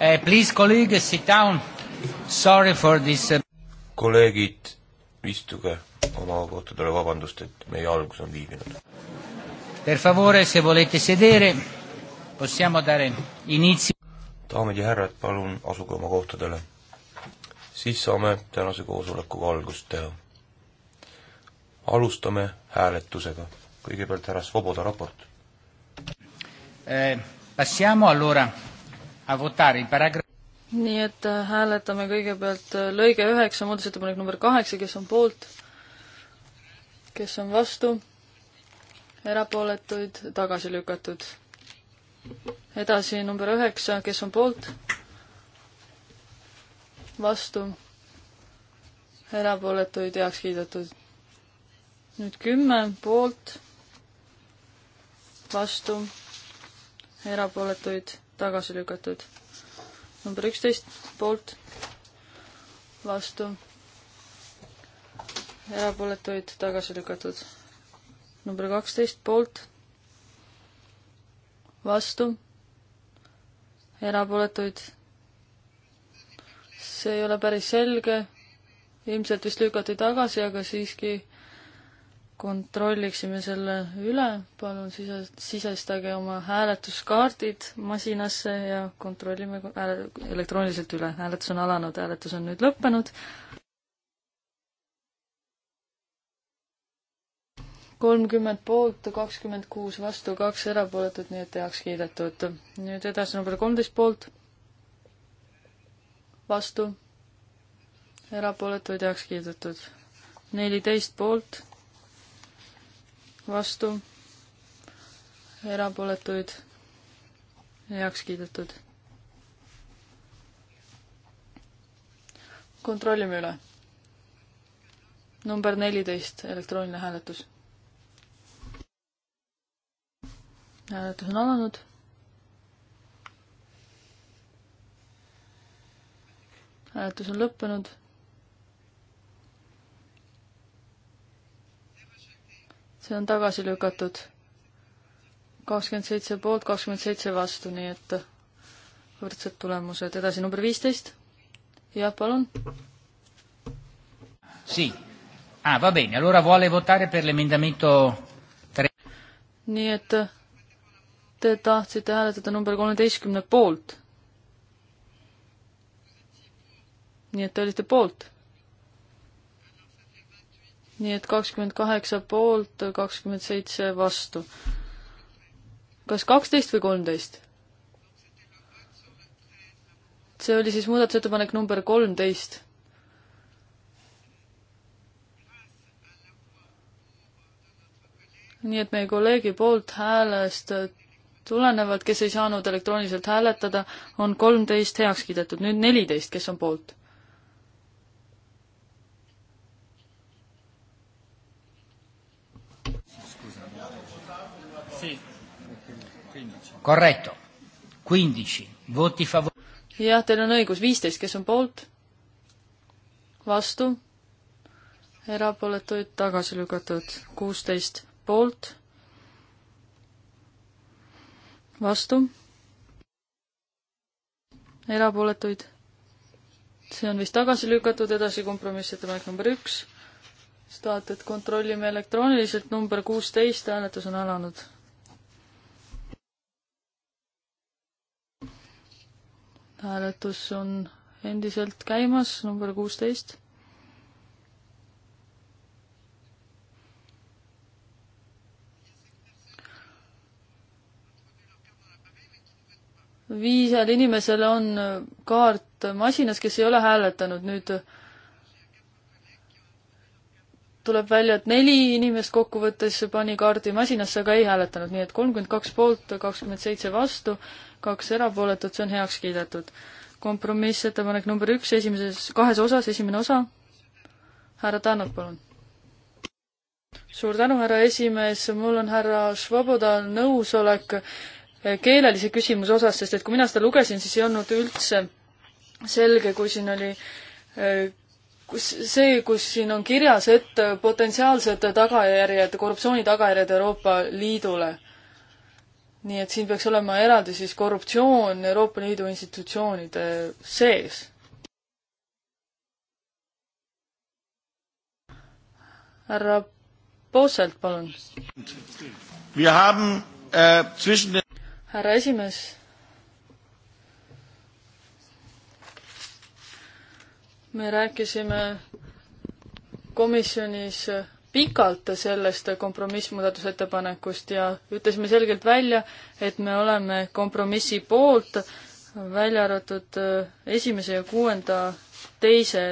eh,. Please, kolleeg, sit down. Sorry for this. Uh, kolleegid, istuge oma kohtadele, vabandust, et meie algus on viibinud. Per favore, se volete sedere, possiamo dare inizi. daamid ja härrad, palun asuge oma kohtadele. siis saame tänase koosolekuga algust teha. alustame hääletusega. kõigepealt härra Svoboda raport eh,. Passiamo allora nii et äh, hääletame kõigepealt äh, lõige üheksa, muudatusettepanek number kaheksa, kes on poolt, kes on vastu, erapooletuid, tagasi lükatud. edasi number üheksa, kes on poolt, vastu, erapooletuid heaks kiidetud. nüüd kümme poolt, vastu, erapooletuid tagasi lükatud. number üksteist poolt, vastu, erapooletuid tagasi lükatud. number kaksteist poolt, vastu, erapooletuid. see ei ole päris selge, ilmselt vist lükati tagasi, aga siiski kontrolliksime selle üle, palun sise, sisestage oma hääletuskaardid masinasse ja kontrollime hääle, elektrooniliselt üle. hääletus on alanud, hääletus on nüüd lõppenud. kolmkümmend poolt, kakskümmend kuus vastu, kaks erapooletut, nii et heaks kiidetud. nüüd edasi number kolmteist poolt, vastu, erapooletuid heaks kiidetud. neliteist poolt vastu, erapooletuid heaks kiidetud. kontrollime üle. number neliteist, elektrooniline hääletus. hääletus on alanud. hääletus on lõppenud see on tagasi lükatud. kakskümmend seitse poolt, kakskümmend seitse vastu, nii et võrdsed tulemused. edasi number viisteist. jah, palun. Sì. Ah, va bene. Allora vuole votare per l'emendamento 3. Nii et te tahtsite hääletada number 13 poolt. Nii et te olite poolt nii et kakskümmend kaheksa poolt, kakskümmend seitse vastu. kas kaksteist või kolmteist? see oli siis muudatusettepanek number kolmteist. nii et meie kolleegi poolt häälest tulenevad, kes ei saanud elektrooniliselt hääletada, on kolmteist heaks kiidetud, nüüd neliteist, kes on poolt Corretto. 15. Voti favor-. jah, teil on õigus, viisteist, kes on poolt? vastu? erapooletuid tagasi lükatud, kuusteist poolt. vastu? erapooletuid? see on vist tagasi lükatud, edasi kompromissettepanek number üks. tahate, et kontrollime elektrooniliselt, number kuusteist, hääletus on alanud hääletus on endiselt käimas, number kuusteist. viisel inimesel on kaart masinas, kes ei ole hääletanud, nüüd tuleb välja, et neli inimest kokkuvõttes pani kaardi masinasse, aga ei hääletanud, nii et kolmkümmend kaks poolt, kakskümmend seitse vastu, kaks erapooletut, see on heaks kiidetud. kompromissettepanek number üks esimeses, kahes osas, esimene osa. härra Tänak, palun. suur tänu, härra esimees, mul on härra Švoboda nõusolek keelelise küsimuse osas, sest et kui mina seda lugesin, siis ei olnud üldse selge, kui siin oli kus see, kus siin on kirjas, et potentsiaalsed tagajärjed, korruptsiooni tagajärjed Euroopa Liidule. nii et siin peaks olema eraldi siis korruptsioon Euroopa Liidu institutsioonide sees. härra Posselt, palun. Äh, härra esimees me rääkisime komisjonis pikalt sellest kompromissmuudatusettepanekust ja ütlesime selgelt välja, et me oleme kompromissi poolt, välja arvatud äh, esimese ja kuuenda teise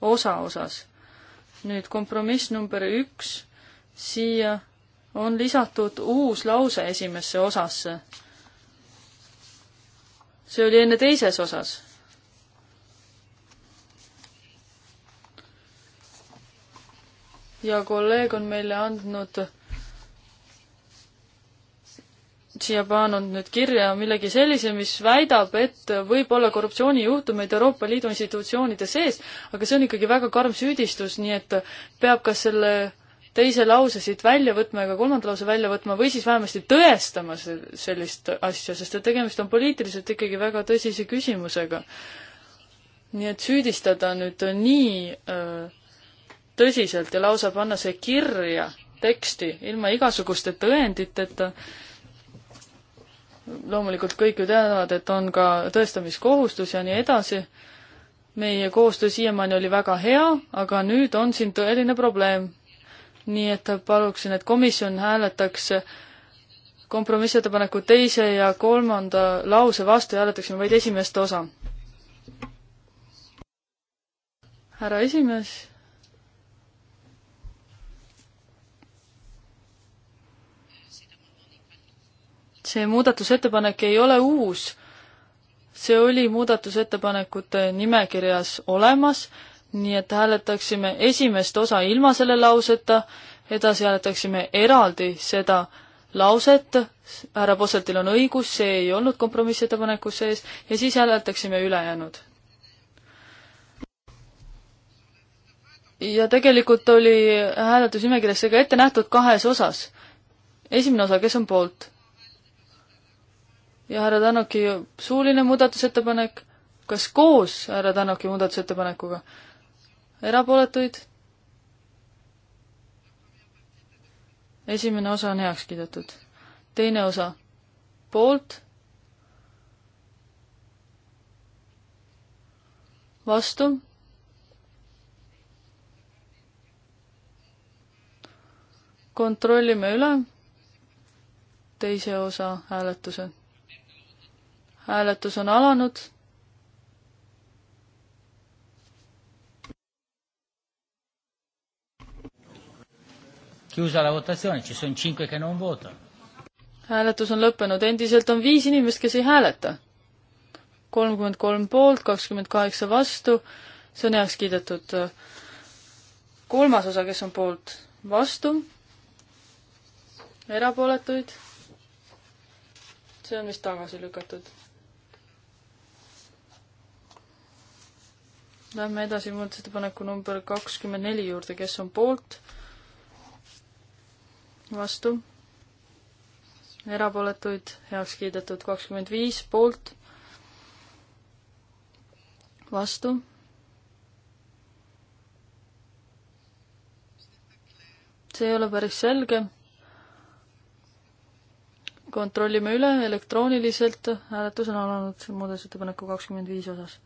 osa osas. nüüd kompromiss number üks, siia on lisatud uus lause esimesse osasse. see oli enne teises osas ja kolleeg on meile andnud siia pannud nüüd kirja millegi sellise, mis väidab, et võib olla korruptsioonijuhtumeid Euroopa Liidu institutsioonide sees, aga see on ikkagi väga karm süüdistus, nii et peab kas selle teise lause siit välja võtma ega kolmanda lause välja võtma või siis vähemasti tõestama sellist asja, sest et tegemist on poliitiliselt ikkagi väga tõsise küsimusega. nii et süüdistada nüüd nii öö, äh, tõsiselt ja lausa panna see kirja teksti ilma igasuguste tõenditeta. loomulikult kõik ju teavad, et on ka tõestamiskohustus ja nii edasi. meie koostöö siiamaani oli väga hea, aga nüüd on siin tõeline probleem. nii et paluksin, et komisjon hääletaks kompromissettepaneku teise ja kolmanda lause vastu ja hääletaksime vaid esimest osa. härra esimees see muudatusettepanek ei ole uus. see oli muudatusettepanekute nimekirjas olemas, nii et hääletaksime esimest osa ilma selle lauseta, edasi hääletaksime eraldi seda lauset, härra Posseltil on õigus, see ei olnud kompromissettepanekus sees, ja siis hääletaksime ülejäänud. ja tegelikult oli hääletusnimekirjas see ka ette nähtud kahes osas. esimene osa, kes on poolt? ja härra Tannoki suuline muudatusettepanek, kas koos härra Tannoki muudatusettepanekuga? erapooletuid? esimene osa on heaks kiidetud. teine osa poolt, vastu, kontrollime üle teise osa hääletuse hääletus on alanud. hääletus on lõppenud, endiselt on viis inimest, kes ei hääleta. kolmkümmend kolm poolt, kakskümmend kaheksa vastu, see on heaks kiidetud. kolmas osa, kes on poolt, vastu, erapooletuid, see on vist tagasi lükatud Lähme edasi muudatusettepaneku number kakskümmend neli juurde, kes on poolt? vastu? erapooletuid heaks kiidetud kakskümmend viis, poolt? vastu? see ei ole päris selge. kontrollime üle elektrooniliselt, hääletus on alanud muudatusettepaneku kakskümmend viis osas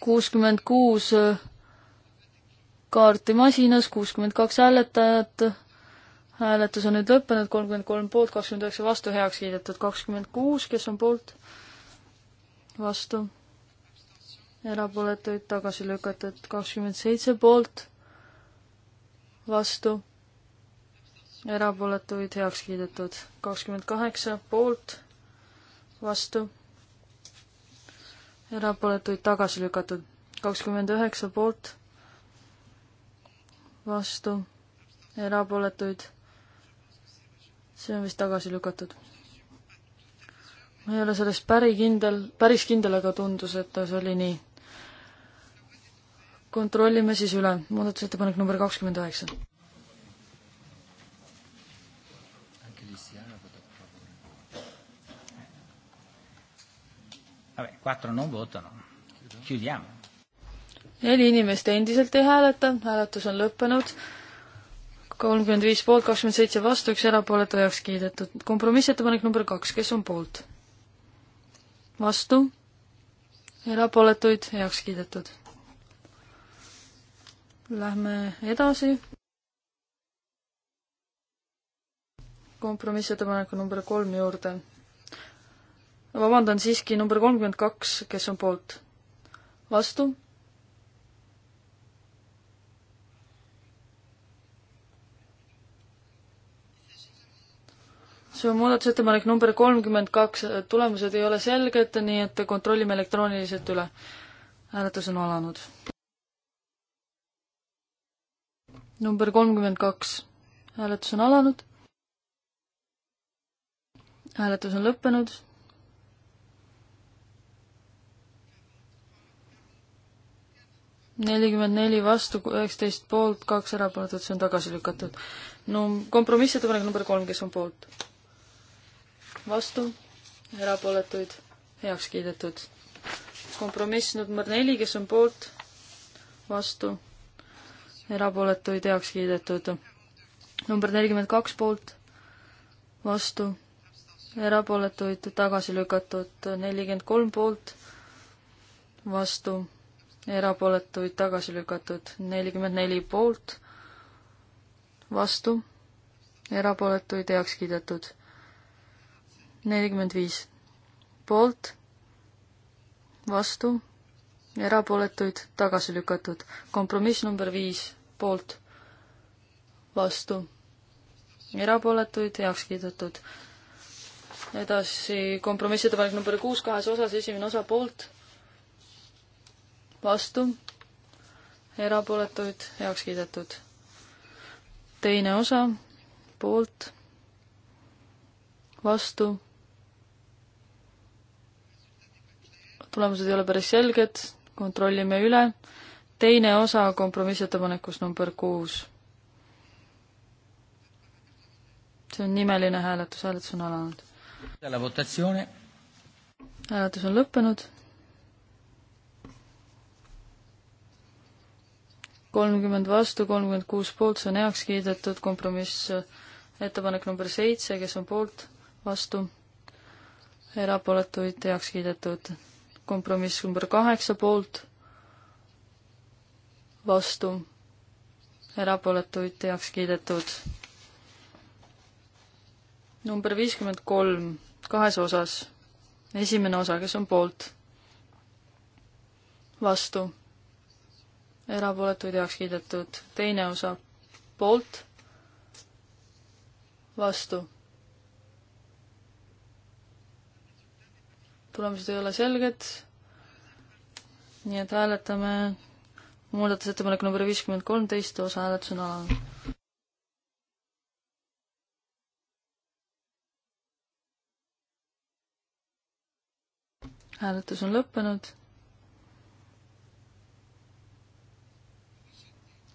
kuuskümmend kuus äh, kaarti masinas, kuuskümmend kaks hääletajat, hääletus on nüüd lõppenud, kolmkümmend kolm poolt, kakskümmend üheksa vastu, heaks kiidetud kakskümmend kuus, kes on poolt, vastu, erapooletuid tagasi lükatud kakskümmend seitse poolt, vastu, erapooletuid heaks kiidetud kakskümmend kaheksa poolt, vastu erapooletuid tagasi lükatud. kakskümmend üheksa poolt, vastu, erapooletuid, see on vist tagasi lükatud. ma ei ole selles päri kindel, päris kindel, aga tundus, et see oli nii. kontrollime siis üle, muudatusettepanek number kakskümmend üheksa. quattro non votano. Chiudiamo. neli inimest endiselt ei hääleta, hääletus on lõppenud. kolmkümmend viis poolt, kakskümmend seitse vastu, üks erapooletu heaks kiidetud. kompromissettepanek number kaks, kes on poolt? vastu? erapooletuid heaks kiidetud. Lähme edasi. kompromissettepaneku number kolm juurde vabandan siiski, number kolmkümmend kaks, kes on poolt? vastu? see on muudatusettepanek number kolmkümmend kaks, tulemused ei ole selged, nii et kontrollime elektrooniliselt üle. hääletus on alanud. number kolmkümmend kaks, hääletus on alanud. hääletus on lõppenud nelikümmend neli vastu, üheksateist poolt, kaks erapooletut, see on tagasi lükatud. no kompromissettepanek number kolm, kes on poolt? vastu, erapooletuid, heaks kiidetud. kompromiss number neli, kes on poolt? vastu, erapooletuid, heaks kiidetud. number nelikümmend kaks poolt, vastu, erapooletuid, tagasi lükatud, nelikümmend kolm poolt, vastu erapooletuid tagasi lükatud nelikümmend neli poolt, vastu, erapooletuid heaks kiidetud nelikümmend viis poolt, vastu, erapooletuid tagasi lükatud, kompromiss number viis poolt, vastu, erapooletuid heaks kiidetud edasi kompromisside valik number kuus kahes osas, esimene osa poolt vastu, erapooletuid heaks kiidetud. teine osa poolt, vastu. tulemused ei ole päris selged, kontrollime üle. teine osa kompromissettepanekus number kuus. see on nimeline hääletus, hääletus on alanud. hääletus on lõppenud kolmkümmend vastu, kolmkümmend kuus poolt, see on heaks kiidetud, kompromiss eh, ettepanek number seitse, kes on poolt, vastu, erapooletuid heaks kiidetud. kompromiss number kaheksa poolt, vastu, erapooletuid heaks kiidetud. number viiskümmend kolm, kahes osas. esimene osa, kes on poolt, vastu erapooletuid heaks kiidetud, teine osa poolt, vastu. tulemused ei ole selged, nii et hääletame muudatusettepanek number viiskümmend kolm, teist osa hääletus on alanud. hääletus on lõppenud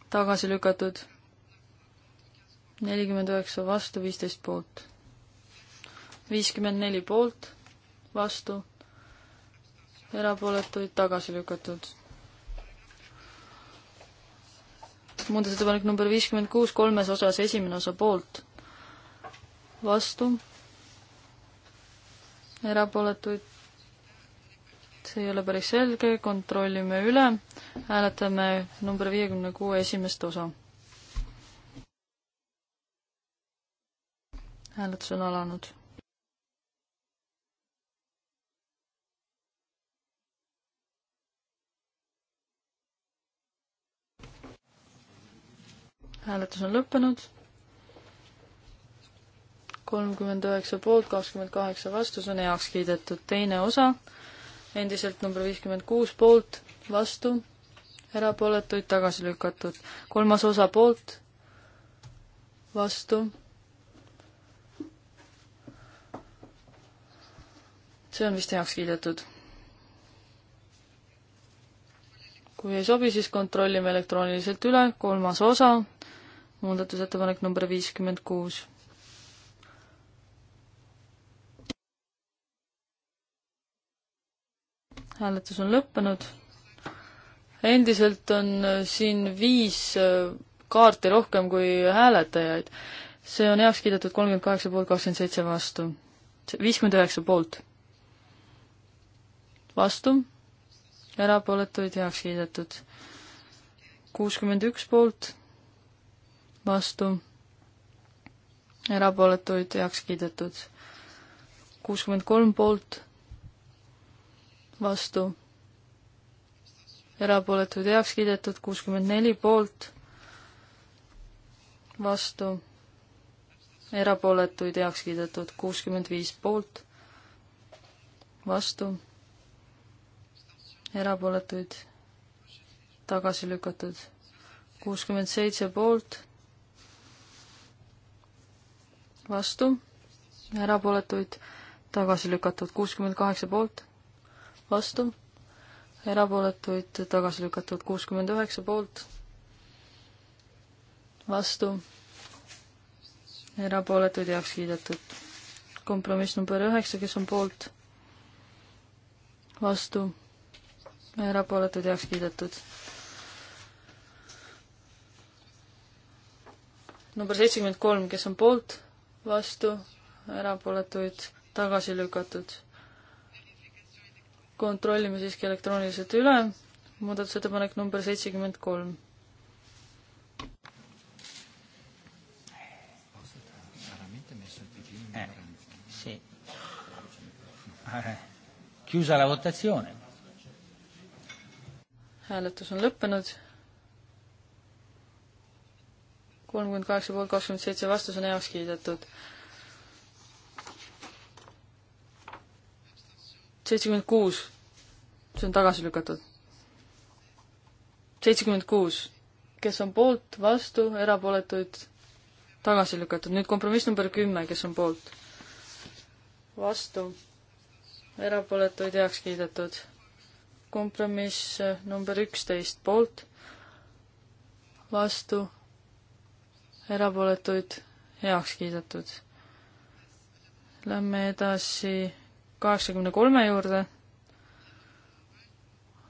tagasi lükatud. nelikümmend üheksa vastu, viisteist poolt. viiskümmend neli poolt, vastu, erapooletuid tagasi lükatud. muudatusettepanek number viiskümmend kuus, kolmes osas esimene osa poolt, vastu, erapooletuid see ei ole päris selge, kontrollime üle, hääletame number viiekümne kuue esimest osa. hääletus on alanud. hääletus on lõppenud. kolmkümmend üheksa poolt, kakskümmend kaheksa vastu, see on heaks kiidetud. teine osa endiselt number viiskümmend kuus poolt, vastu, erapooletuid tagasi lükatud. kolmas osa poolt, vastu. see on vist heaks kiidetud. kui ei sobi, siis kontrollime elektrooniliselt üle, kolmas osa, muudatusettepanek number viiskümmend kuus hääletus on lõppenud. endiselt on äh, siin viis äh, kaarti rohkem kui hääletajaid. see on heaks kiidetud kolmkümmend kaheksa poolt, kakskümmend seitse vastu. viiskümmend üheksa poolt. vastu, erapooletuid heaks kiidetud. kuuskümmend üks poolt, vastu, erapooletuid heaks kiidetud. kuuskümmend kolm poolt vastu, erapooletuid heaks kiidetud kuuskümmend neli poolt, vastu, erapooletuid heaks kiidetud kuuskümmend viis poolt, vastu, erapooletuid tagasi lükatud kuuskümmend seitse poolt, vastu, erapooletuid tagasi lükatud kuuskümmend kaheksa poolt vastu, erapooletuid tagasi lükatud kuuskümmend üheksa poolt, vastu, erapooletuid heaks kiidetud. kompromiss number üheksa, kes on poolt, vastu, erapooletuid heaks kiidetud. number seitsekümmend kolm, kes on poolt, vastu, erapooletuid tagasi lükatud kontrollime siiski elektrooniliselt üle. muudatusettepanek number seitsekümmend kolm. Eh, eh. Chiusa la votazione. hääletus on lõppenud. kolmkümmend kaheksa poolt, kakskümmend seitse vastu, see on heaks kiidetud seitsekümmend kuus, see on tagasi lükatud. seitsekümmend kuus, kes on poolt, vastu, erapooletuid, tagasi lükatud. nüüd kompromiss number kümme, kes on poolt, vastu, erapooletuid heaks kiidetud. kompromiss number üksteist, poolt, vastu, erapooletuid heaks kiidetud. Lähme edasi kaheksakümne kolme juurde.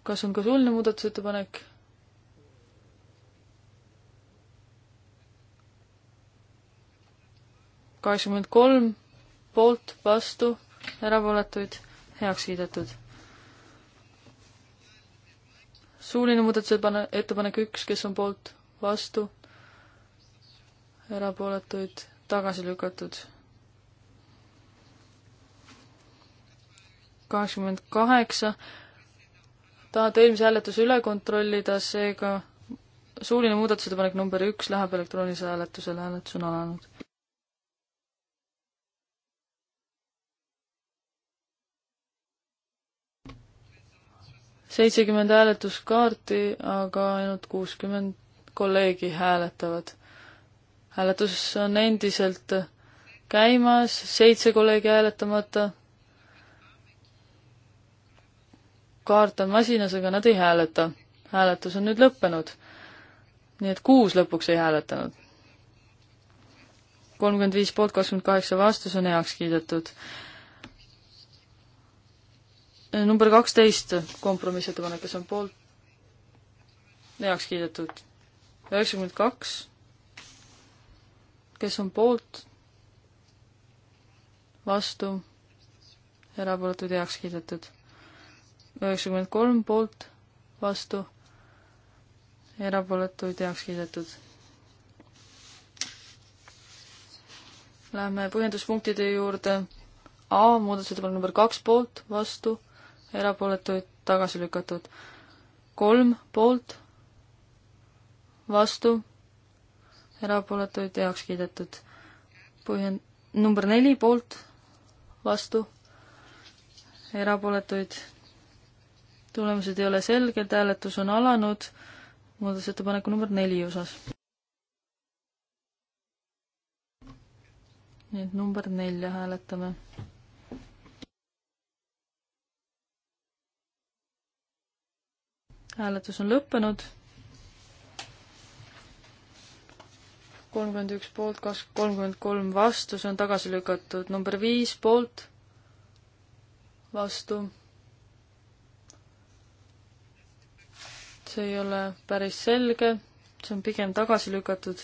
kas on ka suuline muudatusettepanek? kaheksakümmend kolm poolt, vastu, erapooletuid, heaks kiidetud. suuline muudatusettepanek, ettepanek üks, kes on poolt, vastu, erapooletuid, tagasi lükatud kaheksakümmend kaheksa. tahate eelmise hääletuse üle kontrollida, seega suuline muudatusettepanek number üks läheb elektroonilisele hääletusele, hääletus on alanud. seitsekümmend hääletuskaarti, aga ainult kuuskümmend kolleegi hääletavad. hääletus on endiselt käimas, seitse kolleegi hääletamata kaart on masinas, aga nad ei hääleta. hääletus on nüüd lõppenud. nii et kuus lõpuks ei hääletanud. kolmkümmend viis poolt, kakskümmend kaheksa vastu, see on heaks kiidetud. number kaksteist kompromissettepanek, kes on poolt, heaks kiidetud. üheksakümmend kaks, kes on poolt, vastu, erapooletud heaks kiidetud üheksakümmend kolm poolt, vastu, erapooletuid heaks kiidetud. Läheme põhjenduspunktide juurde. A muudatusettepanek number kaks poolt, vastu, erapooletuid tagasi lükatud. kolm poolt, vastu, erapooletuid heaks kiidetud. põhjend-, number neli poolt, vastu, erapooletuid tulemused ei ole selged, hääletus on alanud muudatusettepaneku number neli osas. nii et number nelja hääletame. hääletus on lõppenud. kolmkümmend üks poolt, kaks, kolmkümmend kolm vastu, see on tagasi lükatud. number viis poolt, vastu see ei ole päris selge, see on pigem tagasi lükatud.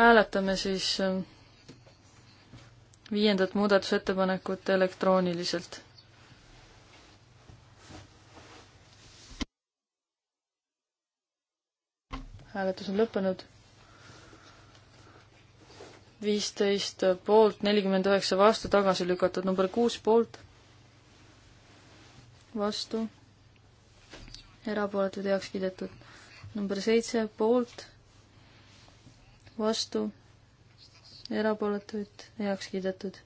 hääletame siis viiendat muudatusettepanekut elektrooniliselt hääletus on lõppenud. viisteist poolt, nelikümmend üheksa vastu, tagasi lükatud number kuus poolt, vastu, erapooletud heaks kiidetud. number seitse poolt, vastu, erapooletuid heaks kiidetud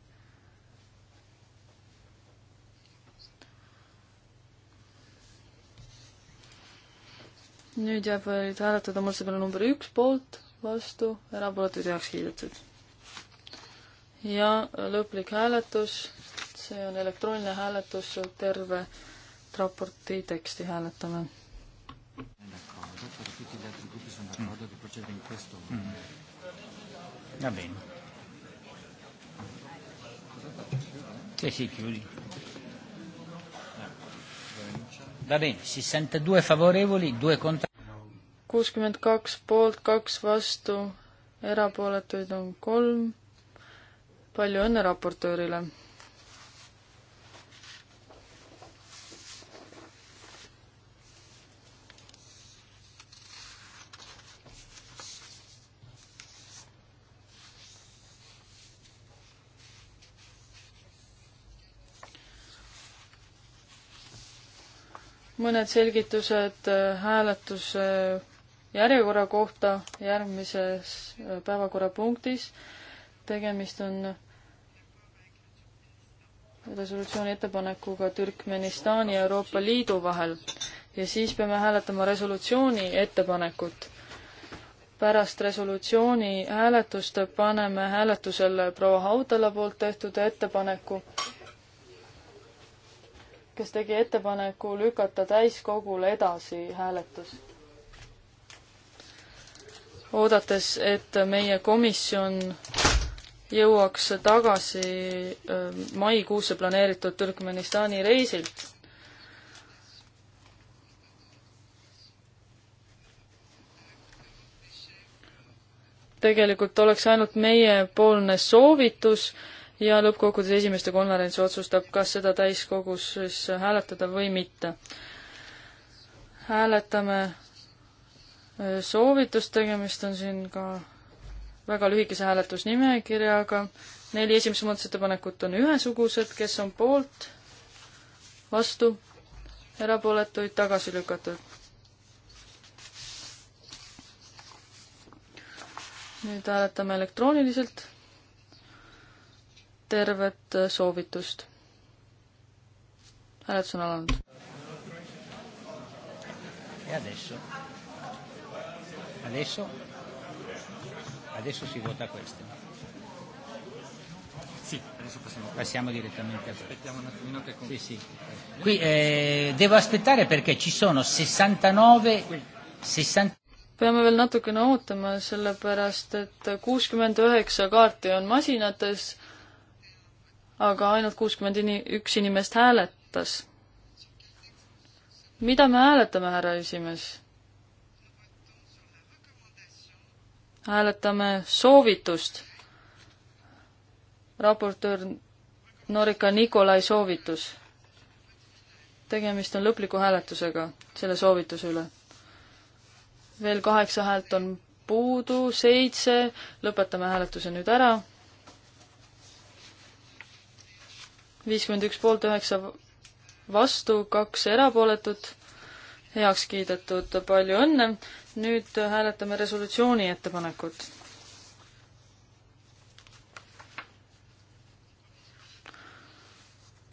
nüüd jääb vaid hääletada muudatusepaneku number üks poolt, vastu, erapooletuid heaks kiidetud. ja lõplik hääletus, see on elektrooniline hääletus, terve raporti teksti hääletame. Va bene. Sì, sì, chiudi. Va bene, sessantadue favorevoli, due contra-. kuuskümmend kaks poolt, kaks vastu, erapooletuid on kolm. palju õnne raportöörile mõned selgitused äh, hääletuse äh, järjekorra kohta järgmises äh, päevakorrapunktis. tegemist on resolutsiooni ettepanekuga Türkmenistani ja Euroopa Liidu vahel ja siis peame hääletama resolutsiooni ettepanekut. pärast resolutsiooni hääletust paneme hääletusele proua Haudala poolt tehtud ettepaneku kes tegi ettepaneku lükata täiskogule edasi hääletus. oodates, et meie komisjon jõuaks tagasi ähm, maikuusse planeeritud Türkmenistani reisilt. tegelikult oleks ainult meiepoolne soovitus ja lõppkokkuvõttes esimeste konverents otsustab, kas seda täiskogus siis hääletada või mitte. hääletame äh, soovitust, tegemist on siin ka väga lühikese hääletusnimekirjaga, neli esimest muudatusettepanekut on ühesugused, kes on poolt, vastu, erapooletuid tagasi lükatud. nüüd hääletame elektrooniliselt tervet äh, soovitust. hääletus on alanud. ja adesso? Adesso? Adesso si vota questa. Sì, adesso passiamo. Passiamo direttamente a Aspettiamo un attimino che con... Sì, sì. Qui eh, devo aspettare perché ci sono 69 60 peame veel natukene ootama, sellepärast et kuuskümmend üheksa kaarti on masinates aga ainult kuuskümmend ini-, üks inimest hääletas. mida me hääletame, härra esimees? hääletame soovitust. raportöör Norika Nikolai soovitus. tegemist on lõpliku hääletusega selle soovituse üle. veel kaheksa häält on puudu, seitse, lõpetame hääletuse nüüd ära viiskümmend üks poolt, üheksa vastu, kaks erapooletut, heaks kiidetud, palju õnne. nüüd hääletame resolutsiooni ettepanekut.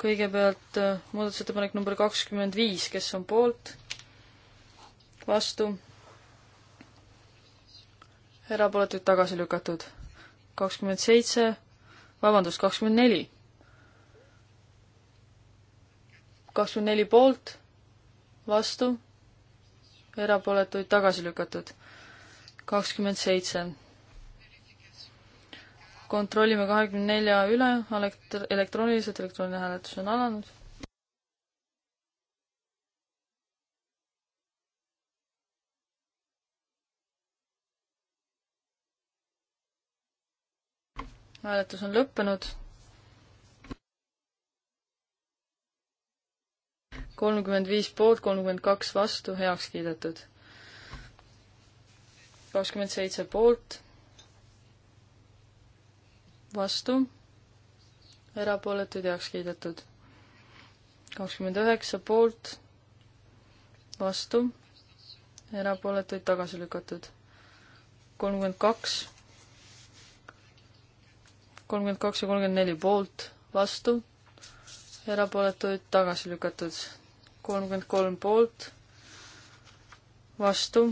kõigepealt äh, muudatusettepanek number kakskümmend viis, kes on poolt, vastu, erapooletuid tagasi lükatud, kakskümmend seitse, vabandust, kakskümmend neli kakskümmend neli poolt, vastu, erapooletuid tagasi lükatud. kakskümmend seitse. kontrollime kahekümne nelja üle, elekt-, elektrooniliselt, elektrooniline hääletus on alanud. hääletus on lõppenud kolmkümmend viis poolt, kolmkümmend kaks vastu, heaks kiidetud. kakskümmend seitse poolt, vastu, erapooletuid heaks kiidetud. kakskümmend üheksa poolt, vastu, erapooletuid tagasi lükatud. kolmkümmend kaks, kolmkümmend kaks ja kolmkümmend neli poolt, vastu erapooletuid tagasi lükatud kolmkümmend kolm poolt, vastu,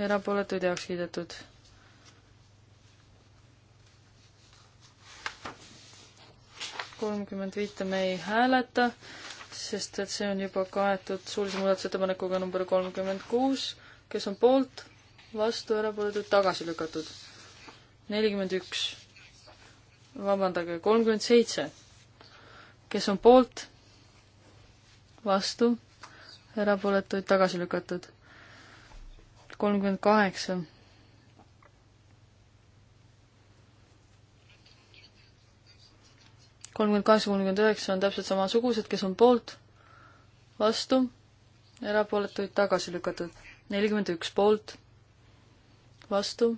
erapooletuid heaks kiidetud. kolmkümmend viite me ei hääleta, sest et see on juba kaetud suulise muudatusettepanekuga number kolmkümmend kuus, kes on poolt, vastu, erapooletuid tagasi lükatud. nelikümmend üks, vabandage, kolmkümmend seitse, kes on poolt vastu, erapooletuid tagasi lükatud. kolmkümmend kaheksa. kolmkümmend kaheksa, kolmkümmend üheksa on täpselt samasugused, kes on poolt, vastu, erapooletuid tagasi lükatud. nelikümmend üks poolt, vastu,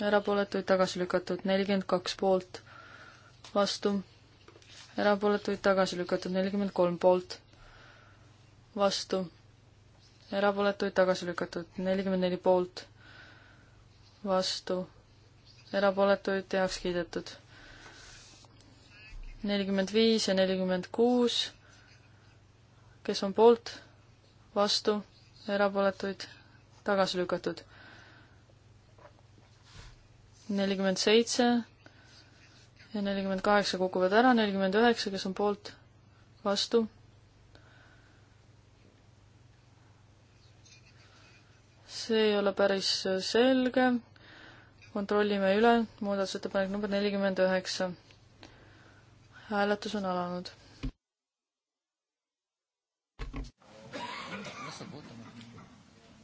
erapooletuid tagasi lükatud. nelikümmend kaks poolt, vastu, erapooletuid tagasi lükatud. nelikümmend kolm poolt vastu, erapooletuid tagasi lükatud, nelikümmend neli poolt, vastu, erapooletuid heaks kiidetud. nelikümmend viis ja nelikümmend kuus, kes on poolt, vastu, erapooletuid tagasi lükatud. nelikümmend seitse ja nelikümmend kaheksa kukuvad ära, nelikümmend üheksa, kes on poolt, vastu see ei ole päris selge. kontrollime üle, muudatusettepanek number nelikümmend üheksa. hääletus on alanud.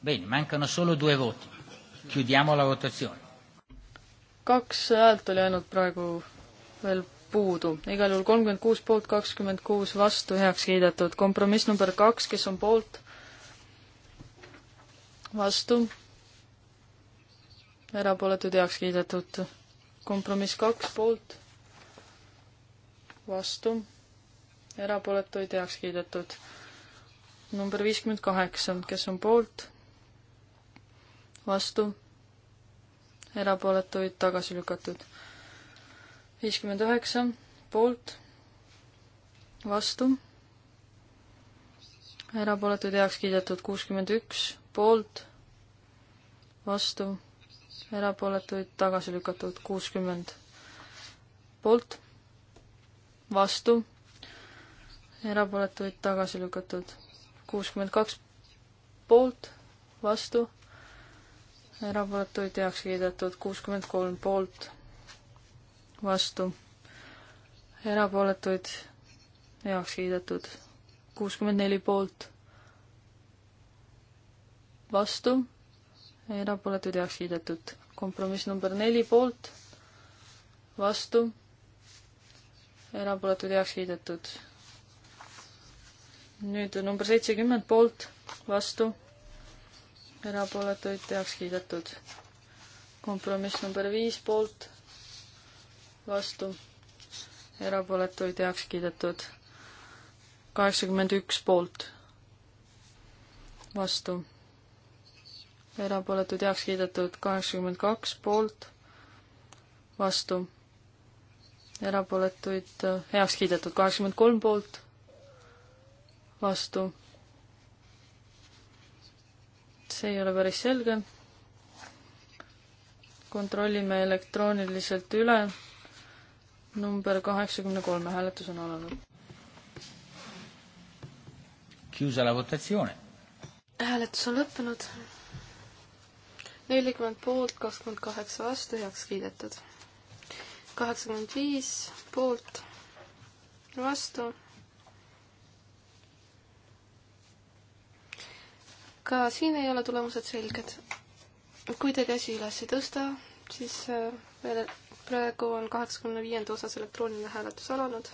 Bene, mancano solo due voti. Chiudiamo la votazione. kaks häält oli ainult praegu veel puudu. igal juhul kolmkümmend kuus poolt, kakskümmend kuus vastu heaks kiidetud. kompromiss number kaks, kes on poolt vastu, erapooletud heaks kiidetud. kompromiss kaks poolt, vastu, erapooletuid heaks kiidetud. number viiskümmend kaheksa, kes on poolt, vastu, erapooletuid tagasi lükatud. viiskümmend üheksa, poolt, vastu, erapooletuid heaks kiidetud kuuskümmend üks, poolt, vastu, erapooletuid tagasi lükatud kuuskümmend poolt, vastu, erapooletuid tagasi lükatud kuuskümmend kaks poolt, vastu, erapooletuid heaks kiidetud kuuskümmend kolm poolt, vastu, erapooletuid heaks kiidetud kuuskümmend neli poolt vastu, erapooletud heaks kiidetud. kompromiss number neli poolt, vastu, erapooletud heaks kiidetud. nüüd number seitsekümmend poolt, vastu, erapooletuid heaks kiidetud. kompromiss number viis poolt, vastu, erapooletuid heaks kiidetud. kaheksakümmend üks poolt, vastu erapooletud heaks kiidetud kaheksakümmend kaks poolt, vastu, erapooletuid heaks kiidetud kaheksakümmend kolm poolt, vastu. see ei ole päris selge. kontrollime elektrooniliselt üle. number kaheksakümne kolme hääletus on alanud. Chiusa la votazione. hääletus on lõppenud nelikümmend poolt, kakskümmend kaheksa vastu, heaks kiidetud. kaheksakümmend viis poolt, vastu. ka siin ei ole tulemused selged. kui te käsi üles ei tõsta, siis veel äh, praegu on kaheksakümne viienda osas elektrooniline hääletus alanud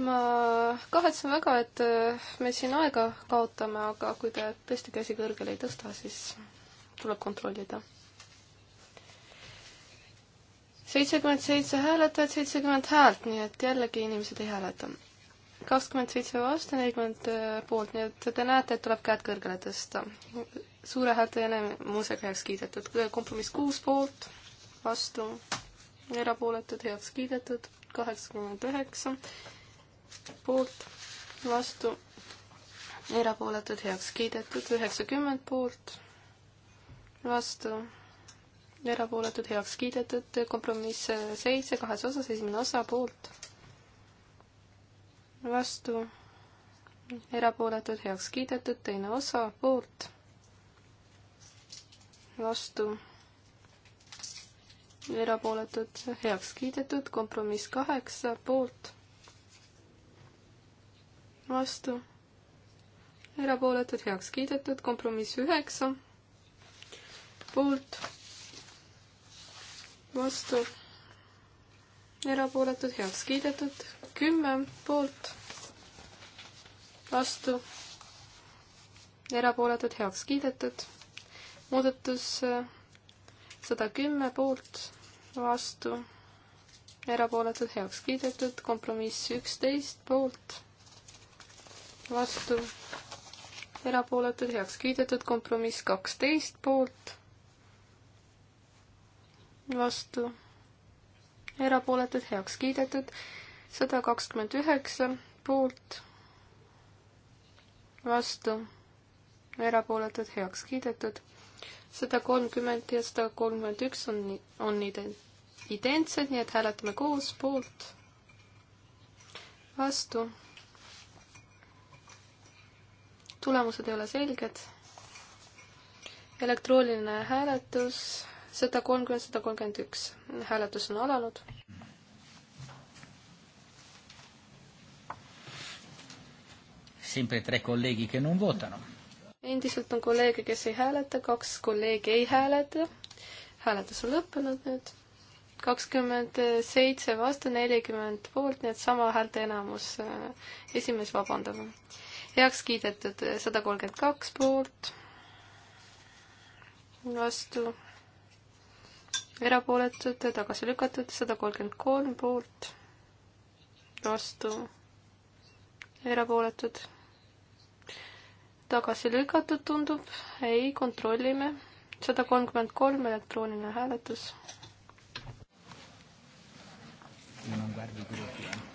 ma kahetsen väga, et äh, me siin aega kaotame, aga kui te tõesti käsi kõrgele ei tõsta, siis tuleb kontrollida. seitsekümmend seitse hääletajat, seitsekümmend häält, nii et jällegi inimesed ei hääleta. kakskümmend seitse vastu, nelikümmend äh, poolt, nii et te näete, et tuleb käed kõrgele tõsta. suure häälte enamusega heaks kiidetud, kompromiss kuus poolt, vastu, erapooletud, heaks kiidetud kaheksakümmend üheksa poolt, vastu, erapooletud, heaks kiidetud, üheksakümmend poolt, vastu, erapooletud, heaks kiidetud, kompromiss seitse kahes osas, esimene osa poolt, vastu, erapooletud, heaks kiidetud, teine osa poolt, vastu erapooletud heaks kiidetud, kompromiss kaheksa poolt, vastu, erapooletud, heaks kiidetud, kompromiss üheksa, poolt, vastu, erapooletud, heaks kiidetud, kümme poolt, vastu, erapooletud, heaks kiidetud, muudatus äh, sada kümme poolt, vastu, erapooletud, heaks kiidetud, kompromiss üksteist poolt vastu, erapooletud, heaks kiidetud, kompromiss kaksteist poolt, vastu, erapooletud, heaks kiidetud, sada kakskümmend üheksa poolt, vastu, erapooletud, heaks kiidetud, sada kolmkümmend ja sada kolmkümmend üks on, on identsed, nii et hääletame koos, poolt, vastu tulemused ei ole selged. elektrooniline hääletus sada kolmkümmend, sada kolmkümmend üks. hääletus on alanud. Sempre tre colleghi che non votano. endiselt on kolleege, kes ei hääleta, kaks kolleegi ei hääleta. hääletus on lõppenud nüüd kakskümmend seitse vastu, nelikümmend poolt, nii et sama häälte enamus. esimees vabandab heaks kiidetud sada kolmkümmend kaks poolt, vastu, erapooletud, tagasi lükatud, sada kolmkümmend kolm poolt, vastu, erapooletud, tagasi lükatud tundub, ei, kontrollime, sada kolmkümmend kolm elektrooniline hääletus. ma arvan, et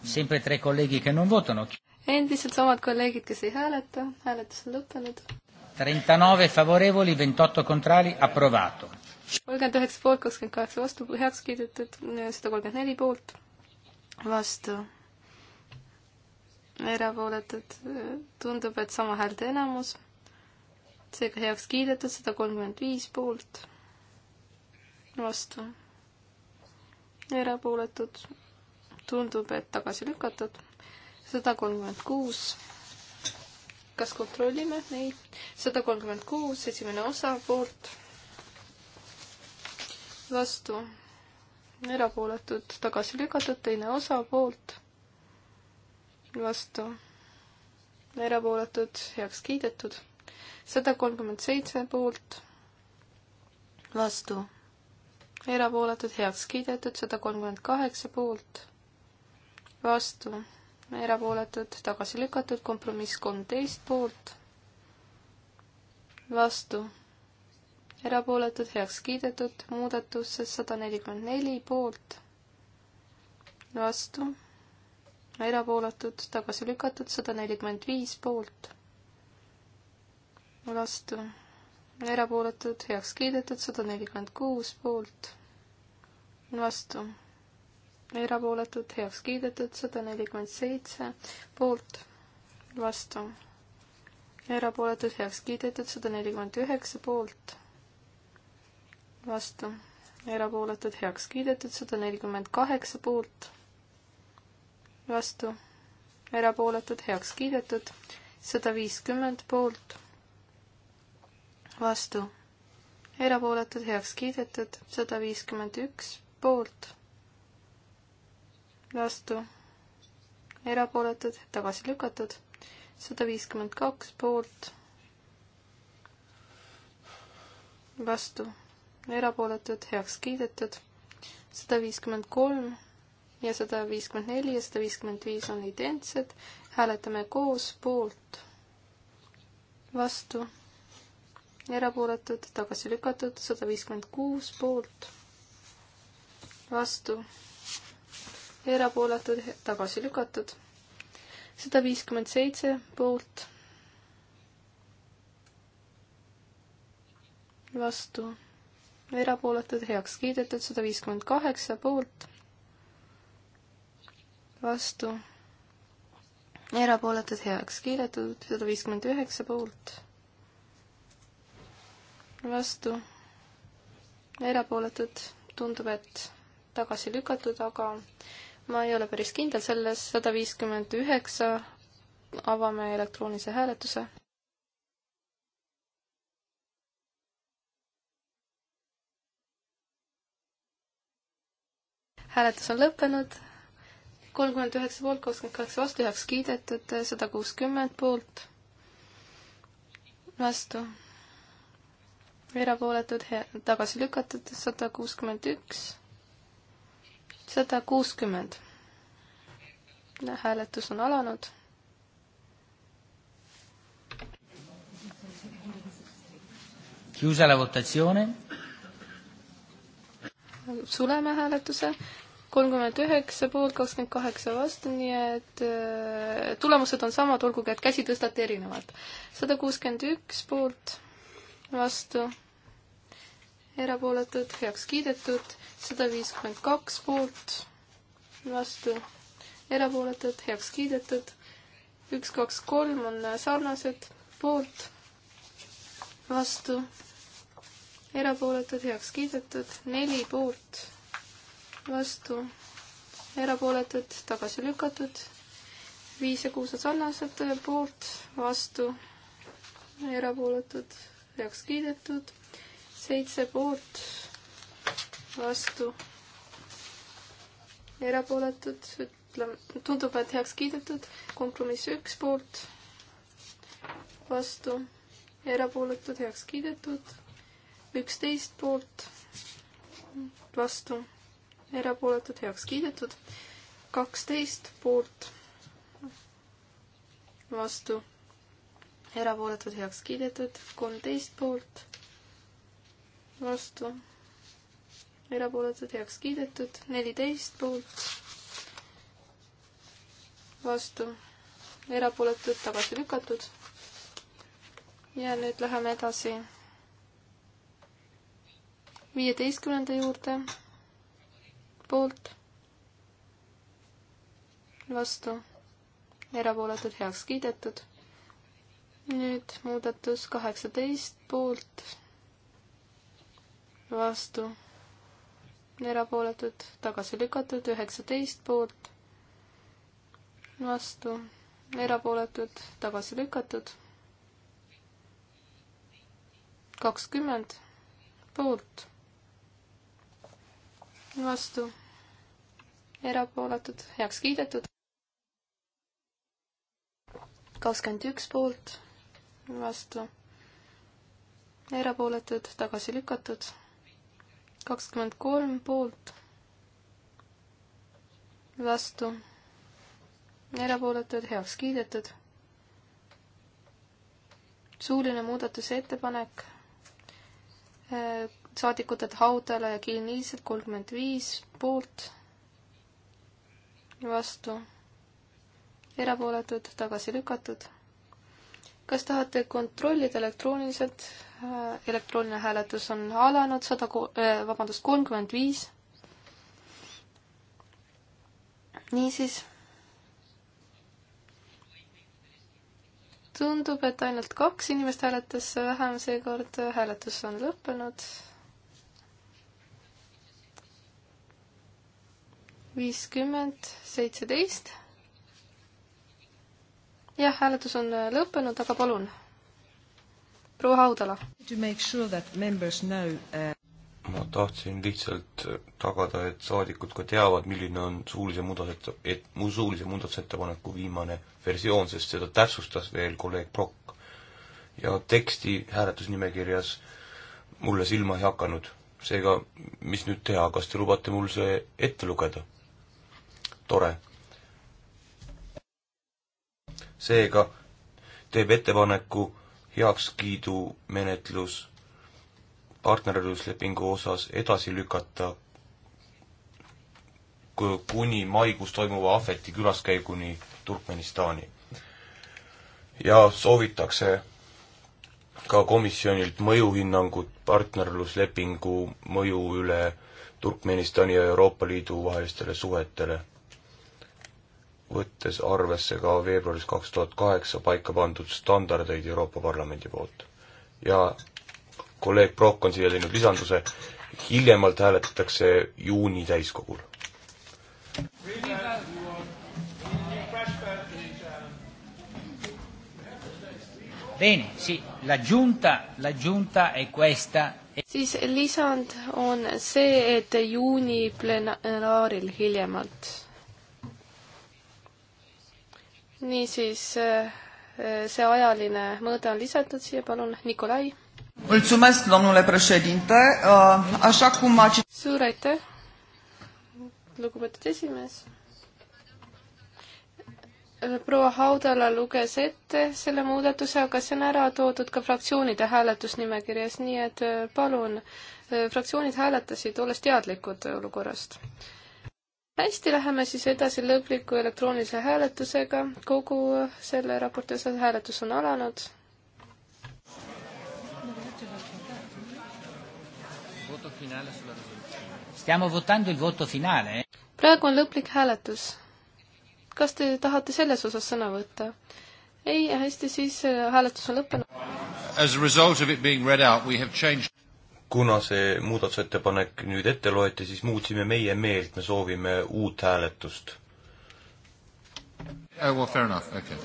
sempre tre colleghi che non votano. endiselt samad kolleegid, kes ei hääleta, hääletus on lõppenud. Trentanove favorevoli, ventotto contrari, approvato. kolmkümmend üheksa poolt, kakskümmend kaheksa vastu, heaks kiidetud, sada kolmkümmend neli poolt, vastu, erapooletud, tundub, et sama häälte enamus, seega heaks kiidetud, sada kolmkümmend viis poolt, vastu, erapooletud tundub, et tagasi lükatud. sada kolmkümmend kuus. kas kontrollime? ei. sada kolmkümmend kuus, esimene osa poolt. vastu. erapooletud, tagasi lükatud, teine osa poolt. vastu. erapooletud, heaks kiidetud. sada kolmkümmend seitse poolt. vastu erapooletud heaks kiidetud sada kolmkümmend kaheksa poolt, vastu, erapooletud, tagasi lükatud, kompromiss kolmteist poolt, vastu, erapooletud, heaks kiidetud, muudatused sada nelikümmend neli poolt, vastu, erapooletud, tagasi lükatud, sada nelikümmend viis poolt, vastu, erapooletud, heaks kiidetud, sada nelikümmend kuus poolt, vastu erapooletud, heaks kiidetud, sada nelikümmend seitse poolt, vastu, erapooletud, heaks kiidetud, sada nelikümmend üheksa poolt, vastu, erapooletud, heaks kiidetud, sada nelikümmend kaheksa poolt, vastu, erapooletud, heaks kiidetud, sada viiskümmend poolt, vastu, erapooletud, heaks kiidetud, sada viiskümmend üks poolt vastu, erapooletud, tagasi lükatud, sada viiskümmend kaks poolt, vastu, erapooletud, heaks kiidetud, sada viiskümmend kolm ja sada viiskümmend neli ja sada viiskümmend viis on identsed, hääletame koos poolt, vastu, erapooletud, tagasi lükatud, sada viiskümmend kuus poolt, vastu erapooletud, tagasi lükatud. sada viiskümmend seitse poolt, vastu, erapooletud, heaks kiidetud, sada viiskümmend kaheksa poolt, vastu, erapooletud, heaks kiidetud, sada viiskümmend üheksa poolt, vastu, erapooletud, tundub, et tagasi lükatud, aga ma ei ole päris kindel selles, sada viiskümmend üheksa, avame elektroonilise hääletuse. hääletus on lõppenud, kolmkümmend üheksa poolt, kakskümmend kaheksa vastu, heaks kiidetud, sada kuuskümmend poolt, vastu, erapooletud, tagasi lükatud, sada kuuskümmend üks sada kuuskümmend. hääletus on alanud. Chiusa la votazione. suleme hääletuse kolmkümmend üheksa poolt, kakskümmend kaheksa vastu, nii et äh, tulemused on samad, olgugi et käsi tõstati erinevalt. sada kuuskümmend üks poolt, vastu, erapooletud, heaks kiidetud, sada viiskümmend kaks poolt, vastu, erapooletud, heaks kiidetud, üks, kaks, kolm on sarnased, poolt, vastu, erapooletud, heaks kiidetud, neli poolt, vastu, erapooletud, tagasi lükatud, viis ja kuus on sarnased, poolt, vastu, erapooletud, heaks kiidetud, seitse poolt, vastu, erapooletud, ütleme, tundub, et heaks kiidetud, kompromiss üks poolt, vastu, erapooletud, heaks kiidetud, üksteist poolt, vastu, erapooletud, heaks kiidetud, kaksteist poolt, vastu, erapooletud, heaks kiidetud, kolmteist poolt vastu, erapooletud heaks kiidetud, neliteist poolt, vastu, erapooletud tagasi lükatud. ja nüüd läheme edasi viieteistkümnenda juurde, poolt, vastu, erapooletud heaks kiidetud. nüüd muudatus kaheksateist poolt vastu, erapooletud, tagasi lükatud, üheksateist poolt, vastu, erapooletud, tagasi lükatud, kakskümmend poolt, vastu, erapooletud, heaks kiidetud, kakskümmend üks poolt, vastu, erapooletud, tagasi lükatud kakskümmend kolm poolt, vastu, erapooletud, heaks kiidetud. suuline muudatusettepanek äh, saadikutelt Haudala ja Kiil-Niiselt kolmkümmend viis poolt, vastu, erapooletud, tagasi lükatud. kas tahate kontrollida elektrooniliselt? Äh, elektrooniline hääletus on alanud, sada ko-, äh, vabandust, kolmkümmend viis. niisiis. tundub, et ainult kaks inimest hääletas vähem seekord, hääletus on lõppenud. viiskümmend, seitseteist. jah, hääletus on lõppenud, aga palun proua Haudala. Uh, ma tahtsin lihtsalt tagada, et saadikud ka teavad, milline on suulise muudatus, et mu suulise muudatusettepaneku viimane versioon, sest seda täpsustas veel kolleeg Prokk. ja teksti hääletusnimekirjas mulle silma ei hakanud. seega, mis nüüd teha, kas te lubate mul see ette lugeda? tore. seega teeb ettepaneku heakskiidumenetlus partnerluslepingu osas edasi lükata kuni maikuus toimuva ahveti külaskäiguni Turkmenistani. ja soovitakse ka komisjonilt mõjuhinnangut partnerluslepingu mõju üle Turkmenistani ja Euroopa Liidu vahelistele suhetele võttes arvesse ka veebruaris kaks tuhat kaheksa paika pandud standardeid Euroopa Parlamendi poolt. ja kolleeg Prokk on siia teinud lisanduse, hiljemalt hääletatakse juuni täiskogul. Bene, sì, la giunta, la giunta è questa. siis lisand on see, et juuni plenaaril hiljemalt niisiis eh, eh, see ajaline mõõde on lisatud siia, palun, Nikolai. Eh, suur aitäh, lugupeetud esimees. proua Haudala luges ette selle muudatuse, aga see on ära toodud ka fraktsioonide hääletusnimekirjas, nii et palun, fraktsioonid hääletasid, olles teadlikud olukorrast hästi, läheme siis edasi lõpliku elektroonilise hääletusega. kogu selle raporti osas hääletus on alanud. Eh. praegu on lõplik hääletus. kas te tahate selles osas sõna võtta? ei, hästi, siis hääletus on lõppenud kuna see muudatusettepanek nüüd ette loeti, siis muutsime meie meelt, me soovime uut hääletust. Oh, well, fair enough, okay.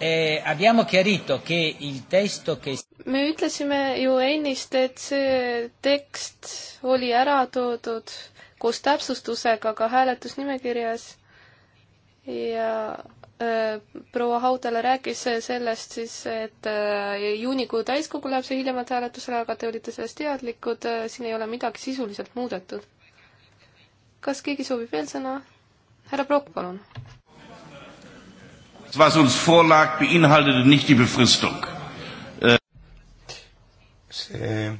Eh, abbiamo chiarito che il testo che... me ütlesime ju ennist, et see tekst oli ära toodud koos täpsustusega ka hääletusnimekirjas ja Äh, proua Haudala rääkis sellest siis, et äh, juunikuu täiskogu läheb see hiljemalt hääletusele, aga te olite sellest teadlikud, äh, siin ei ole midagi sisuliselt muudetud. kas keegi soovib veel sõna? härra Prokk, palun. Was uns vorlag, beinhaltete nicht die Befristung. see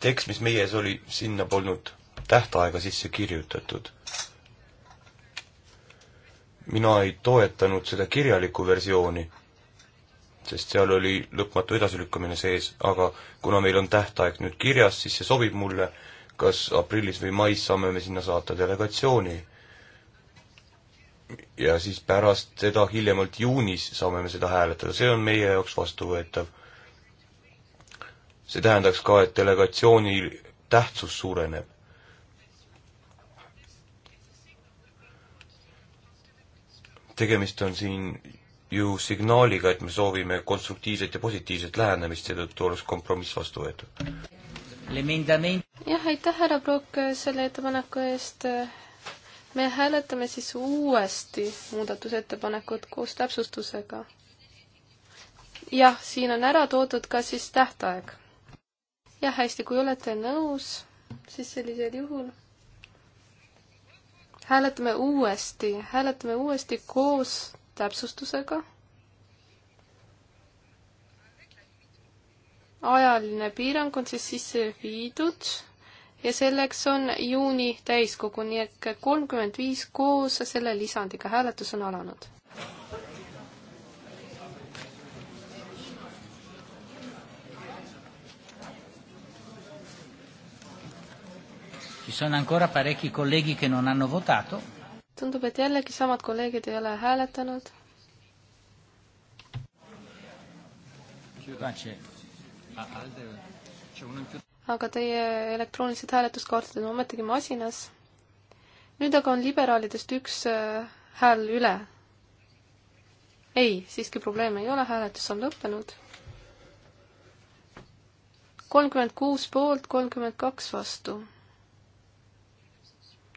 tekst, mis meie ees oli, sinna polnud tähtaega sisse kirjutatud mina ei toetanud seda kirjalikku versiooni, sest seal oli lõpmatu edasilükkamine sees, aga kuna meil on tähtaeg nüüd kirjas, siis see sobib mulle, kas aprillis või mais saame me sinna saata delegatsiooni. ja siis pärast seda hiljemalt juunis saame me seda hääletada, see on meie jaoks vastuvõetav. see tähendaks ka, et delegatsiooni tähtsus suureneb. tegemist on siin ju signaaliga, et me soovime konstruktiivset ja positiivset lähenemist, seetõttu oleks kompromiss vastu võetud. jah, aitäh, härra Prokk, selle ettepaneku eest. me hääletame siis uuesti muudatusettepanekut koos täpsustusega. jah, siin on ära toodud ka siis tähtaeg. jah, hästi, kui olete nõus, siis sellisel juhul hääletame uuesti, hääletame uuesti koos täpsustusega. ajaline piirang on siis sisse viidud ja selleks on juuni täiskogu, nii et kolmkümmend viis koos selle lisandiga hääletus on alanud. Ci sono ancora parecchi colleghi che non hanno votato. tundub, et jällegi samad kolleegid ei ole hääletanud. aga teie elektroonilised hääletuskaardid on ometigi masinas. nüüd aga on liberaalidest üks äh, hääl üle. ei, siiski probleeme ei ole, hääletus on lõppenud. kolmkümmend kuus poolt, kolmkümmend kaks vastu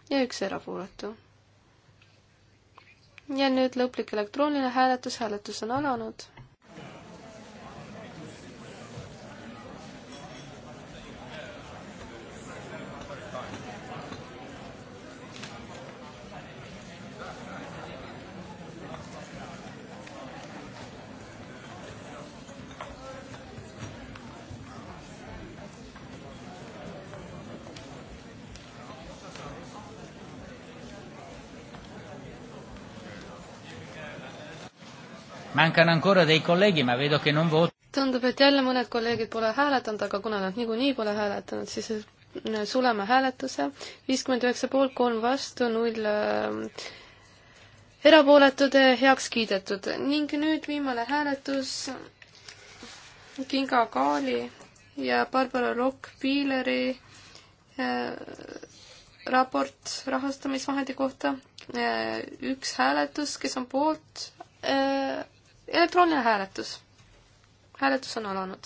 ja üks erapooletu. ja nüüd lõplik elektrooniline hääletus, hääletus on alanud mancano ancora dei colleghi, ma vedo che non vot-. tundub, et jälle mõned kolleegid pole hääletanud, aga kuna nad niikuinii pole hääletanud, siis äh, sulame hääletuse. viiskümmend üheksa poolt, kolm vastu, null äh, erapooletud, heaks kiidetud. ning nüüd viimane hääletus. Kinga Kaali ja Barbara Rock-Piileri äh, raport rahastamisvahendi kohta, äh, üks hääletus, kes on poolt äh,, elektrooniline hääletus. hääletus on alanud.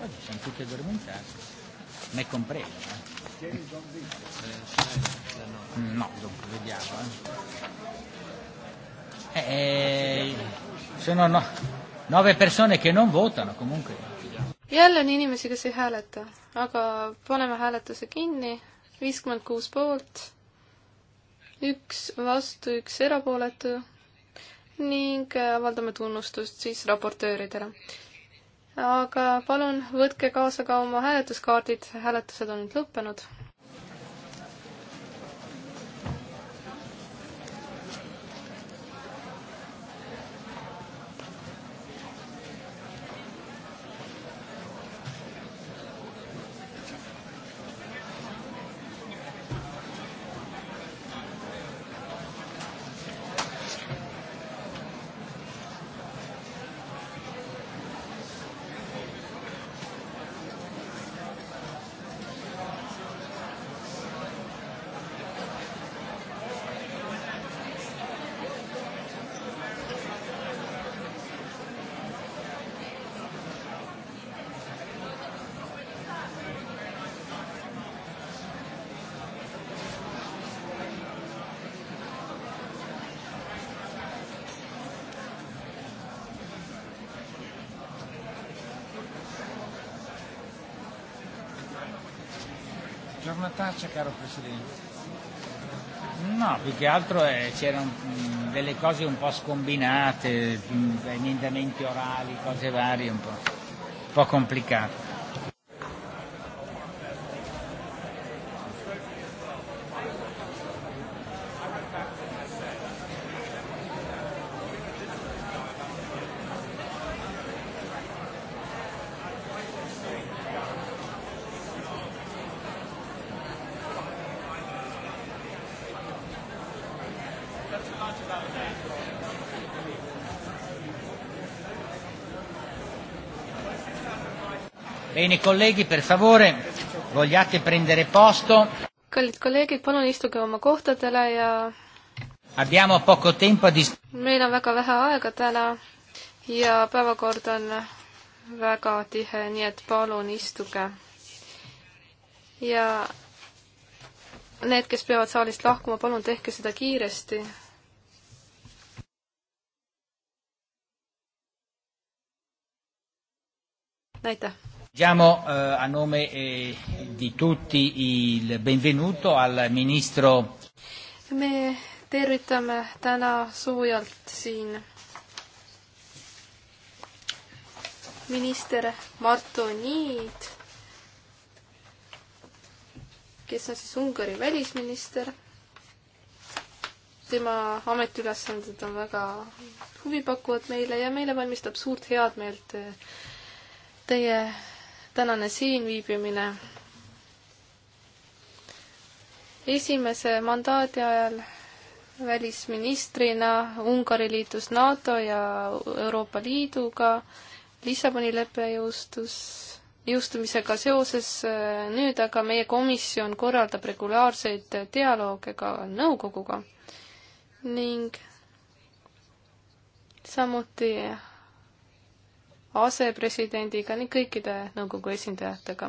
Oggi siamo tutti addormentati, me compreso. Eh? No, dunque, vediamo. Eh. Eh, eh sono no, nove persone che non votano comunque. jälle on inimesi, kes ei hääleta, aga paneme hääletuse kinni, viiskümmend kuus poolt, üks vastu, üks erapooletu ning äh, avaldame tunnustust siis raportööridele. aga palun võtke kaasa ka oma hääletuskaardid, hääletused on nüüd lõppenud No, più che altro eh, c'erano mh, mm, delle cose un po' scombinate, mh, mm, emendamenti orali, cose varie, un po', un po complicate. Bene, colleghi, per favore, vogliate prendere posto. kallid kolleegid, palun istuge oma kohtadele ja Abbiamo poco tempo a dis- meil on väga vähe aega täna ja päevakord on väga tihe, nii et palun istuge. ja need, kes peavad saalist lahkuma, palun tehke seda kiiresti aitäh! Diamo eh, a nome eh, di tutti il benvenuto al ministro. me tervitame täna soojalt siin minister Marto Niid, kes on siis Ungari välisminister. tema ametiülesanded on väga huvipakkuvad meile ja meile valmistab suurt headmeelt eh, teie tänane siinviibimine. esimese mandaadi ajal välisministrina Ungari liitus NATO ja Euroopa Liiduga, Lissaboni lepe jõustus, jõustumisega seoses nüüd aga meie komisjon korraldab regulaarseid dialoog ka nõukoguga ning samuti asepresidendiga ning kõikide nõukogu esindajatega.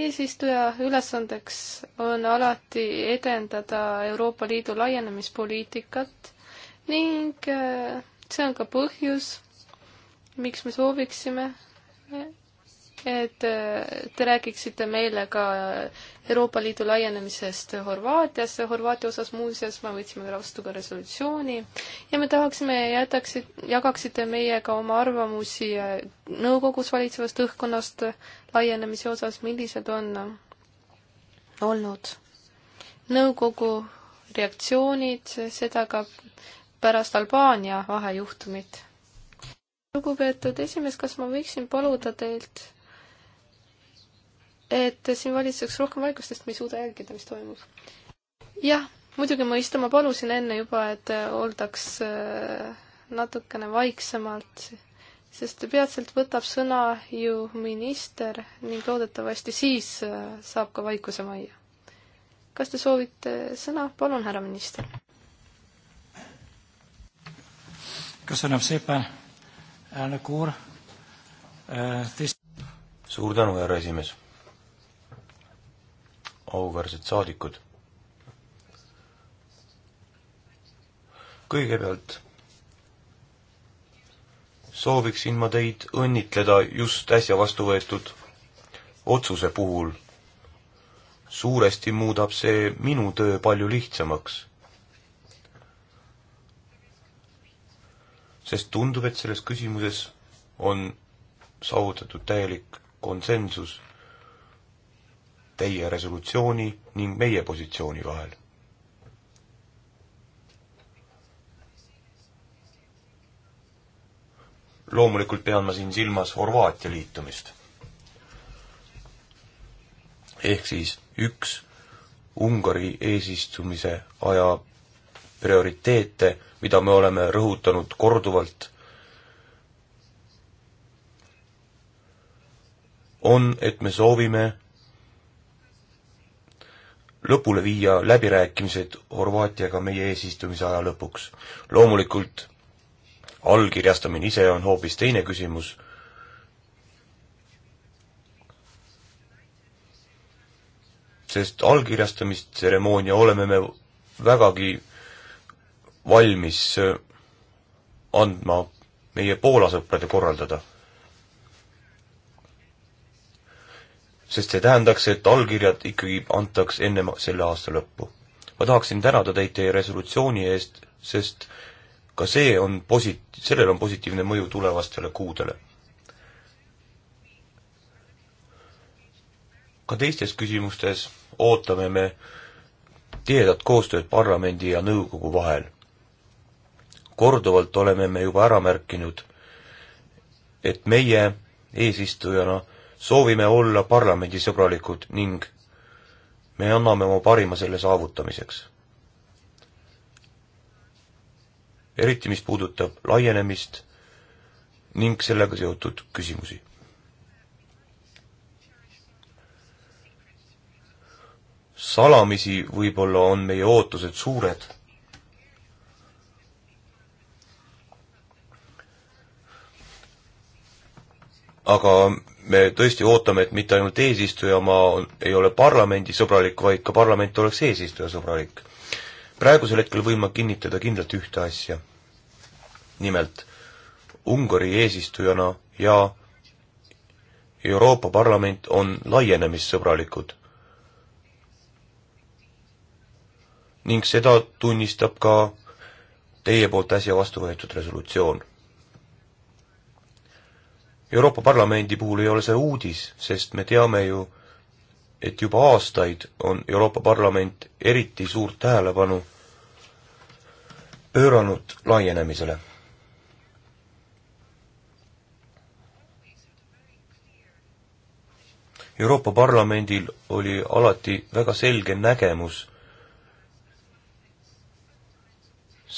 eesistuja ülesandeks on alati edendada Euroopa Liidu laienemispoliitikat ning äh, see on ka põhjus, miks me sooviksime, et äh, te räägiksite meile ka Euroopa Liidu laienemisest Horvaatiasse. Horvaatia osas muuseas me võtsime vastu ka resolutsiooni ja me tahaksime, jätaksid, jagaksite meiega oma arvamusi äh, nõukogus valitsevast õhkkonnast laienemise osas, millised on olnud nõukogu reaktsioonid, seda ka pärast Albaania vahejuhtumit. lugupeetud esimees, kas ma võiksin paluda teilt et siin valitseks rohkem vaikust, sest me ei suuda jälgida, mis toimub. jah, muidugi mõista, ma palusin enne juba, et äh, oldaks äh, natukene vaiksemalt, sest peatselt võtab sõna ju minister ning loodetavasti siis äh, saab ka vaikuse majja. kas te soovite sõna, palun, härra minister? köszönöm szépen, elnök úr. Tiszt... Suur tänu, härra esimees auväärsed saadikud. kõigepealt sooviksin ma teid õnnitleda just äsja vastu võetud otsuse puhul. suuresti muudab see minu töö palju lihtsamaks. sest tundub, et selles küsimuses on saavutatud täielik konsensus teie resolutsiooni ning meie positsiooni vahel. loomulikult pean ma siin silmas Horvaatia liitumist. ehk siis üks Ungari eesistumise aja prioriteete, mida me oleme rõhutanud korduvalt, on, et me soovime lõpule viia läbirääkimised Horvaatiaga meie eesistumise aja lõpuks. loomulikult allkirjastamine ise on hoopis teine küsimus, sest allkirjastamistseremoonia oleme me vägagi valmis andma meie Poola sõprade korraldada sest see tähendaks, et allkirjad ikkagi antaks enne selle aasta lõppu. ma tahaksin tänada teid teie resolutsiooni eest, sest ka see on posi-, sellel on positiivne mõju tulevastele kuudele. ka teistes küsimustes ootame me tihedat koostööd parlamendi ja nõukogu vahel. korduvalt oleme me juba ära märkinud, et meie eesistujana soovime olla parlamendisõbralikud ning me anname oma parima selle saavutamiseks. eriti, mis puudutab laienemist ning sellega seotud küsimusi. salamisi võib-olla on meie ootused suured aga me tõesti ootame, et mitte ainult eesistujamaa ei ole parlamendi sõbralik, vaid ka parlament oleks eesistuja sõbralik. praegusel hetkel võin ma kinnitada kindlalt ühte asja. nimelt, Ungari eesistujana ja Euroopa Parlament on laienemissõbralikud. ning seda tunnistab ka teie poolt äsja vastu võetud resolutsioon Euroopa Parlamendi puhul ei ole see uudis, sest me teame ju, et juba aastaid on Euroopa Parlament eriti suurt tähelepanu pööranud laienemisele. Euroopa Parlamendil oli alati väga selge nägemus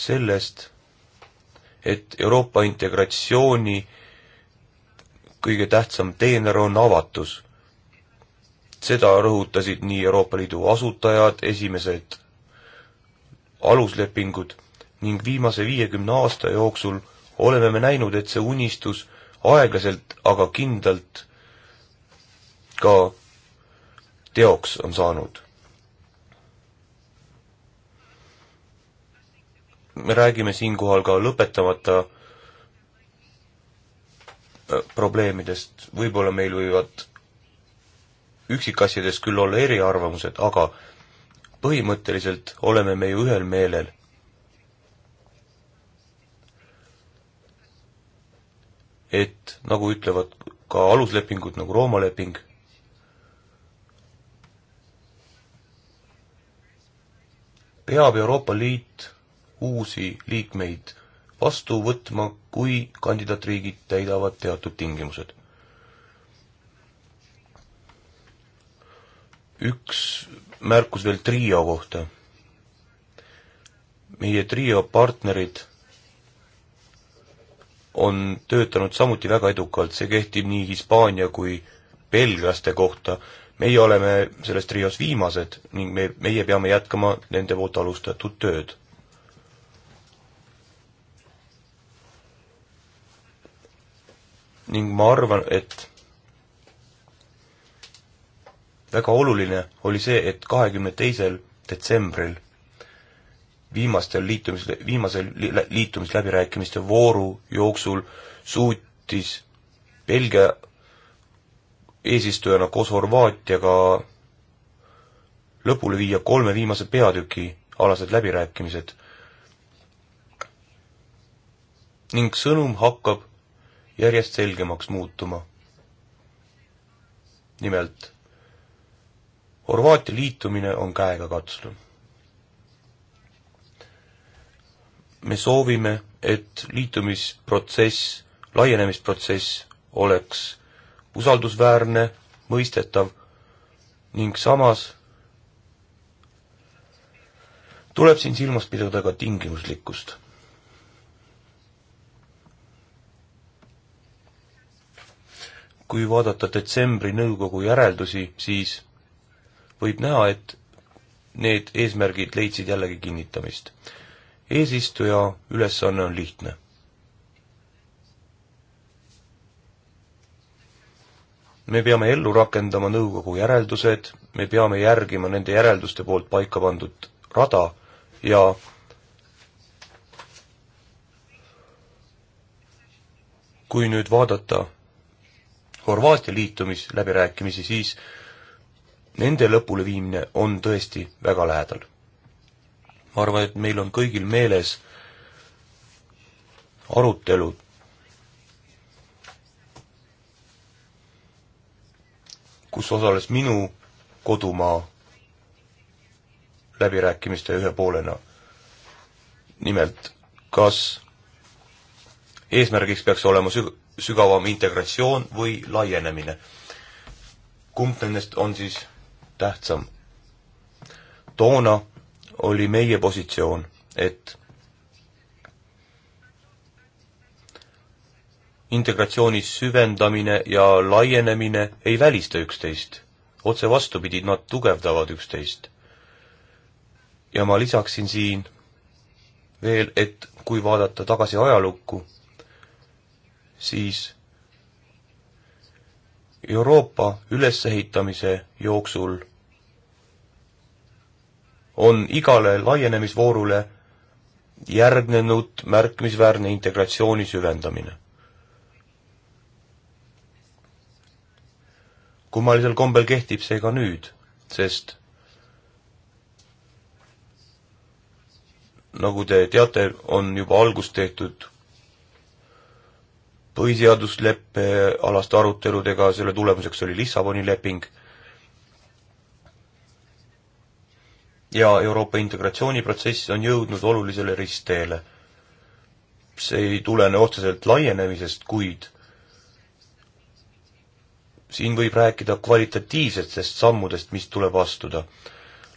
sellest, et Euroopa integratsiooni kõige tähtsam teener on avatus. seda rõhutasid nii Euroopa Liidu asutajad, esimesed aluslepingud ning viimase viiekümne aasta jooksul oleme me näinud, et see unistus aeglaselt, aga kindlalt ka teoks on saanud. me räägime siinkohal ka lõpetamata Äh, probleemidest, võib-olla meil võivad üksikasjades küll olla eriarvamused, aga põhimõtteliselt oleme me ju ühel meelel. et nagu ütlevad ka aluslepingud nagu Rooma leping, peab Euroopa Liit uusi liikmeid vastu võtma, kui kandidaatriigid täidavad teatud tingimused. üks märkus veel Trio kohta. meie Trio partnerid on töötanud samuti väga edukalt, see kehtib nii Hispaania kui belglaste kohta, meie oleme selles trios viimased ning me, meie peame jätkama nende poolt alustatud tööd ning ma arvan, et väga oluline oli see, et kahekümne teisel detsembril viimastel liitumis, viimasel liitumisläbirääkimiste vooru jooksul suutis Belgia eesistujana koos Horvaatiaga lõpule viia kolme viimase peatüki alased läbirääkimised. ning sõnum hakkab järjest selgemaks muutuma. nimelt, Horvaatia liitumine on käegakatsudav. me soovime, et liitumisprotsess, laienemisprotsess oleks usaldusväärne, mõistetav ning samas tuleb siin silmas pidada ka tingimuslikkust kui vaadata detsembri nõukogu järeldusi, siis võib näha, et need eesmärgid leidsid jällegi kinnitamist. eesistuja ülesanne on lihtne. me peame ellu rakendama nõukogu järeldused, me peame järgima nende järelduste poolt paika pandud rada ja kui nüüd vaadata Horvaatia liitumisläbirääkimisi, siis nende lõpuleviimine on tõesti väga lähedal. ma arvan, et meil on kõigil meeles arutelud kus osales minu kodumaa läbirääkimiste ühe poolena. nimelt, kas eesmärgiks peaks olema süg-, sügavam integratsioon või laienemine. kumb nendest on siis tähtsam? toona oli meie positsioon, et integratsiooni süvendamine ja laienemine ei välista üksteist. otse vastupidi, nad tugevdavad üksteist. ja ma lisaksin siin veel, et kui vaadata tagasi ajalukku, siis Euroopa ülesehitamise jooksul on igale laienemisvoorule järgnenud märkimisväärne integratsiooni süvendamine. kummalisel kombel kehtib see ka nüüd, sest nagu te teate, on juba algust tehtud põhiseadusleppe alaste aruteludega, selle tulemuseks oli Lissaboni leping ja Euroopa integratsiooniprotsess on jõudnud olulisele ristteele. see ei tulene otseselt laienemisest, kuid siin võib rääkida kvalitatiivsetest sammudest, mis tuleb astuda.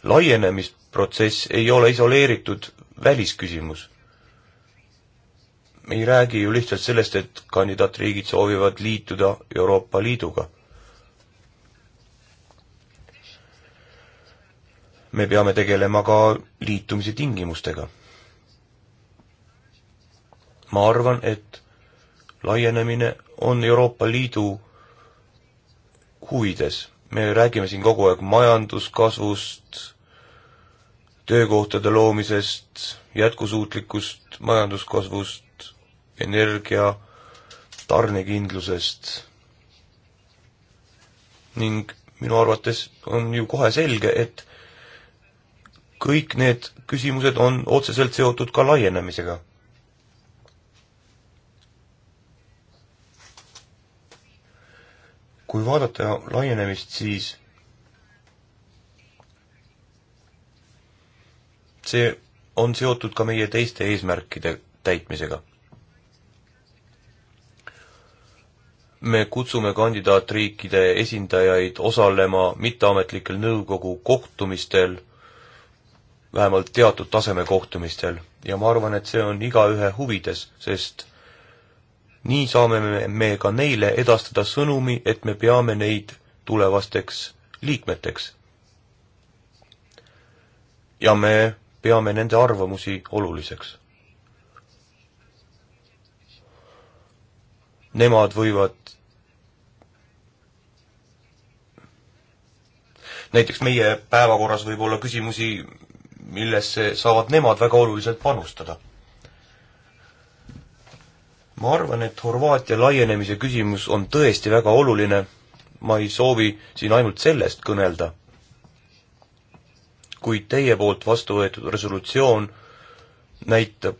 laienemisprotsess ei ole isoleeritud välisküsimus me ei räägi ju lihtsalt sellest, et kandidaatriigid soovivad liituda Euroopa Liiduga. me peame tegelema ka liitumise tingimustega. ma arvan, et laienemine on Euroopa Liidu huvides. me räägime siin kogu aeg majanduskasvust, töökohtade loomisest, jätkusuutlikust majanduskasvust, energia tarnekindlusest ning minu arvates on ju kohe selge, et kõik need küsimused on otseselt seotud ka laienemisega. kui vaadata laienemist, siis see on seotud ka meie teiste eesmärkide täitmisega me kutsume kandidaatriikide esindajaid osalema mitteametlikel nõukogu kohtumistel, vähemalt teatud taseme kohtumistel ja ma arvan, et see on igaühe huvides, sest nii saame me, me ka neile edastada sõnumi, et me peame neid tulevasteks liikmeteks. ja me peame nende arvamusi oluliseks nemad võivad näiteks meie päevakorras võib olla küsimusi, millesse saavad nemad väga oluliselt panustada. ma arvan, et Horvaatia laienemise küsimus on tõesti väga oluline, ma ei soovi siin ainult sellest kõnelda, kuid teie poolt vastu võetud resolutsioon näitab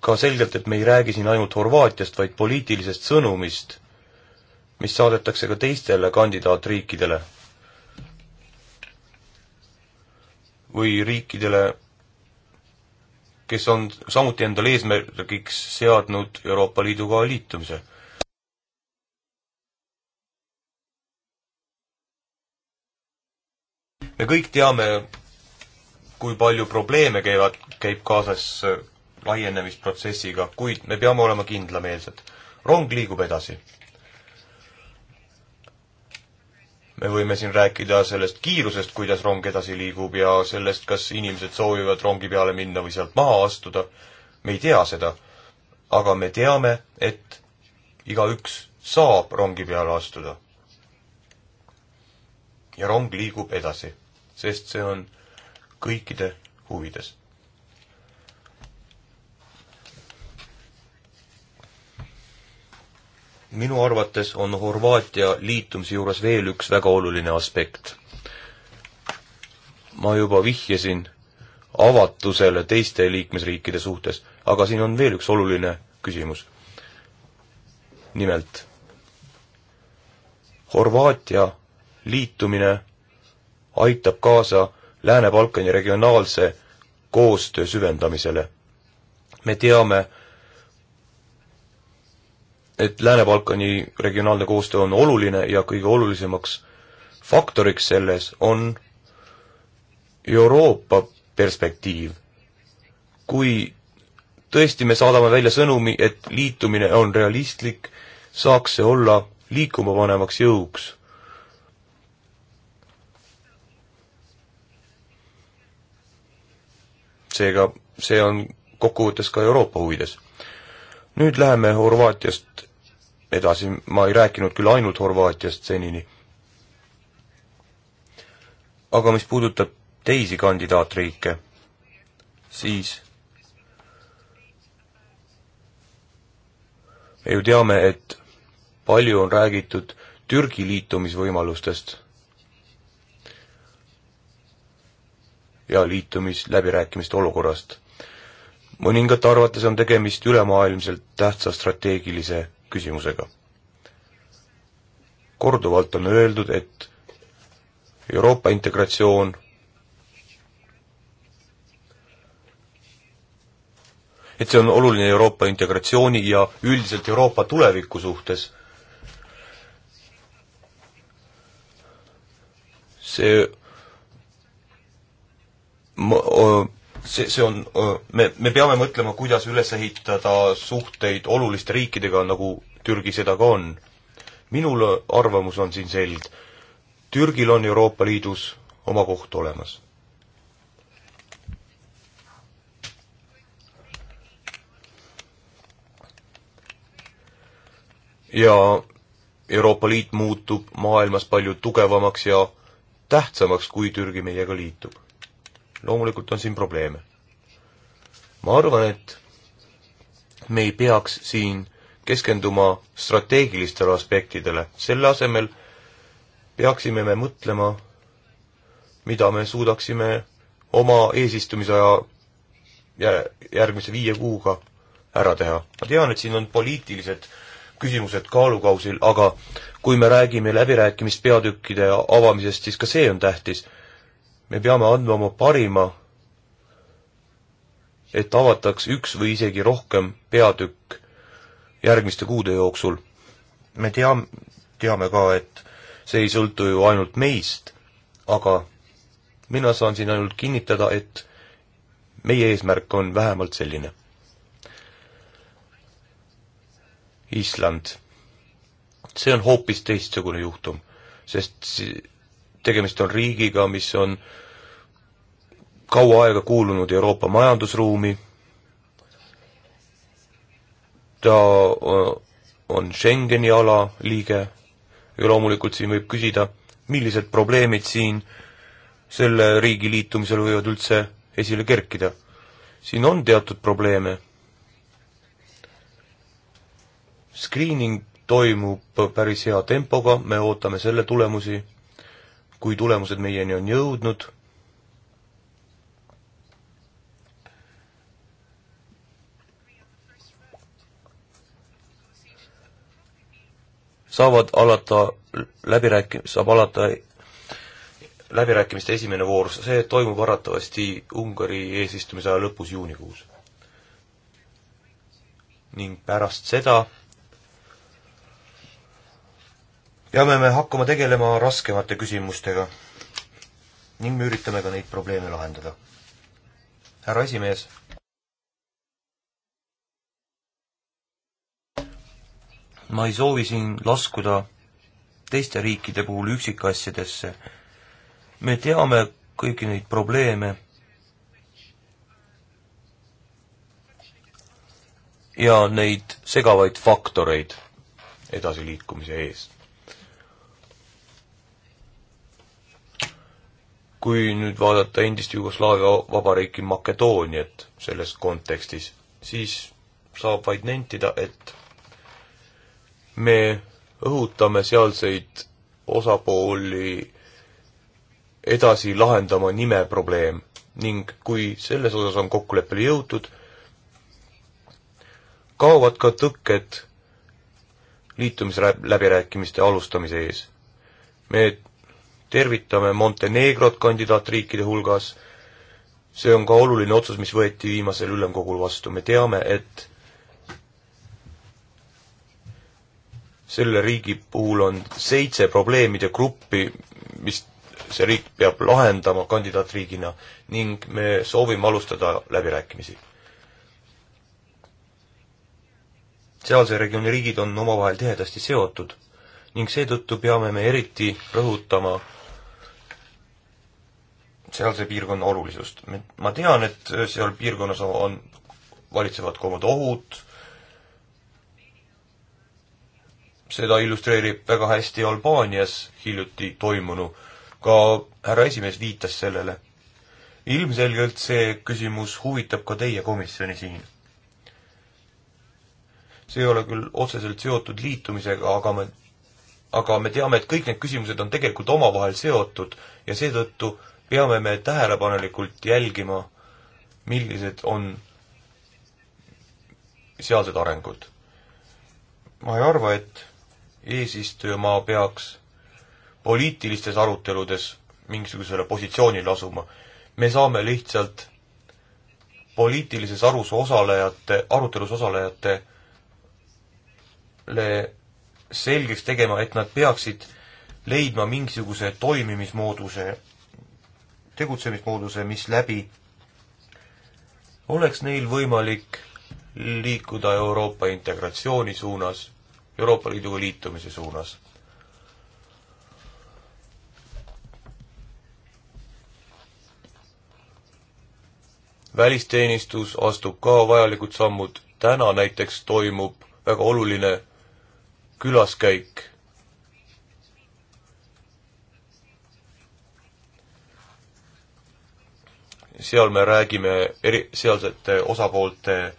ka selgelt, et me ei räägi siin ainult Horvaatiast, vaid poliitilisest sõnumist, mis saadetakse ka teistele kandidaatriikidele. või riikidele, kes on samuti endale eesmärgiks seadnud Euroopa Liiduga liitumise me kõik teame, kui palju probleeme käivad, käib kaasas laienemisprotsessiga, kuid me peame olema kindlameelsed. rong liigub edasi. me võime siin rääkida sellest kiirusest, kuidas rong edasi liigub ja sellest, kas inimesed soovivad rongi peale minna või sealt maha astuda. me ei tea seda. aga me teame, et igaüks saab rongi peale astuda. ja rong liigub edasi, sest see on kõikide huvides minu arvates on Horvaatia liitumise juures veel üks väga oluline aspekt. ma juba vihjasin avatusele teiste liikmesriikide suhtes, aga siin on veel üks oluline küsimus. nimelt, Horvaatia liitumine aitab kaasa Lääne-Balkani regionaalse koostöö süvendamisele. me teame, et Lääne-Balkani regionaalne koostöö on oluline ja kõige olulisemaks faktoriks selles on Euroopa perspektiiv. kui tõesti me saadame välja sõnumi, et liitumine on realistlik, saaks see olla liikuma panevaks jõuks. seega see on kokkuvõttes ka Euroopa huvides. nüüd läheme Horvaatiast edasi, ma ei rääkinud küll ainult Horvaatiast senini. aga mis puudutab teisi kandidaatriike, siis me ju teame, et palju on räägitud Türgi liitumisvõimalustest ja liitumisläbirääkimiste olukorrast. mõningate arvates on tegemist ülemaailmselt tähtsa strateegilise küsimusega. korduvalt on öeldud, et Euroopa integratsioon et see on oluline Euroopa integratsiooni ja üldiselt Euroopa tuleviku suhtes. see see, see on, me, me peame mõtlema, kuidas üles ehitada suhteid oluliste riikidega, nagu Türgi seda ka on. minul arvamus on siin selg. Türgil on Euroopa Liidus oma koht olemas. ja Euroopa Liit muutub maailmas palju tugevamaks ja tähtsamaks, kui Türgi meiega liitub loomulikult on siin probleeme. ma arvan, et me ei peaks siin keskenduma strateegilistele aspektidele, selle asemel peaksime me mõtlema, mida me suudaksime oma eesistumisaja järgmise viie kuuga ära teha. ma tean, et siin on poliitilised küsimused kaalukausil, aga kui me räägime läbirääkimispeatükkide avamisest, siis ka see on tähtis me peame andma oma parima, et avataks üks või isegi rohkem peatükk järgmiste kuude jooksul. me team-, teame ka, et see ei sõltu ju ainult meist, aga mina saan siin ainult kinnitada, et meie eesmärk on vähemalt selline. Island. see on hoopis teistsugune juhtum, sest tegemist on riigiga, mis on kaua aega kuulunud Euroopa majandusruumi, ta äh, on Schengeni ala liige ja loomulikult siin võib küsida, millised probleemid siin selle riigi liitumisel võivad üldse esile kerkida. siin on teatud probleeme. Screening toimub päris hea tempoga, me ootame selle tulemusi kui tulemused meieni on jõudnud, saavad alata läbirääkim-, saab alata läbirääkimiste esimene voor, see toimub arvatavasti Ungari eesistumise aja lõpus, juunikuus. ning pärast seda peame me hakkama tegelema raskemate küsimustega ning me üritame ka neid probleeme lahendada. härra esimees. ma ei soovi siin laskuda teiste riikide puhul üksikasjadesse. me teame kõiki neid probleeme ja neid segavaid faktoreid edasiliikumise eest kui nüüd vaadata endist Jugoslaavia vabariiki Makedooniat selles kontekstis, siis saab vaid nentida, et me õhutame sealseid osapooli edasi lahendama nimeprobleem ning kui selles osas on kokkuleppele jõutud, kaovad ka tõkked liitumisläbirääkimiste alustamise ees. me tervitame Montenegrot kandidaatriikide hulgas, see on ka oluline otsus, mis võeti viimasel ülemkogul vastu, me teame, et selle riigi puhul on seitse probleemide gruppi, mis see riik peab lahendama kandidaatriigina ning me soovime alustada läbirääkimisi. sealse regiooni riigid on omavahel tihedasti seotud ning seetõttu peame me eriti rõhutama sealse piirkonna olulisust. ma tean, et seal piirkonnas on, valitsevad ka omad ohud, seda illustreerib väga hästi Albaanias hiljuti toimunu, ka härra esimees viitas sellele. ilmselgelt see küsimus huvitab ka teie komisjoni siin. see ei ole küll otseselt seotud liitumisega, aga me, aga me teame, et kõik need küsimused on tegelikult omavahel seotud ja seetõttu peame me tähelepanelikult jälgima, millised on sealsed arengud. ma ei arva, et eesistujamaa peaks poliitilistes aruteludes mingisugusele positsioonile asuma. me saame lihtsalt poliitilises arus osalejate, arutelus osalejatele selgeks tegema, et nad peaksid leidma mingisuguse toimimismooduse tegutsemismooduse, mis läbi oleks neil võimalik liikuda Euroopa integratsiooni suunas, Euroopa Liiduga liitumise suunas. välisteenistus astub ka vajalikud sammud, täna näiteks toimub väga oluline külaskäik seal me räägime eri, sealsete osapoolte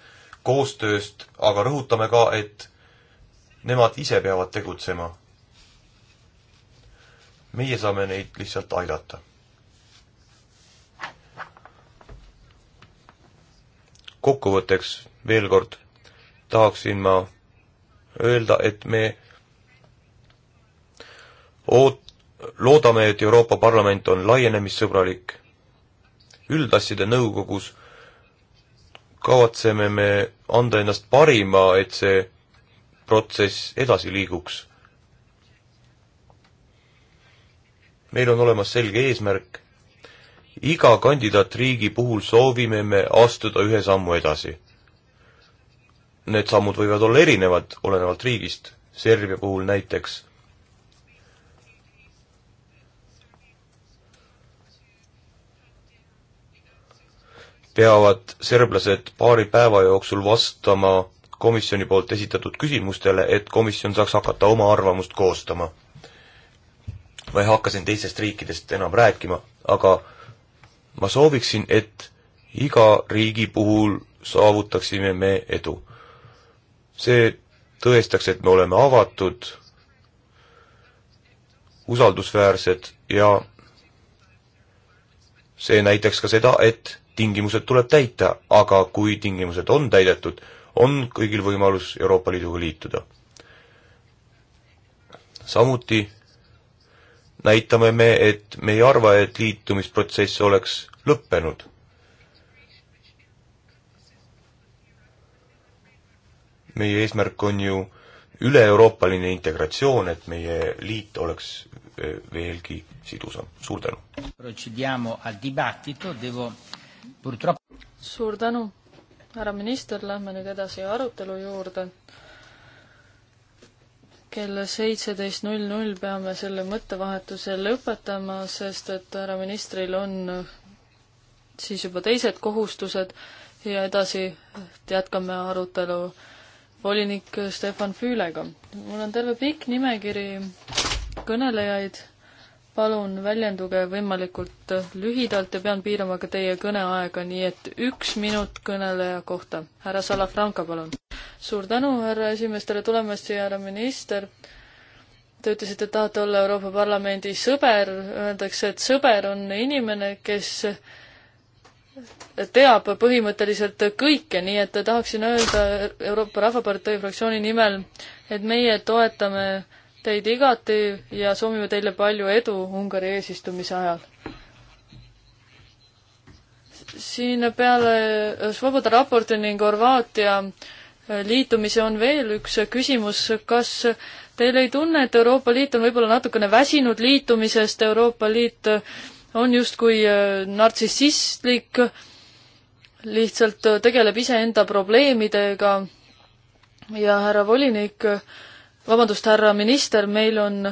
koostööst, aga rõhutame ka, et nemad ise peavad tegutsema. meie saame neid lihtsalt aidata. kokkuvõtteks veel kord tahaksin ma öelda, et me oot-, loodame, et Euroopa Parlament on laienemissõbralik üldasjade nõukogus kavatseme me anda ennast parima, et see protsess edasi liiguks. meil on olemas selge eesmärk, iga kandidaatriigi puhul soovime me astuda ühe sammu edasi. Need sammud võivad olla erinevad, olenevalt riigist, Serbia puhul näiteks peavad serblased paari päeva jooksul vastama komisjoni poolt esitatud küsimustele, et komisjon saaks hakata oma arvamust koostama. ma ei hakka siin teistest riikidest enam rääkima, aga ma sooviksin, et iga riigi puhul saavutaksime me edu. see tõestaks, et me oleme avatud, usaldusväärsed ja see näitaks ka seda, et tingimused tuleb täita, aga kui tingimused on täidetud, on kõigil võimalus Euroopa Liiduga liituda. samuti näitame me, et me ei arva, et liitumisprotsess oleks lõppenud. meie eesmärk on ju üle-euroopaline integratsioon, et meie liit oleks eh, veelgi sidusam. suur tänu! suur tänu, härra minister, lähme nüüd edasi arutelu juurde. kell seitseteist null null peame selle mõttevahetuse lõpetama, sest et härra ministril on siis juba teised kohustused ja edasi jätkame arutelu volinik Stefan Füülega. mul on terve pikk nimekiri kõnelejaid palun väljenduge võimalikult lühidalt ja pean piirama ka teie kõneaega, nii et üks minut kõneleja kohta. härra Salafranca, palun. suur tänu, härra esimees, tere tulemast siia, härra minister. Te ütlesite, et tahate olla Euroopa Parlamendi sõber, öeldakse, et sõber on inimene, kes teab põhimõtteliselt kõike, nii et tahaksin öelda Euroopa Rahvapartei fraktsiooni nimel, et meie toetame teid igati ja soovime teile palju edu Ungari eesistumise ajal. siin peale Svoboda raporti ning Horvaatia liitumise on veel üks küsimus, kas teil ei tunne, et Euroopa Liit on võib-olla natukene väsinud liitumisest, Euroopa Liit on justkui äh, nartsissistlik, lihtsalt äh, tegeleb iseenda probleemidega ja härra volinik, vabandust, härra minister, meil on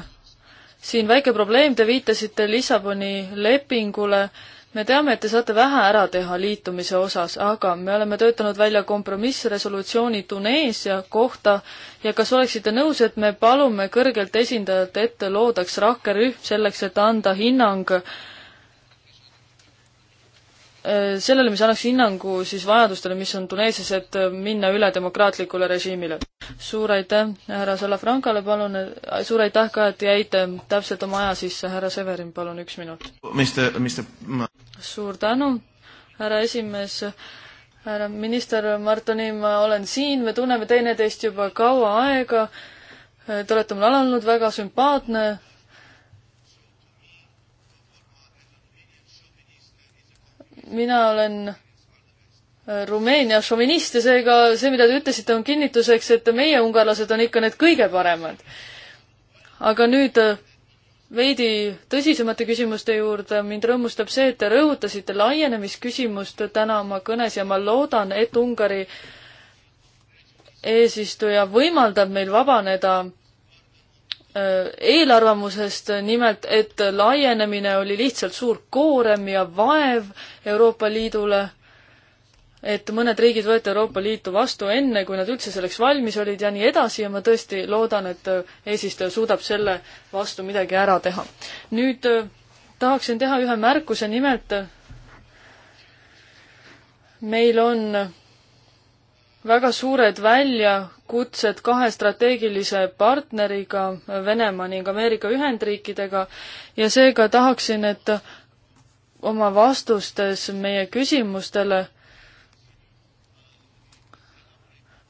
siin väike probleem, te viitasite Lissaboni lepingule. me teame, et te saate vähe ära teha liitumise osas, aga me oleme töötanud välja kompromissresolutsiooni Tuneesia kohta ja kas oleksite nõus, et me palume kõrgelt esindajalt, et loodaks rakkerühm selleks, et anda hinnang Äh, sellele, mis annaks hinnangu siis vajadustele, mis on Tuneesias, et äh, minna üle demokraatlikule režiimile. suur aitäh härra Salafrankale, palun, äh, suur aitäh ka, et jäite täpselt oma aja sisse, härra Severin, palun üks minut. mis te, mis te ma...? suur tänu, härra esimees, härra minister Martoni, ma olen siin, me tunneme teineteist juba kaua aega, te olete mul alanud väga sümpaatne, mina olen äh, Rumeenia šovinist ja seega see, mida te ütlesite, on kinnituseks, et meie ungarlased on ikka need kõige paremad. aga nüüd äh, veidi tõsisemate küsimuste juurde, mind rõõmustab see, et te rõhutasite laienemisküsimust täna oma kõnes ja ma loodan, et Ungari eesistuja võimaldab meil vabaneda Äh, eelarvamusest, nimelt et laienemine oli lihtsalt suur koorem ja vaev Euroopa Liidule, et mõned riigid võeti Euroopa Liitu vastu enne, kui nad üldse selleks valmis olid ja nii edasi ja ma tõesti loodan, et äh, eesistuja suudab selle vastu midagi ära teha. nüüd äh, tahaksin teha ühe märkuse, nimelt meil on väga suured väljakutsed kahe strateegilise partneriga, Venemaa ning Ameerika Ühendriikidega ja seega tahaksin, et oma vastustes meie küsimustele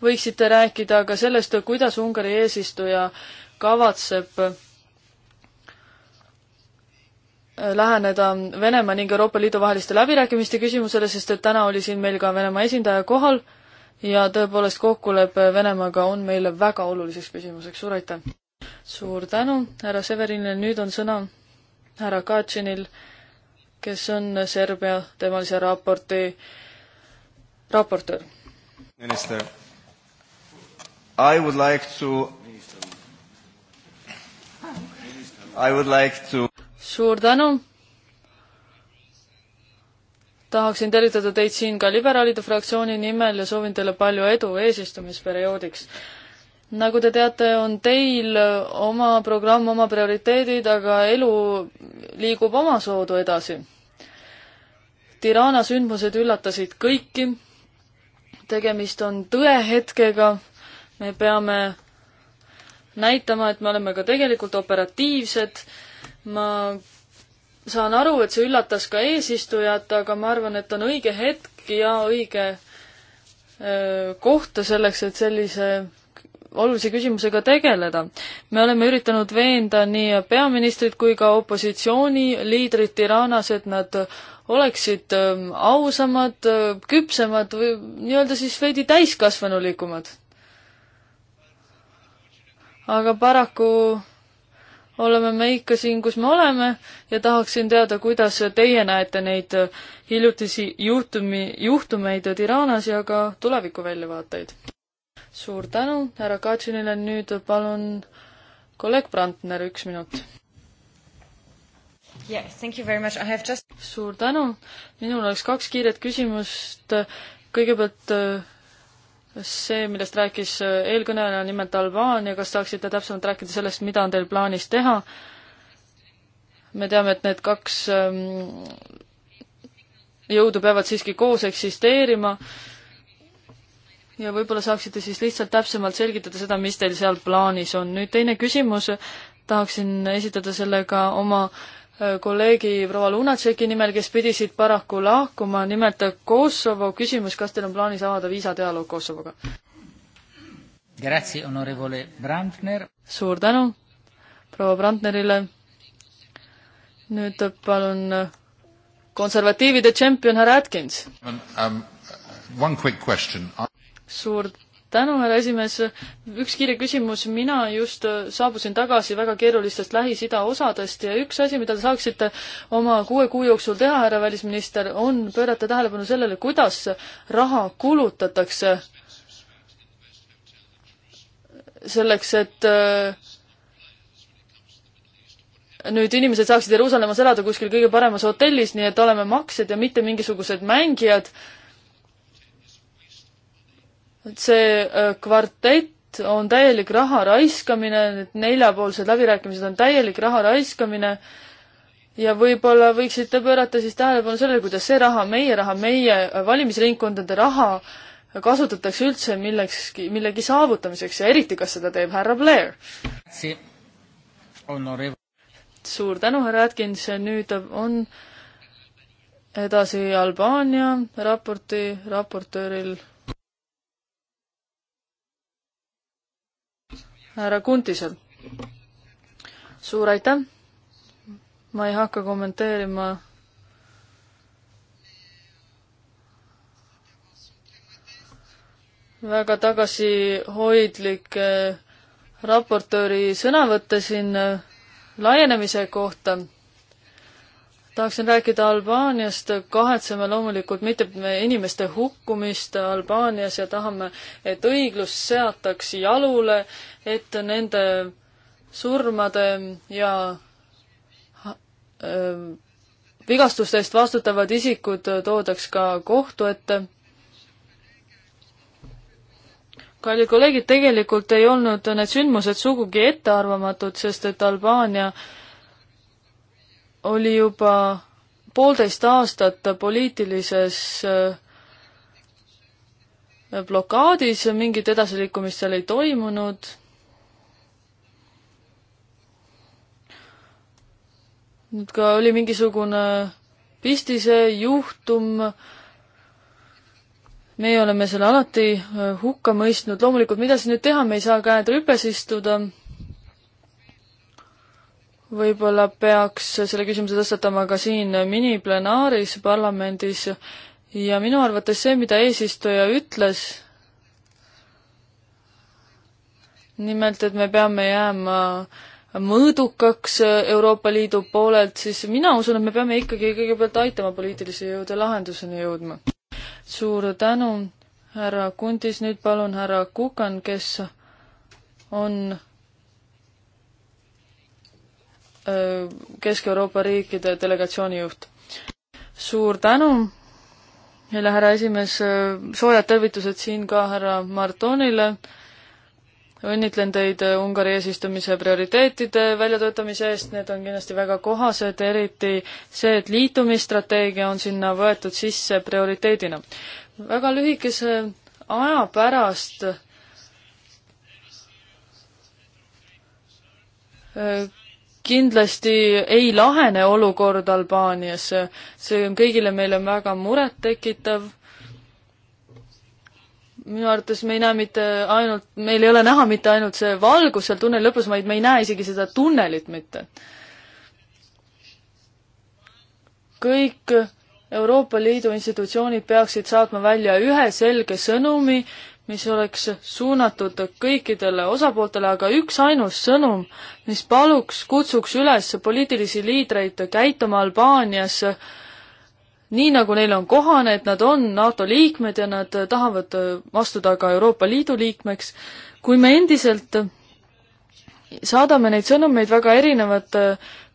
võiksite rääkida ka sellest, kuidas Ungari eesistuja kavatseb läheneda Venemaa ning Euroopa Liidu vaheliste läbirääkimiste küsimusele, sest et täna oli siin meil ka Venemaa esindaja kohal ja tõepoolest, kokkulepe Venemaaga on meile väga oluliseks küsimuseks, suur aitäh! suur tänu, härra Severinile, nüüd on sõna härra Katšinil, kes on Serbia temalise raporti raportöör. minister, I would like to I would like to suur tänu! tahaksin tervitada teid siin ka liberaalide fraktsiooni nimel ja soovin teile palju edu eesistumisperioodiks. nagu te teate, on teil oma programm, oma prioriteedid, aga elu liigub omasoodu edasi. Tirana sündmused üllatasid kõiki, tegemist on tõehetkega, me peame näitama, et me oleme ka tegelikult operatiivsed, ma saan aru, et see üllatas ka eesistujat, aga ma arvan, et on õige hetk ja õige kohta selleks, et sellise olulise küsimusega tegeleda. me oleme üritanud veenda nii peaministrit kui ka opositsiooniliidrit Iranas, et nad oleksid ausamad, küpsemad või nii-öelda siis veidi täiskasvanulikumad. aga paraku oleme me ikka siin, kus me oleme ja tahaksin teada, kuidas teie näete neid hiljutisi juhtumi, juhtumeid Tiranas ja ka tuleviku väljavaateid. suur tänu, härra Katšinile, nüüd palun kolleeg Brandner, üks minut. Yes, thank you very much, I have just suur tänu, minul oleks kaks kiiret küsimust, kõigepealt see, millest rääkis äh, eelkõneleja, nimelt Albaania, kas saaksite täpsemalt rääkida sellest, mida on teil plaanis teha? me teame, et need kaks ähm, jõudu peavad siiski koos eksisteerima ja võib-olla saaksite siis lihtsalt täpsemalt selgitada seda, mis teil seal plaanis on. nüüd teine küsimus, tahaksin esitada selle ka oma äh, Äh, kolleegi proua Lunatšeki nimel, kes pidisid paraku lahkuma, nimelt Kosovo küsimus, kas teil on plaanis avada viisadialoog Kosovoga? suur tänu proua Brandnerile. nüüd palun äh, konservatiivide tšempion härra Atkins. Um, um, suur tänu, härra esimees. üks kiire küsimus, mina just äh, saabusin tagasi väga keerulistest Lähis-Ida osadest ja üks asi, mida te saaksite oma kuue kuu jooksul teha, härra välisminister, on pöörata tähelepanu sellele, kuidas raha kulutatakse selleks, et äh, nüüd inimesed saaksid Jeruusalemmas elada kuskil kõige paremas hotellis, nii et oleme maksjad ja mitte mingisugused mängijad see äh, kvartett on täielik raha raiskamine, need neljapoolsed läbirääkimised on täielik raha raiskamine ja võib-olla võiksite pöörata siis tähelepanu sellele, kuidas see raha, meie raha, meie äh, valimisringkondade raha kasutatakse üldse millekski, millegi saavutamiseks ja eriti, kas seda teeb härra Blair? suur tänu, härra Atkins, nüüd on edasi Albaania raporti raportööril härra Kuntisel. suur aitäh! ma ei hakka kommenteerima väga tagasihoidlikke raportööri sõnavõtte siin laienemise kohta tahaksin rääkida Albaaniast, kahetseme loomulikult mitte inimeste hukkumist Albaanias ja tahame, et õiglus seataks jalule, et nende surmade ja vigastuste eest vastutavad isikud toodaks ka kohtu ette kallid kolleegid, tegelikult ei olnud need sündmused sugugi ettearvamatud, sest et Albaania oli juba poolteist aastat poliitilises äh, blokaadis, mingit edasiliikumist seal ei toimunud. nüüd ka oli mingisugune pistise juhtum, meie oleme selle alati äh, hukka mõistnud, loomulikult mida siis nüüd teha, me ei saa käed rüpes istuda võib-olla peaks selle küsimuse tõstatama ka siin miniplenaaris parlamendis ja minu arvates see, mida eesistuja ütles, nimelt, et me peame jääma mõõdukaks Euroopa Liidu poolelt, siis mina usun, et me peame ikkagi kõigepealt aitama poliitilisi jõude lahenduseni jõudma. suur tänu, härra Kundis, nüüd palun härra Kukan, kes on Äh, Kesk-Euroopa riikide delegatsiooni juht. suur tänu, jälle härra esimees, äh, soojad tervitused siin ka härra Martonile. õnnitlen teid äh, Ungari eesistumise prioriteetide väljatöötamise eest, need on kindlasti väga kohased, eriti see, et liitumisstrateegia on sinna võetud sisse prioriteedina. väga lühikese aja pärast kindlasti ei lahene olukord Albaanias, see on kõigile meile väga murettekitav. minu arvates me ei näe mitte ainult, meil ei ole näha mitte ainult see valgus seal tunneli lõpus, vaid me ei näe isegi seda tunnelit mitte. kõik Euroopa Liidu institutsioonid peaksid saatma välja ühe selge sõnumi, mis oleks suunatud kõikidele osapooltele, aga üksainus sõnum, mis paluks, kutsuks üles poliitilisi liidreid käituma Albaanias nii, nagu neile on kohane, et nad on NATO liikmed ja nad tahavad astuda ka Euroopa Liidu liikmeks, kui me endiselt saadame neid sõnumeid väga erinevate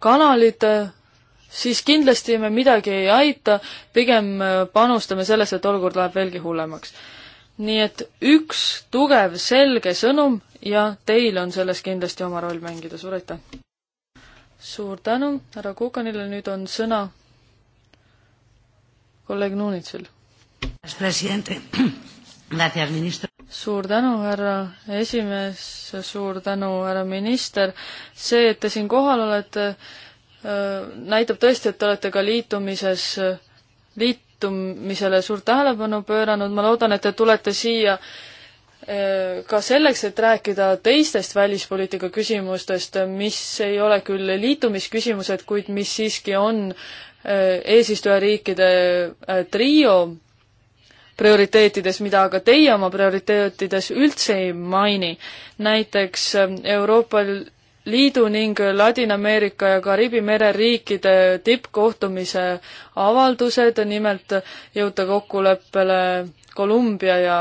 kanalite siis kindlasti me midagi ei aita, pigem panustame sellesse, et olukord läheb veelgi hullemaks nii et üks tugev, selge sõnum ja teil on selles kindlasti oma roll mängida, suur aitäh! suur tänu härra Kukanile, nüüd on sõna kolleeg Nuunitsil. suur tänu, härra esimees, suur tänu, härra minister, see, et te siin kohal olete, äh, näitab tõesti, et te olete ka liitumises, äh, liit-, juhtumisele suurt tähelepanu pööranud, ma loodan, et te tulete siia eh, ka selleks, et rääkida teistest välispoliitika küsimustest, mis ei ole küll liitumisküsimused, kuid mis siiski on eh, eesistujariikide eh, trio prioriteetides, mida aga teie oma prioriteetides üldse ei maini. näiteks Euroopa Liidu ning Ladina-Ameerika ja Kariibi mere riikide tippkohtumise avaldused, nimelt jõuda kokkuleppele Kolumbia ja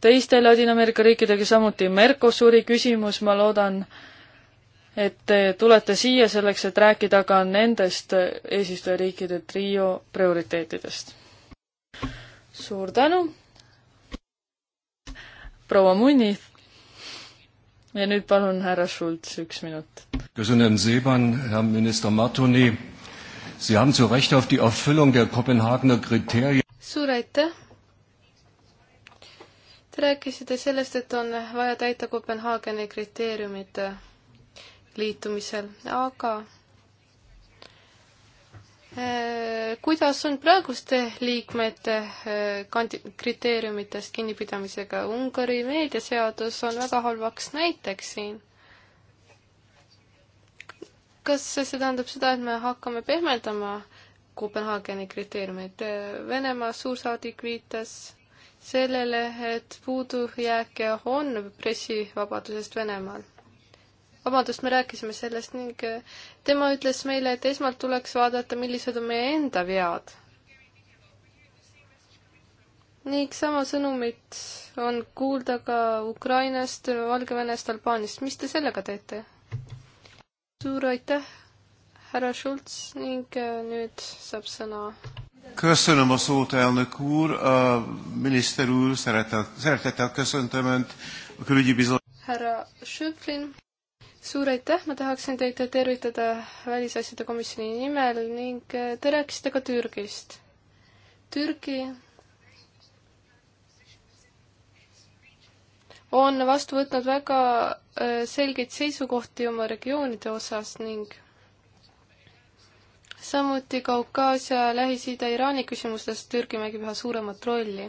teiste Ladina-Ameerika riikidega, samuti Mercosuri küsimus, ma loodan, et te tulete siia selleks, et rääkida ka nendest eesistujariikide trio prioriteetidest. suur tänu! proua Munni, ja nüüd palun härra Schulz, üks minut. Köszönöm szépen, Herr Minister Martoni. Sie haben zu Recht auf die Erfüllung der Kopenhagener Kriterien. suur aitäh. Te rääkisite sellest, et on vaja täita Kopenhaageni kriteeriumid liitumisel, aga Äh, kuidas on praeguste liikmete äh, kandi-, kriteeriumitest kinnipidamisega? Ungari meediaseadus on väga halvaks näiteks siin. kas see tähendab seda, et me hakkame pehmeldama Kopenhaageni kriteeriumeid? Äh, Venemaa suursaadik viitas sellele, et puudujääke on pressivabadusest Venemaal vabandust, me rääkisime sellest ning äh, tema ütles meile, et esmalt tuleks vaadata, millised on meie enda vead. ning sama sõnumit on kuulda ka Ukrainast, Valgevenest, Albaaniast. mis te sellega teete? suur aitäh, härra Schultz ning äh, nüüd saab sõna. Köszönöm a szót, elnök úr, a miniszter úr, szeretettel, szeretettel köszöntöm Önt a külügyi bizottság. Herra Schöpflin suur aitäh, ma tahaksin teid tervitada Välisasjade komisjoni nimel ning äh, te rääkisite ka Türgist. Türgi on vastu võtnud väga äh, selgeid seisukohti oma regioonide osas ning samuti Kaukaasia, Lähis-Ida, Iraani küsimustes Türgi mängib üha suuremat rolli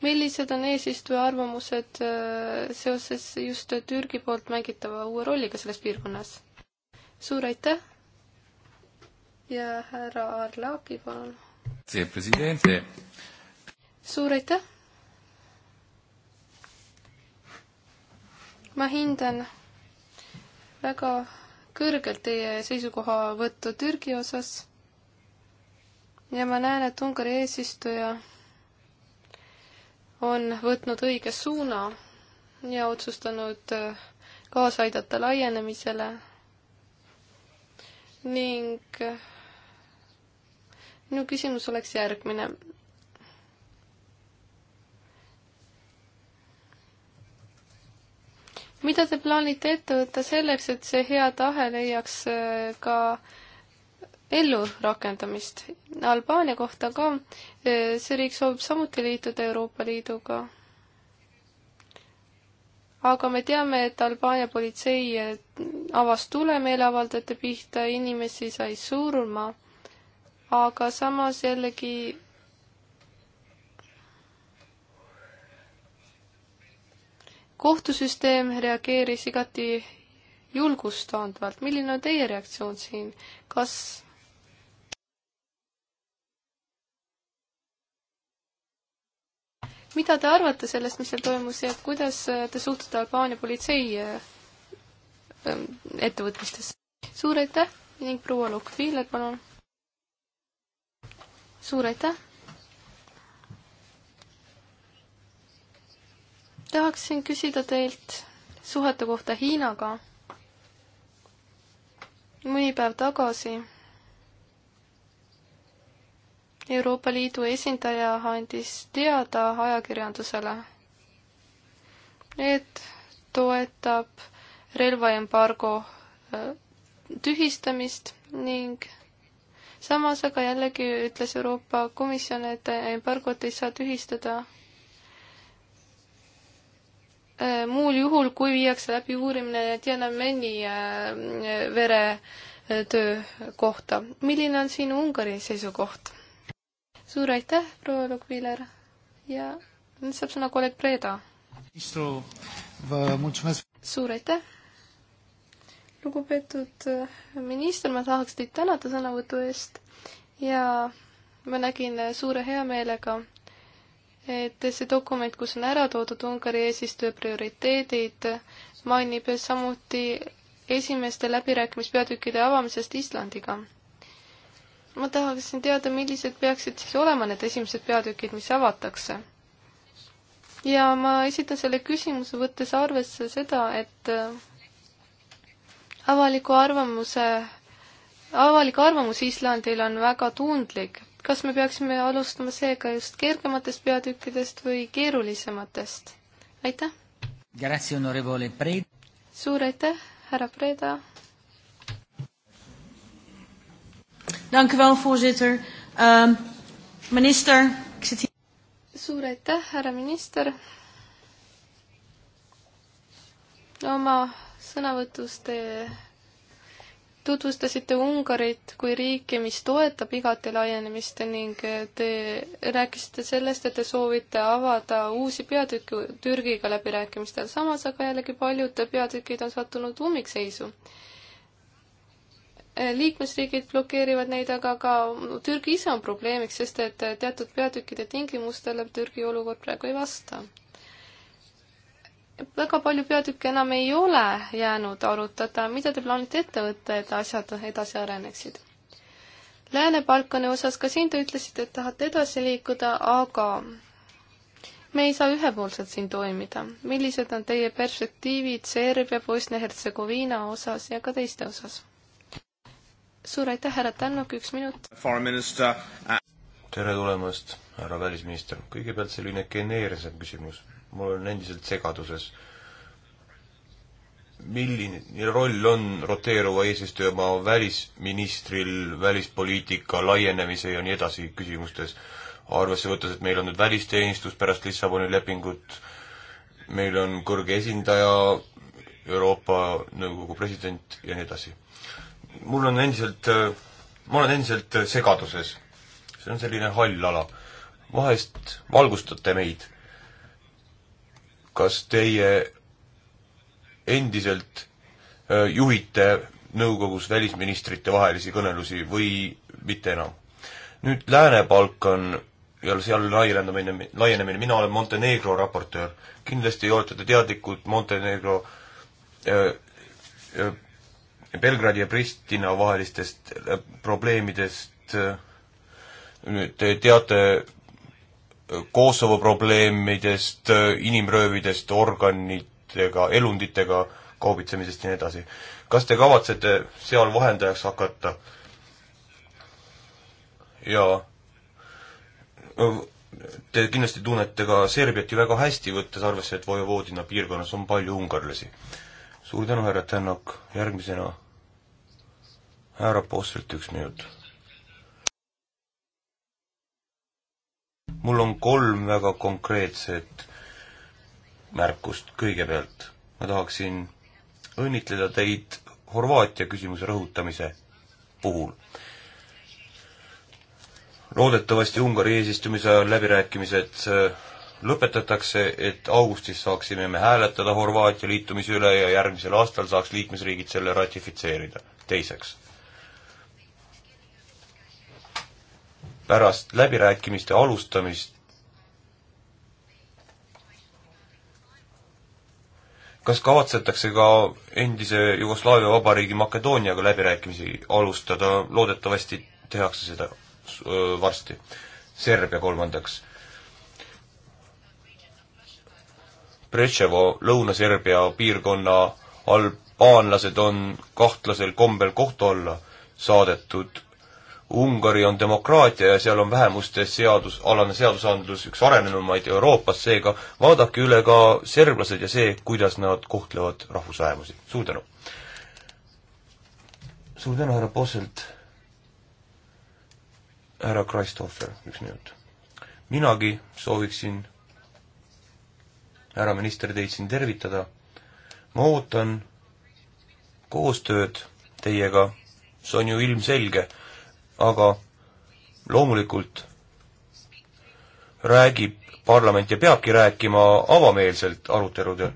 millised on eesistuja arvamused äh, seoses just Türgi poolt mängitava uue rolliga selles piirkonnas? suur aitäh ja härra Arlaki, palun. suur aitäh. ma hindan väga kõrgelt teie seisukohavõttu Türgi osas ja ma näen, et Ungari eesistuja on võtnud õige suuna ja otsustanud äh, kaasa aidata laienemisele ning äh, minu küsimus oleks järgmine. mida te plaanite ette võtta selleks, et see hea tahe leiaks äh, ka äh, ellurakendamist. Albaania kohta ka, e, see riik soovib samuti liituda Euroopa Liiduga. aga me teame, et Albaania politsei e, avas tule meeleavaldajate pihta, inimesi sai surma, aga samas jällegi kohtusüsteem reageeris igati julgustandvalt. milline on teie reaktsioon siin? kas mida te arvate sellest, mis seal toimus ja kuidas te suhtute Albaania politsei äh, ähm, ettevõtmistesse? suur aitäh ning proua Lukviile, palun. suur aitäh. tahaksin küsida teilt suhete kohta Hiinaga. mõni päev tagasi Euroopa Liidu esindaja andis teada ajakirjandusele, et toetab relvaembargo äh, tühistamist ning samas aga jällegi ütles Euroopa Komisjon, et embargot ei saa tühistada äh, muul juhul, kui viiakse läbi uurimine Tiananmeni äh, veretöö kohta. milline on siin Ungari seisukoht? suur aitäh, proua Lukviler ja nüüd saab sõna kolleeg Preda. suur aitäh. lugupeetud äh, minister, ma tahaks teid tänada sõnavõtu eest ja ma nägin äh, suure heameelega, et see dokument, kus on ära toodud Ungari eesistuja prioriteedid, mainib samuti esimeste läbirääkimispeatükkide avamisest Islandiga ma tahaksin teada, millised peaksid siis olema need esimesed peatükid, mis avatakse. ja ma esitan selle küsimuse, võttes arvesse seda, et äh, avaliku arvamuse, avalik arvamus Islandil on väga tundlik. kas me peaksime alustama seega just kergematest peatükkidest või keerulisematest? aitäh! suur aitäh, härra Preda! Dank u wel, voorzitter. Um, minister, ik zit hier. suur aitäh, härra minister. oma sõnavõtus te tutvustasite Ungarit kui riiki, mis toetab igati laienemist ning te rääkisite sellest, et te soovite avada uusi peatükke Türgiga läbirääkimistel, samas aga jällegi paljud peatükid on sattunud ummikseisu liikmesriigid blokeerivad neid, aga ka Türgi ise on probleemiks, sest et teatud peatükkide tingimustele Türgi olukord praegu ei vasta. väga palju peatükke enam ei ole jäänud arutada, mida te plaanite ette võtta, et asjad edasi areneksid? Lääne-Balkani osas ka siin te ütlesite, et tahate edasi liikuda, aga me ei saa ühepoolselt siin toimida. millised on teie perspektiivid Serbia, Bosnia-Hertsegoviina osas ja ka teiste osas? suur aitäh, härra Tännok, üks minut. Uh, tere tulemast, härra välisminister. kõigepealt selline geneerilisem küsimus. ma olen endiselt segaduses. milline roll on roteeruva eesistuja oma välisministril välispoliitika laienemise ja nii edasi küsimustes? arvesse võttes, et meil on nüüd välisteenistus pärast Lissaboni lepingut, meil on kõrge esindaja, Euroopa Nõukogu president ja nii edasi mul on endiselt, ma olen endiselt segaduses. see on selline hall ala. vahest valgustate meid, kas teie endiselt juhite nõukogus välisministrite vahelisi kõnelusi või mitte enam? nüüd Lääne-Balkan ja seal laienemine, laienemine, mina olen Montenegro raportöör. kindlasti olete te teadlikud Montenegro öö, öö, Belgradi ja Pristina vahelistest äh, probleemidest, äh, nüüd te teate äh, Kosovo probleemidest, inimröövidest, organitega, elunditega kaubitsemisest ja nii edasi. kas te kavatsete seal vahendajaks hakata? ja te kindlasti tunnete ka Serbiat ju väga hästi, võttes arvesse, et Vojvodina piirkonnas on palju ungarlasi suur tänu, härra Tänak, järgmisena härra Postelt üks minut. mul on kolm väga konkreetset märkust, kõigepealt ma tahaksin õnnitleda teid Horvaatia küsimuse rõhutamise puhul. loodetavasti Ungari eesistumise ajal läbirääkimised äh, lõpetatakse, et augustis saaksime me hääletada Horvaatia liitumise üle ja järgmisel aastal saaks liikmesriigid selle ratifitseerida. teiseks, pärast läbirääkimiste alustamist kas kavatsetakse ka endise Jugoslaavia vabariigi Makedooniaga läbirääkimisi alustada, loodetavasti tehakse seda äh, varsti. Serbia kolmandaks Preševo Lõuna-Serbia piirkonna albaanlased on kahtlasel kombel kohtu alla saadetud. Ungari on demokraatia ja seal on vähemuste seadus, alane seadusandlus üks arenenumaid Euroopas, seega vaadake üle ka serblased ja see, kuidas nad kohtlevad rahvusvähemusi. suur tänu! suur tänu, härra Posselt! härra Christopher, üks minut. minagi sooviksin härra minister, teid siin tervitada. ma ootan koostööd teiega, see on ju ilmselge, aga loomulikult räägib parlament ja peabki rääkima avameelselt aruteludel.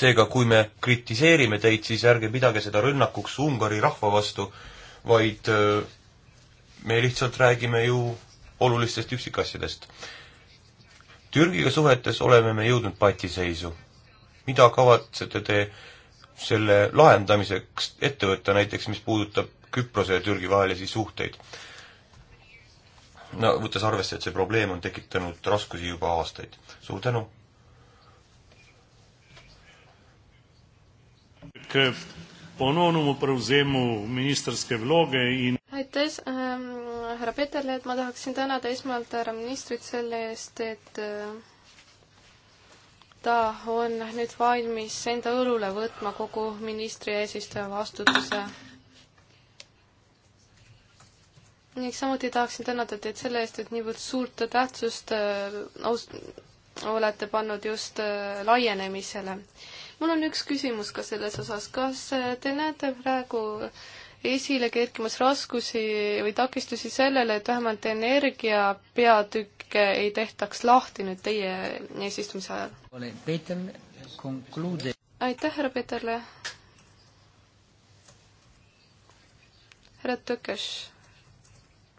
seega, kui me kritiseerime teid, siis ärge pidage seda rünnakuks Ungari rahva vastu, vaid äh, me lihtsalt räägime ju olulistest üksikasjadest. Türgiga suhetes oleme me jõudnud patiseisu. mida kavatsete te selle lahendamiseks ette võtta, näiteks mis puudutab Küprose ja Türgi vahelisi suhteid? no võttes arvesse, et see probleem on tekitanud raskusi juba aastaid. suur tänu! k ponovnemu prevzemu ministerske vloge in aitäh ähm,, härra Peterle, et ma tahaksin tänada esmalt härra ministrit selle eest, et äh, ta on nüüd valmis enda õlule võtma kogu ministri eesistuja vastutuse. ning samuti tahaksin tänada teid selle eest, et niivõrd suurt tähtsust äh, olete pannud just äh, laienemisele. mul on üks küsimus ka selles osas, kas te näete praegu äh, esile kerkimas raskusi või takistusi sellele, et vähemalt energia peatükke ei tehtaks lahti nüüd teie eesistumise ajal? aitäh, härra Peterle! härra Tökes,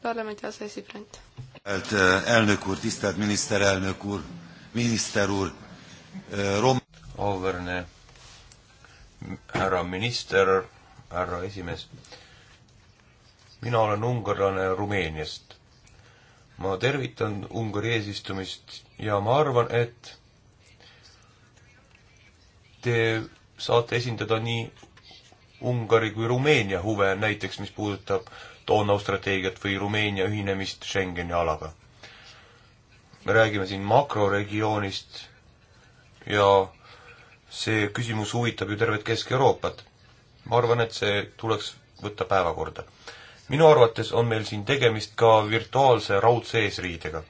parlamendi aseesipresident. Eh, elnök úr, tisztelt miniszterelnök úr, miniszter úr, eh, Rom-. auväärne härra minister härra esimees. mina olen ungarlane Rumeeniast. ma tervitan Ungari eesistumist ja ma arvan, et te saate esindada nii Ungari kui Rumeenia huve, näiteks mis puudutab Donau strateegiat või Rumeenia ühinemist Schengeni alaga. me räägime siin makroregioonist ja see küsimus huvitab ju tervet Kesk-Euroopat ma arvan, et see tuleks võtta päevakorda. minu arvates on meil siin tegemist ka virtuaalse raudse eesriidega.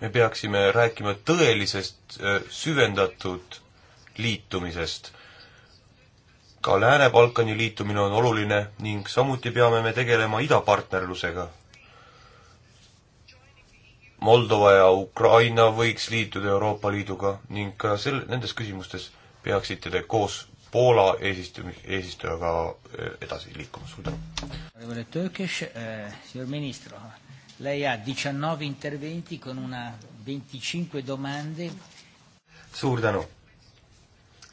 me peaksime rääkima tõelisest äh, süvendatud liitumisest. ka Lääne-Balkani liitumine on oluline ning samuti peame me tegelema idapartnerlusega. Moldova ja Ukraina võiks liituda Euroopa Liiduga ning ka sel-, nendes küsimustes peaksite te koos Poola eesistum-, eesistujaga eh, edasi liikuma, suur tänu. Eh, lei ha 19 interventi con una 25 domande. Suur tänu.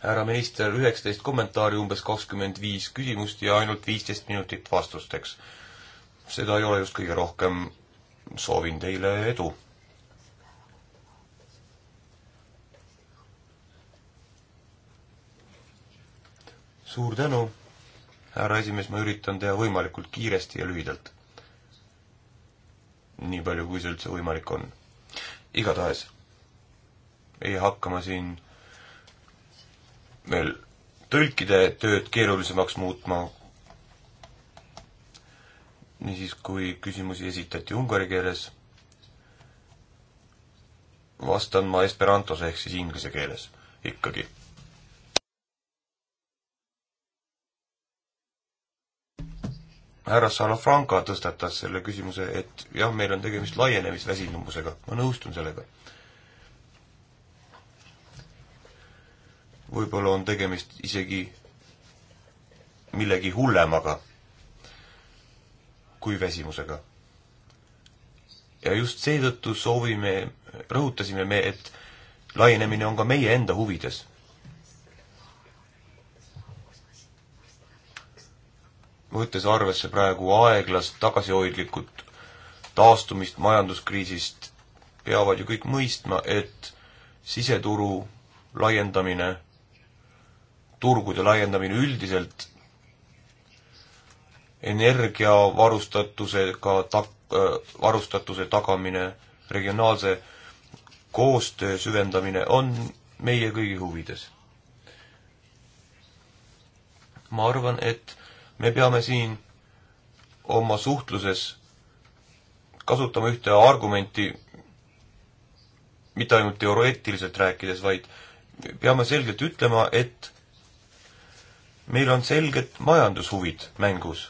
härra minister, üheksateist kommentaari, umbes kakskümmend viis küsimust ja ainult viisteist minutit vastusteks. seda ei ole just kõige rohkem. soovin teile edu suur tänu, härra esimees, ma üritan teha võimalikult kiiresti ja lühidalt. nii palju, kui see üldse võimalik on. igatahes ei hakka ma siin veel tõlkide tööd keerulisemaks muutma. niisiis, kui küsimusi esitati ungari keeles, vastan ma esperantos ehk siis inglise keeles ikkagi härra Salafranca tõstatas selle küsimuse, et jah, meil on tegemist laienemisväsinumusega, ma nõustun sellega. võib-olla on tegemist isegi millegi hullemaga kui väsimusega. ja just seetõttu soovime, rõhutasime me, et laienemine on ka meie enda huvides võttes arvesse praegu aeglast tagasihoidlikult taastumist majanduskriisist, peavad ju kõik mõistma, et siseturu laiendamine, turgude laiendamine üldiselt, energiavarustatusega ta-, äh, varustatuse tagamine, regionaalse koostöö süvendamine on meie kõigi huvides. ma arvan, et me peame siin oma suhtluses kasutama ühte argumenti, mitte ainult teoreetiliselt rääkides, vaid peame selgelt ütlema, et meil on selged majandushuvid mängus.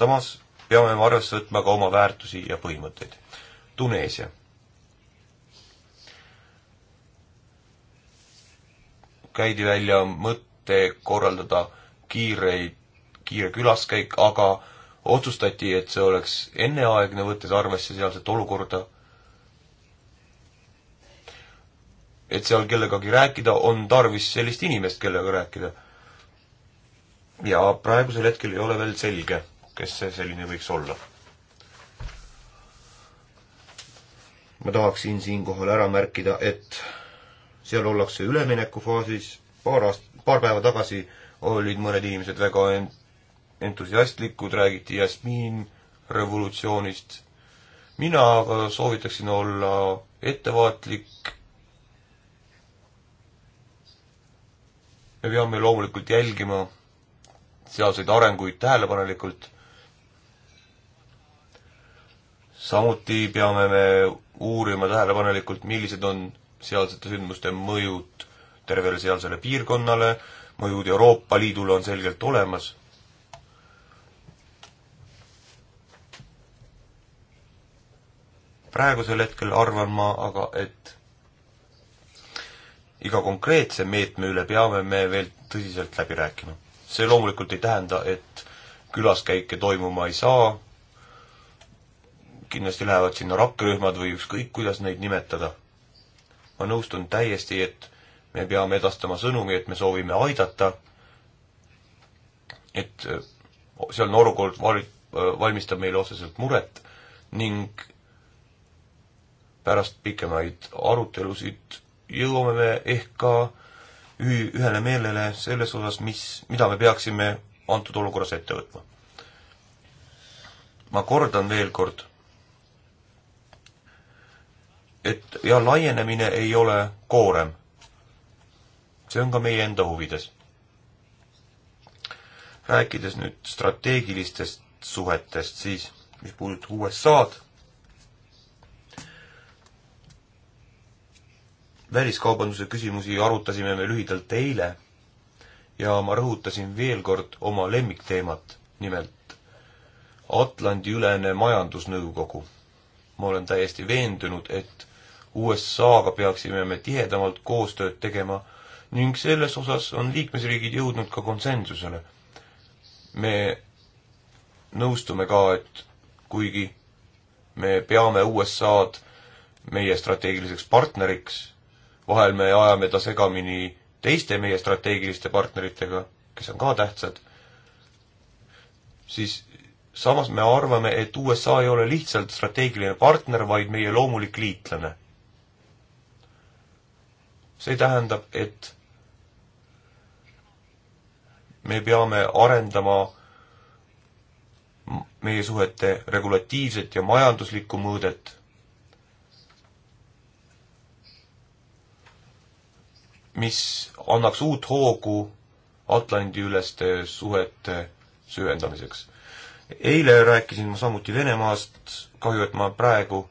samas peame me arvesse võtma ka oma väärtusi ja põhimõtteid. Tuneesia. käidi välja mõt-, saate korraldada kiireid, kiire külaskäik, aga otsustati, et see oleks enneaegne, võttes arvesse sealset olukorda. et seal kellegagi rääkida, on tarvis sellist inimest, kellega rääkida. ja praegusel hetkel ei ole veel selge, kes see selline võiks olla. ma tahaksin siinkohal ära märkida, et seal ollakse üleminekufaasis, paar aastat paar päeva tagasi olid mõned inimesed väga entusiastlikud, räägiti jasmiin revolutsioonist. mina aga soovitaksin olla ettevaatlik. me peame loomulikult jälgima sealseid arenguid tähelepanelikult. samuti peame me uurima tähelepanelikult, millised on sealsete sündmuste mõjud tervele sealsele piirkonnale, mõjud Euroopa Liidule on selgelt olemas. praegusel hetkel arvan ma aga, et iga konkreetse meetme üle peame me veel tõsiselt läbi rääkima. see loomulikult ei tähenda, et külaskäike toimuma ei saa, kindlasti lähevad sinna rakkerühmad või ükskõik, kuidas neid nimetada. ma nõustun täiesti, et me peame edastama sõnumi, et me soovime aidata, et äh, sealne olukord val-, äh, valmistab meile otseselt muret ning pärast pikemaid arutelusid jõuame me ehk ka üh-, ühele meelele selles osas, mis, mida me peaksime antud olukorras ette võtma. ma kordan veel kord, et ja laienemine ei ole koorem see on ka meie enda huvides. rääkides nüüd strateegilistest suhetest, siis mis puudutab USA-d, väliskaubanduse küsimusi arutasime me lühidalt eile ja ma rõhutasin veel kord oma lemmikteemat, nimelt Atlandi-ülene majandusnõukogu. ma olen täiesti veendunud, et USA-ga peaksime me tihedamalt koostööd tegema ning selles osas on liikmesriigid jõudnud ka konsensusele. me nõustume ka, et kuigi me peame USA-d meie strateegiliseks partneriks, vahel me ajame ta segamini teiste meie strateegiliste partneritega, kes on ka tähtsad, siis samas me arvame, et USA ei ole lihtsalt strateegiline partner, vaid meie loomulik liitlane. see tähendab, et me peame arendama meie suhete regulatiivset ja majanduslikku mõõdet. mis annaks uut hoogu Atlandi-üleste suhete süvendamiseks. eile rääkisin ma samuti Venemaast, kahju, et ma praegu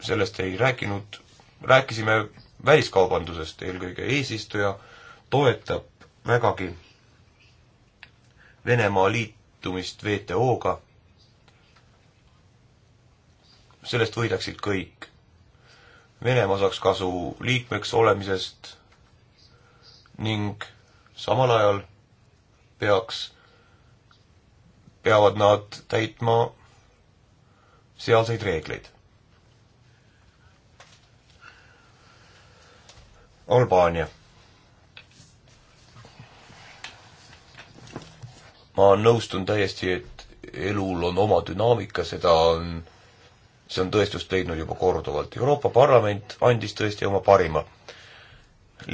sellest ei rääkinud, rääkisime väliskaubandusest, eelkõige eesistuja toetab vägagi Venemaa liitumist WTO-ga. sellest võidaksid kõik. Venemaa saaks kasu liikmeks olemisest ning samal ajal peaks, peavad nad täitma sealseid reegleid. Albaania ma nõustun täiesti, et elul on oma dünaamika, seda on, see on tõestust leidnud juba korduvalt. Euroopa Parlament andis tõesti oma parima,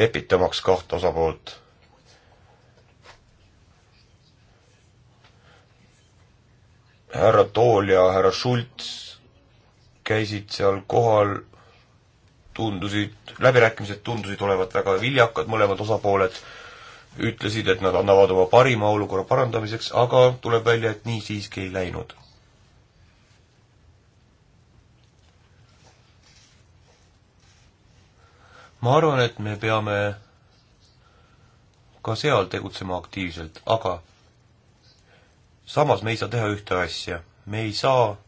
lepitamaks kaht osapoolt. härra Tool ja härra Schultz käisid seal kohal, tundusid, läbirääkimised tundusid olevat väga viljakad, mõlemad osapooled ütlesid, et nad annavad oma parima olukorra parandamiseks, aga tuleb välja, et nii siiski ei läinud. ma arvan, et me peame ka seal tegutsema aktiivselt, aga samas me ei saa teha ühte asja, me ei saa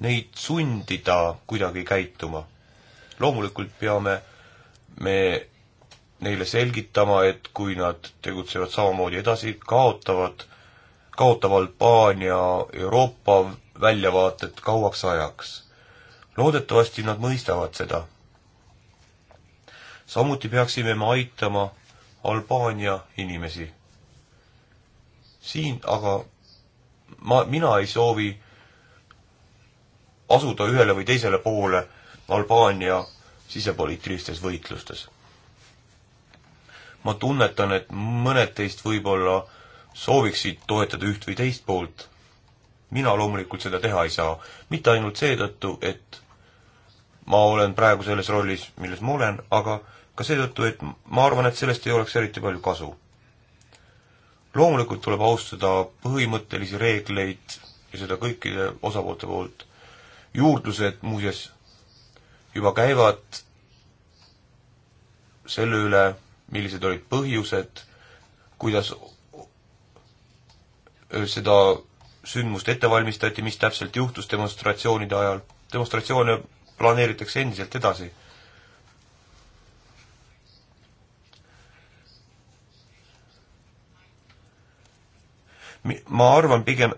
neid sundida kuidagi käituma. loomulikult peame me neile selgitama, et kui nad tegutsevad samamoodi edasi, kaotavad, kaotab Albaania Euroopa väljavaated kauaks ajaks. loodetavasti nad mõistavad seda. samuti peaksime me aitama Albaania inimesi. siin aga ma, mina ei soovi asuda ühele või teisele poole Albaania sisepoliitilistes võitlustes ma tunnetan, et mõned teist võib-olla sooviksid toetada üht või teist poolt. mina loomulikult seda teha ei saa, mitte ainult seetõttu, et ma olen praegu selles rollis, milles ma olen, aga ka seetõttu, et ma arvan, et sellest ei oleks eriti palju kasu. loomulikult tuleb austada põhimõttelisi reegleid ja seda kõikide osapoolte poolt. juurdlused muuseas juba käivad selle üle, millised olid põhjused, kuidas seda sündmust ette valmistati, mis täpselt juhtus demonstratsioonide ajal. demonstratsioone planeeritakse endiselt edasi. ma arvan pigem,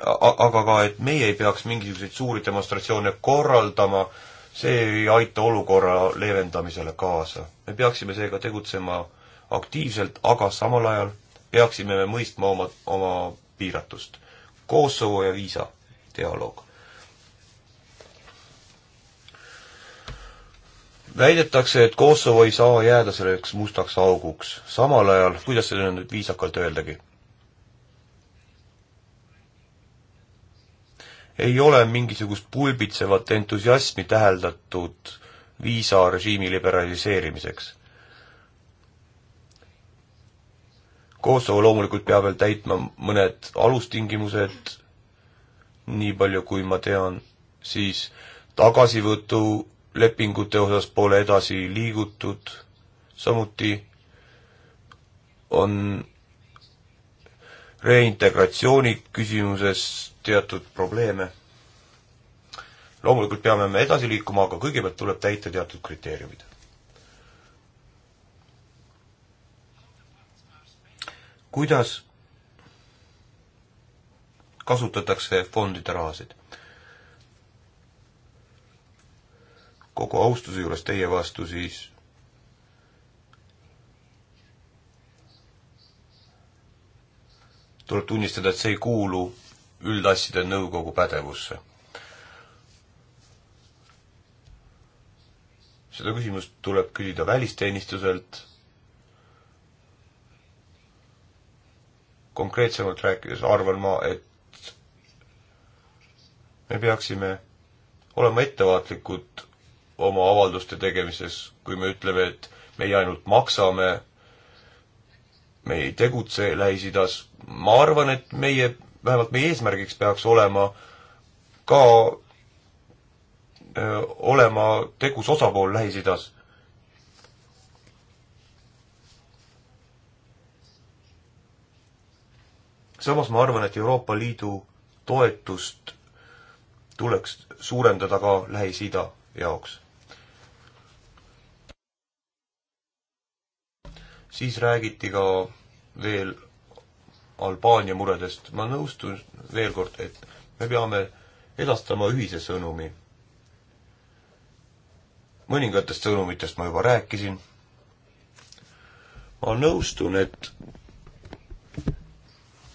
aga ka, et meie ei peaks mingisuguseid suuri demonstratsioone korraldama, see ei aita olukorra leevendamisele kaasa. me peaksime seega tegutsema aktiivselt, aga samal ajal peaksime me mõistma oma, oma piiratust. Kosovo ja viisa dialoog. väidetakse, et Kosovo ei saa jääda selleks mustaks auguks. samal ajal, kuidas seda nüüd viisakalt öeldagi? ei ole mingisugust pulbitsevat entusiasmi täheldatud viisarežiimi liberaliseerimiseks Kosovo loomulikult peab veel täitma mõned alustingimused, nii palju kui ma tean, siis tagasivõtulepingute osas pole edasi liigutud, samuti on reintegratsiooni küsimuses teatud probleeme. loomulikult peame me edasi liikuma, aga kõigepealt tuleb täita teatud kriteeriumid. kuidas kasutatakse fondide rahasid. kogu austuse juures teie vastu siis tuleb tunnistada, et see ei kuulu üldasjade nõukogu pädevusse. seda küsimust tuleb küsida välisteenistuselt konkreetsemalt rääkides arvan ma, et me peaksime olema ettevaatlikud oma avalduste tegemises, kui me ütleme, et meie ainult maksame, me ei tegutse Lähis-Idas. ma arvan, et meie, vähemalt meie eesmärgiks peaks olema ka öö, olema tegus osapool Lähis-Idas samas ma arvan, et Euroopa Liidu toetust tuleks suurendada ka Lähis-Ida jaoks. siis räägiti ka veel Albaania muredest. ma nõustun veel kord, et me peame edastama ühise sõnumi. mõningatest sõnumitest ma juba rääkisin. ma nõustun, et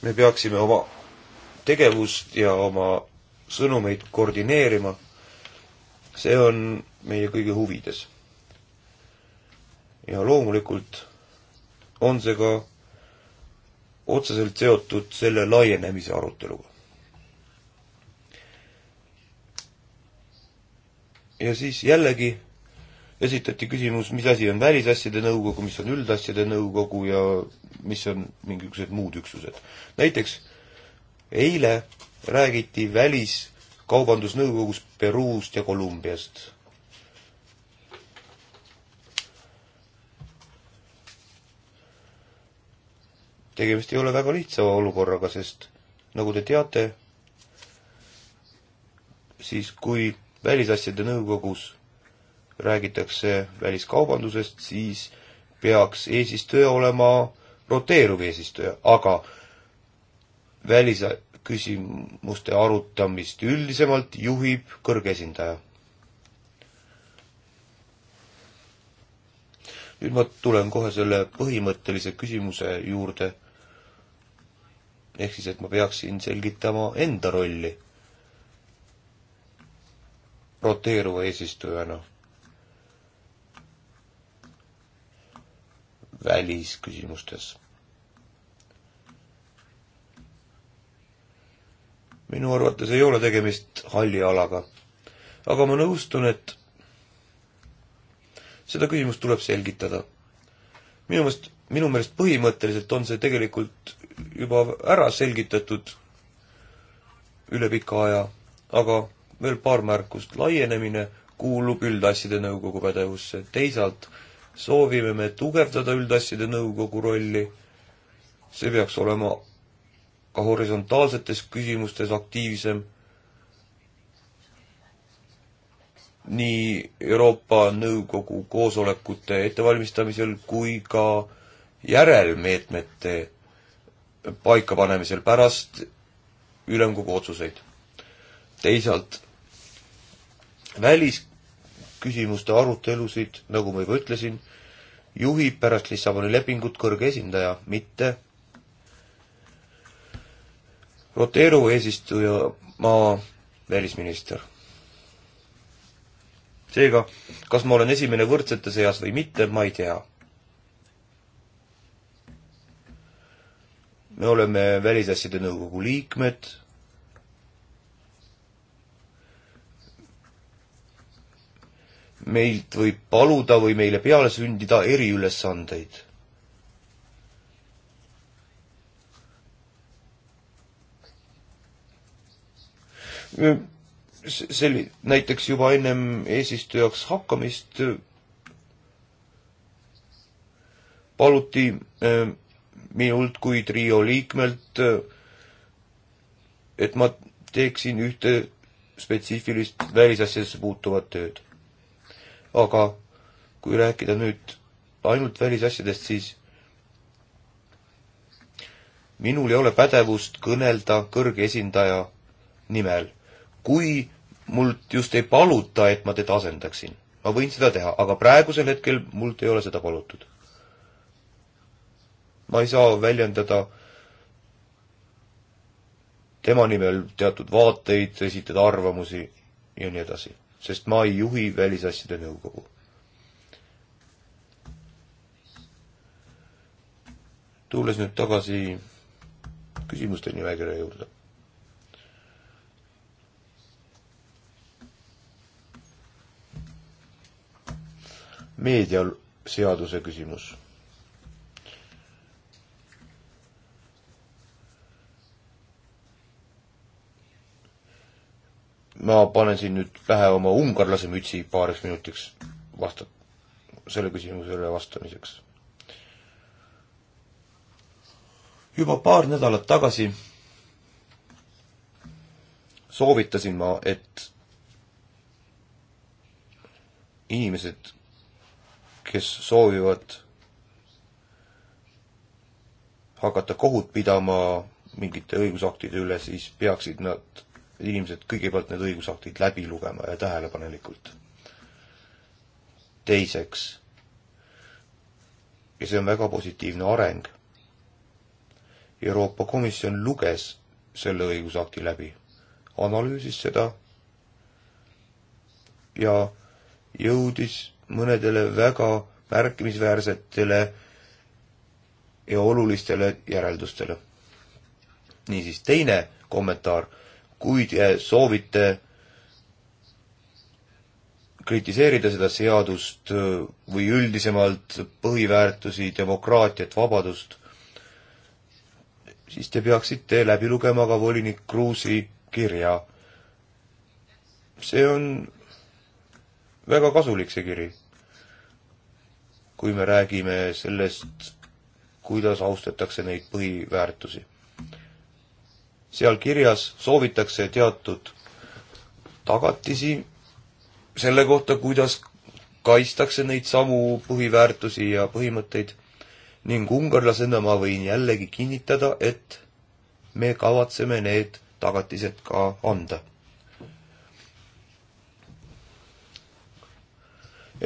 me peaksime oma tegevust ja oma sõnumeid koordineerima. see on meie kõigi huvides. ja loomulikult on see ka otseselt seotud selle laienemise aruteluga. ja siis jällegi esitati küsimus, mis asi on välisasjade nõukogu, mis on üldasjade nõukogu ja mis on mingisugused muud üksused. näiteks eile räägiti väliskaubandusnõukogus Peruust ja Kolumbiast. tegemist ei ole väga lihtsa olukorraga, sest nagu te teate, siis kui välisasjade nõukogus räägitakse väliskaubandusest, siis peaks eesistuja olema roteeruv eesistuja, aga välisküsimuste arutamist üldisemalt juhib kõrge esindaja. nüüd ma tulen kohe selle põhimõttelise küsimuse juurde, ehk siis, et ma peaksin selgitama enda rolli roteeruva eesistujana välisküsimustes. minu arvates ei ole tegemist halli alaga, aga ma nõustun, et seda küsimust tuleb selgitada. minu meelest, minu meelest põhimõtteliselt on see tegelikult juba ära selgitatud üle pika aja, aga veel paar märkust. laienemine kuulub üldasjade nõukogu pädevusse, teisalt äh, soovime me tugevdada üldasjade nõukogu rolli, see peaks olema ka horisontaalsetes küsimustes aktiivsem, nii Euroopa Nõukogu koosolekute ettevalmistamisel kui ka järelmeetmete paikapanemisel pärast ülemkogu otsuseid. teisalt välis küsimuste arutelusid, nagu ma juba ütlesin, juhib pärast Lissaboni lepingut kõrge esindaja, mitte roteeruv eesistuja maa välisminister. seega, kas ma olen esimene võrdsete seas või mitte, ma ei tea. me oleme Välisasjade Nõukogu liikmed meilt võib paluda või meile peale sündida eriülesandeid. selli-, näiteks juba ennem eesistujaks hakkamist paluti eh, minult kui trio liikmelt, eh, et ma teeksin ühte spetsiifilist välisasjasse puutuvat tööd aga kui rääkida nüüd ainult välisasjadest, siis minul ei ole pädevust kõnelda kõrge esindaja nimel. kui mult just ei paluta, et ma teda asendaksin, ma võin seda teha, aga praegusel hetkel mult ei ole seda palutud. ma ei saa väljendada tema nimel teatud vaateid, esitada arvamusi ja nii edasi sest ma ei juhi Välisasjade Nõukogu. tulles nüüd tagasi küsimuste nimekirja juurde. meediaseaduse küsimus ma panen siin nüüd pähe oma ungarlase mütsi paariks minutiks vasta-, selle küsimusele vastamiseks. juba paar nädalat tagasi soovitasin ma, et inimesed, kes soovivad hakata kohut pidama mingite õigusaktide üle, siis peaksid nad inimesed kõigepealt need õigusaktid läbi lugema ja tähelepanelikult. teiseks, ja see on väga positiivne areng, Euroopa Komisjon luges selle õigusakti läbi, analüüsis seda ja jõudis mõnedele väga märkimisväärsetele ja olulistele järeldustele. niisiis, teine kommentaar kui te äh, soovite kritiseerida seda seadust äh, või üldisemalt põhiväärtusi, demokraatiat, vabadust, siis te peaksite läbi lugema ka volinik Kruusi kirja. see on väga kasulik, see kiri. kui me räägime sellest, kuidas austatakse neid põhiväärtusi seal kirjas soovitakse teatud tagatisi selle kohta, kuidas kaitstakse neid samu põhiväärtusi ja põhimõtteid ning ungarlasena ma võin jällegi kinnitada, et me kavatseme need tagatised ka anda.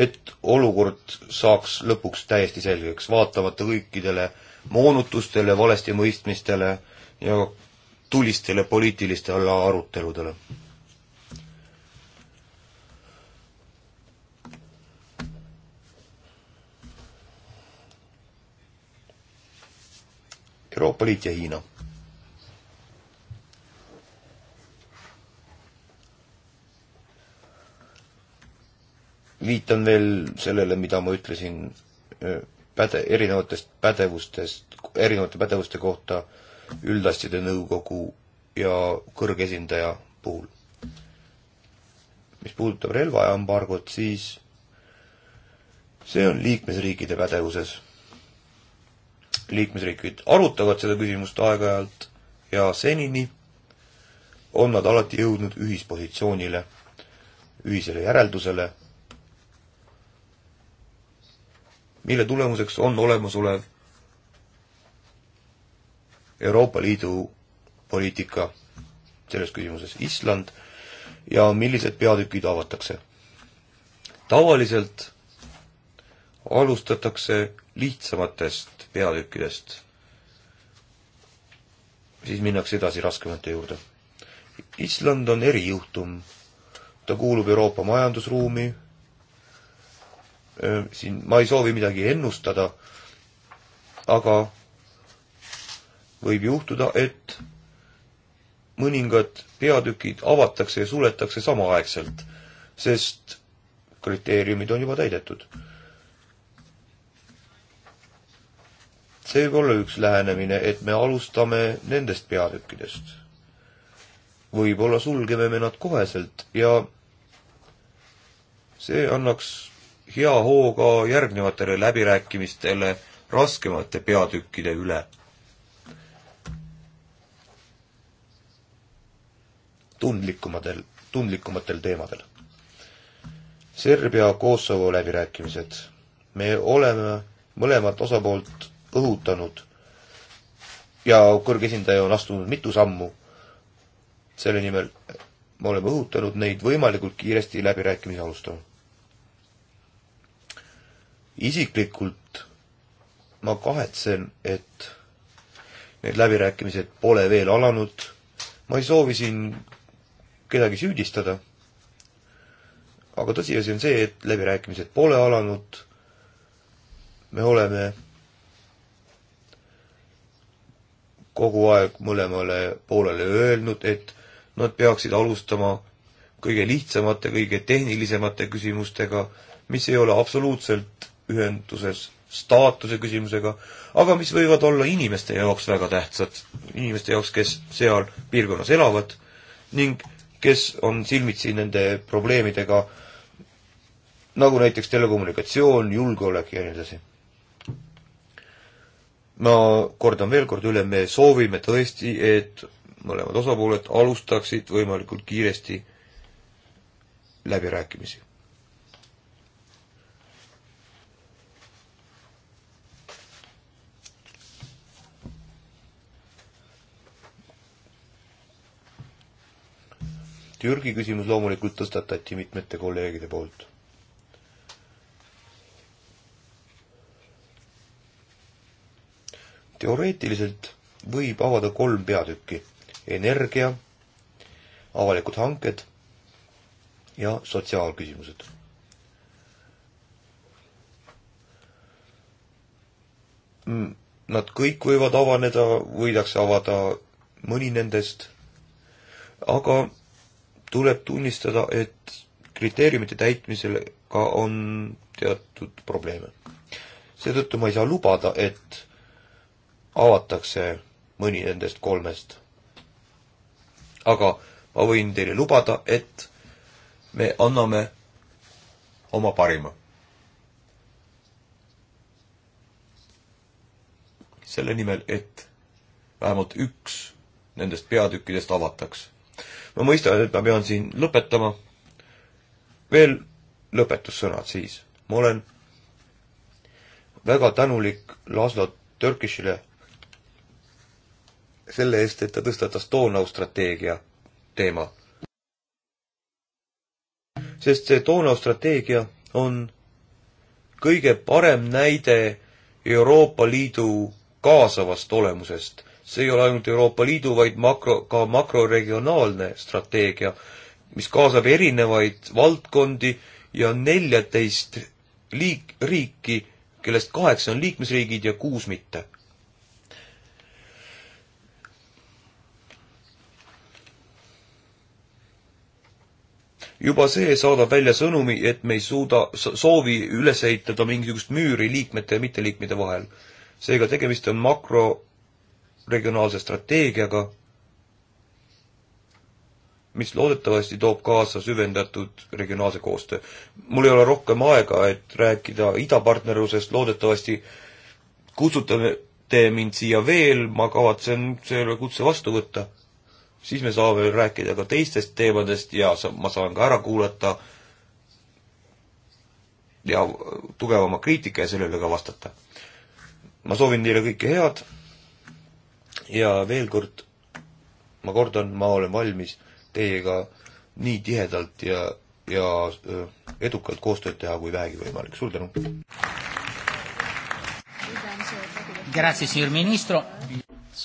et olukord saaks lõpuks täiesti selgeks, vaatamata kõikidele moonutustele, valesti mõistmistele ja tulistele poliitilistele aruteludele. Euroopa Liit ja Hiina. viitan veel sellele, mida ma ütlesin äh, päde-, erinevatest pädevustest, erinevate pädevuste kohta äh, üldasjade nõukogu ja kõrge esindaja puhul. mis puudutab relvaembargot, siis see on liikmesriikide pädevuses. liikmesriigid arutavad seda küsimust aeg-ajalt ja senini on nad alati jõudnud ühispositsioonile, ühisele järeldusele, mille tulemuseks on olemasolev Euroopa Liidu poliitika selles küsimuses Island ja millised peatükid avatakse. tavaliselt alustatakse lihtsamatest peatükkidest, siis minnakse edasi raskemate juurde. Island on erijuhtum, ta kuulub Euroopa majandusruumi, siin ma ei soovi midagi ennustada, aga võib juhtuda, et mõningad peatükid avatakse ja suletakse samaaegselt, sest kriteeriumid on juba täidetud. see võib olla üks lähenemine, et me alustame nendest peatükkidest. võib-olla sulgeme me nad koheselt ja see annaks hea hooga järgnevatele läbirääkimistele raskemate peatükkide üle tundlikumadel, tundlikumatel teemadel. Serbia-Kosovo läbirääkimised. me oleme mõlemat osapoolt õhutanud ja kõrge esindaja on astunud mitu sammu selle nimel, me oleme õhutanud neid võimalikult kiiresti läbirääkimisi alustama. isiklikult ma kahetsen, et need läbirääkimised pole veel alanud, ma ei soovi siin kedagi süüdistada, aga tõsiasi on see, et läbirääkimised pole alanud, me oleme kogu aeg mõlemale poolele öelnud, et nad peaksid alustama kõige lihtsamate, kõige tehnilisemate küsimustega, mis ei ole absoluutselt ühenduses staatuse küsimusega, aga mis võivad olla inimeste jaoks väga tähtsad, inimeste jaoks, kes seal piirkonnas elavad ning kes on silmitsi nende probleemidega, nagu näiteks telekommunikatsioon, julgeolek ja nii edasi. ma kordan veel kord üle, me soovime tõesti, et mõlemad osapooled alustaksid võimalikult kiiresti läbirääkimisi. Türgi küsimus loomulikult tõstatati mitmete kolleegide poolt. teoreetiliselt võib avada kolm peatükki, energia, avalikud hanked ja sotsiaalküsimused. Mm, nad kõik võivad avaneda, võidakse avada mõni nendest, aga tuleb tunnistada, et kriteeriumite täitmisega on teatud probleeme. seetõttu ma ei saa lubada, et avatakse mõni nendest kolmest. aga ma võin teile lubada, et me anname oma parima. selle nimel, et vähemalt üks nendest peatükkidest avataks ma mõistan, et ma pean siin lõpetama. veel lõpetussõnad siis. ma olen väga tänulik Laslo Türkishile selle eest, et ta tõstatas Donau strateegia teema. sest see Donau strateegia on kõige parem näide Euroopa Liidu kaasavast olemusest see ei ole ainult Euroopa Liidu, vaid makro, ka makroregionaalne strateegia, mis kaasab erinevaid valdkondi ja neljateist liik-, riiki, kellest kaheksa on liikmesriigid ja kuus mitte. juba see saadab välja sõnumi, et me ei suuda, soovi üles ehitada mingisugust müüri liikmete ja mitteliikmete vahel. seega tegemist on makro regionaalse strateegiaga, mis loodetavasti toob kaasa süvendatud regionaalse koostöö. mul ei ole rohkem aega, et rääkida idapartnerlusest, loodetavasti kutsute mind siia veel, ma kavatsen selle kutse vastu võtta. siis me saame veel rääkida ka teistest teemadest ja sa, ma saan ka ära kuulata ja tugevama kriitika ja sellele ka vastata. ma soovin teile kõike head ja veel kord, ma kordan, ma olen valmis teiega nii tihedalt ja, ja edukalt koostööd teha, kui vähegi võimalik. suur tänu!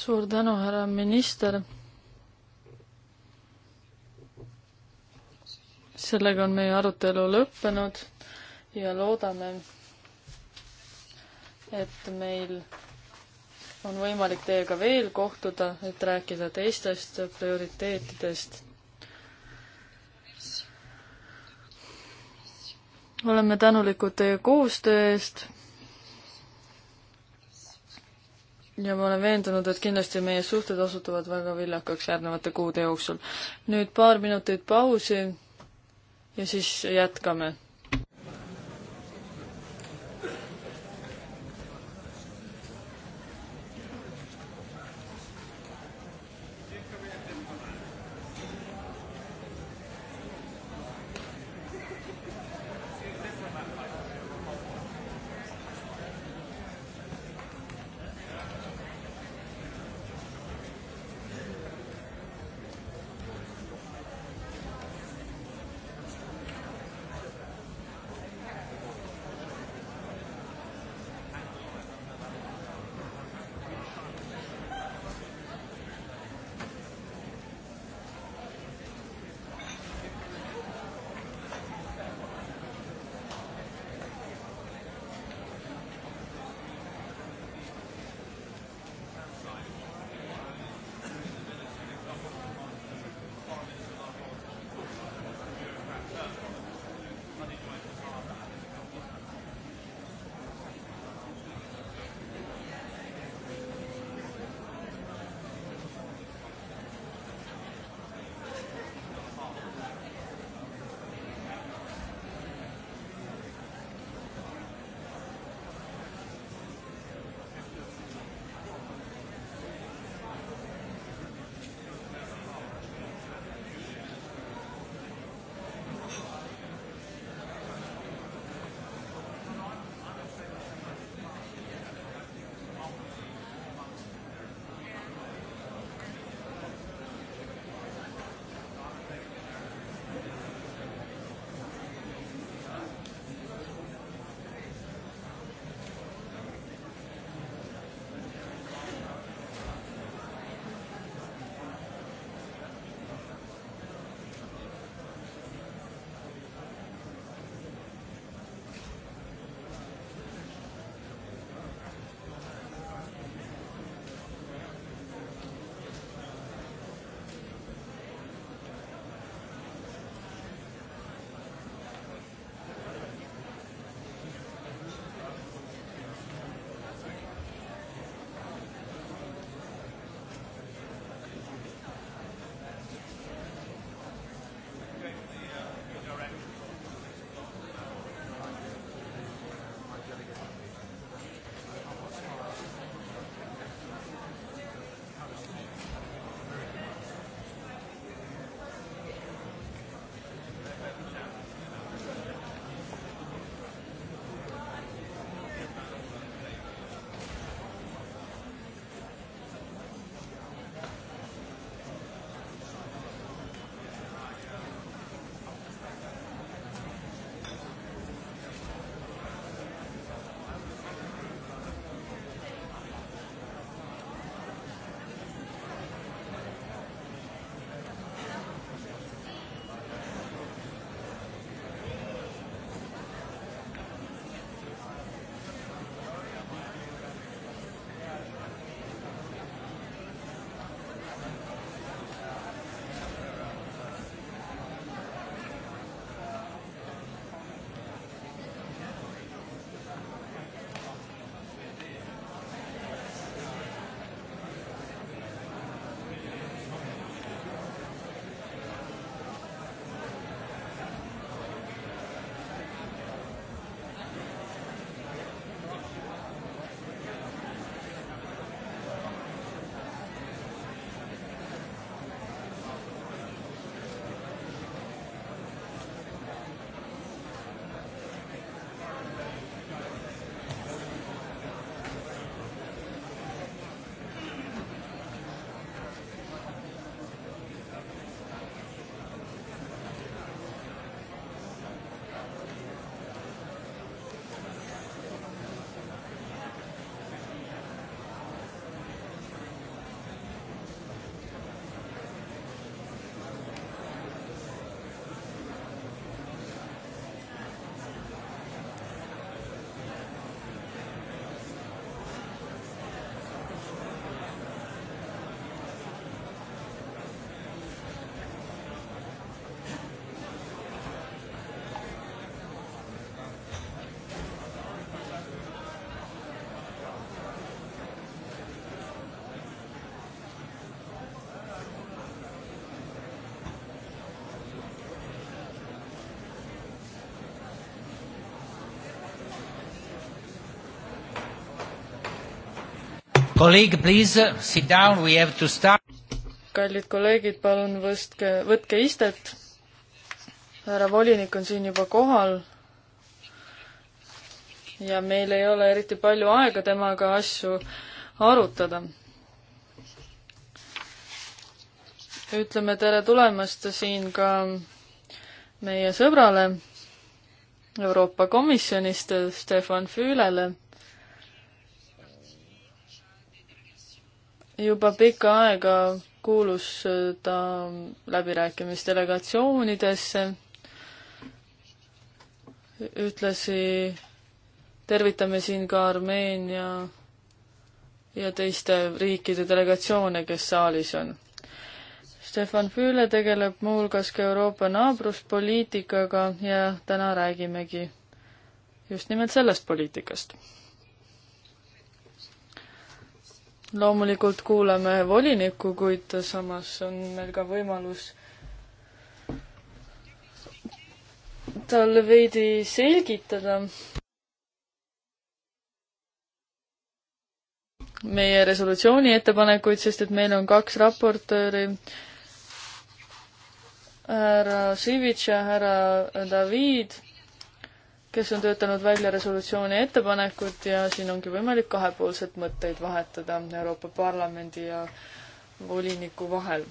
suur tänu, härra minister! sellega on meie arutelu lõppenud ja loodame, et meil on võimalik teiega veel kohtuda, et rääkida teistest prioriteetidest. oleme tänulikud teie koostöö eest. ja ma olen veendunud, et kindlasti meie suhted osutuvad väga viljakaks järgnevate kuude jooksul. nüüd paar minutit pausi ja siis jätkame Colleague, please uh, sit down, we have to start. kallid kolleegid, palun võstke, võtke istet. härra volinik on siin juba kohal. ja meil ei ole eriti palju aega temaga asju arutada. ütleme tere tulemast siin ka meie sõbrale Euroopa Komisjonist Stefan Füülele juba pikka aega kuulus ta läbirääkimisdelegatsioonidesse, ühtlasi tervitame siin ka Armeenia ja teiste riikide delegatsioone, kes saalis on. Stefan Füüle tegeleb muuhulgas ka Euroopa naabruspoliitikaga ja täna räägimegi just nimelt sellest poliitikast loomulikult kuulame volinikku, kuid samas on meil ka võimalus talle veidi selgitada meie resolutsiooni ettepanekuid, sest et meil on kaks raportööri, härra Sivitš ja härra David kes on töötanud välja resolutsiooni ettepanekut ja siin ongi võimalik kahepoolseid mõtteid vahetada Euroopa Parlamendi ja voliniku vahel.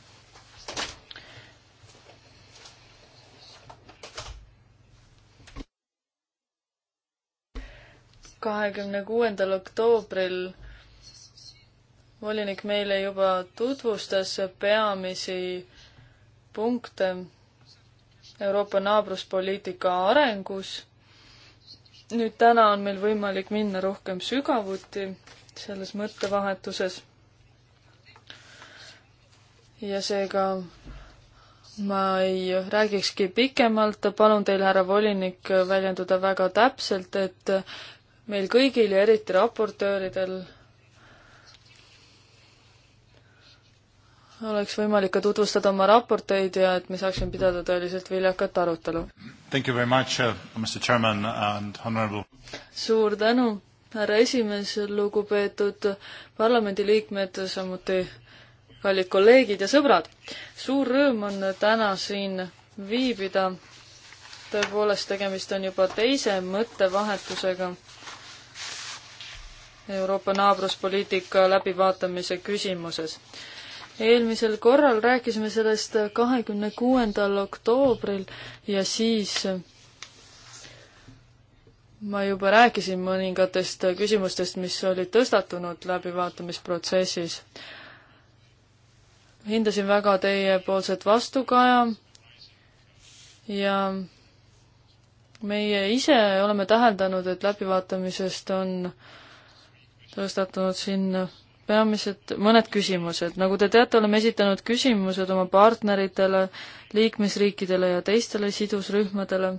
kahekümne kuuendal oktoobril volinik meile juba tutvustas peamisi punkte Euroopa naabruspoliitika arengus nüüd täna on meil võimalik minna rohkem sügavuti selles mõttevahetuses. ja seega ma ei räägikski pikemalt, palun teil, härra volinik, väljenduda väga täpselt, et meil kõigil ja eriti raportööridel oleks võimalik ka tutvustada oma raporteid ja et me saaksime pidada tõeliselt viljakat arutelu. Uh, suur tänu, härra esimees, lugupeetud parlamendiliikmed, samuti kallid kolleegid ja sõbrad. suur rõõm on täna siin viibida. tõepoolest, tegemist on juba teise mõttevahetusega Euroopa naabruspoliitika läbivaatamise küsimuses eelmisel korral rääkisime sellest kahekümne kuuendal oktoobril ja siis ma juba rääkisin mõningatest küsimustest, mis olid tõstatunud läbivaatamisprotsessis. hindasin väga teiepoolset vastukaja ja meie ise oleme täheldanud, et läbivaatamisest on tõstatunud siin peamised, mõned küsimused. nagu te teate, oleme esitanud küsimused oma partneritele, liikmesriikidele ja teistele sidusrühmadele.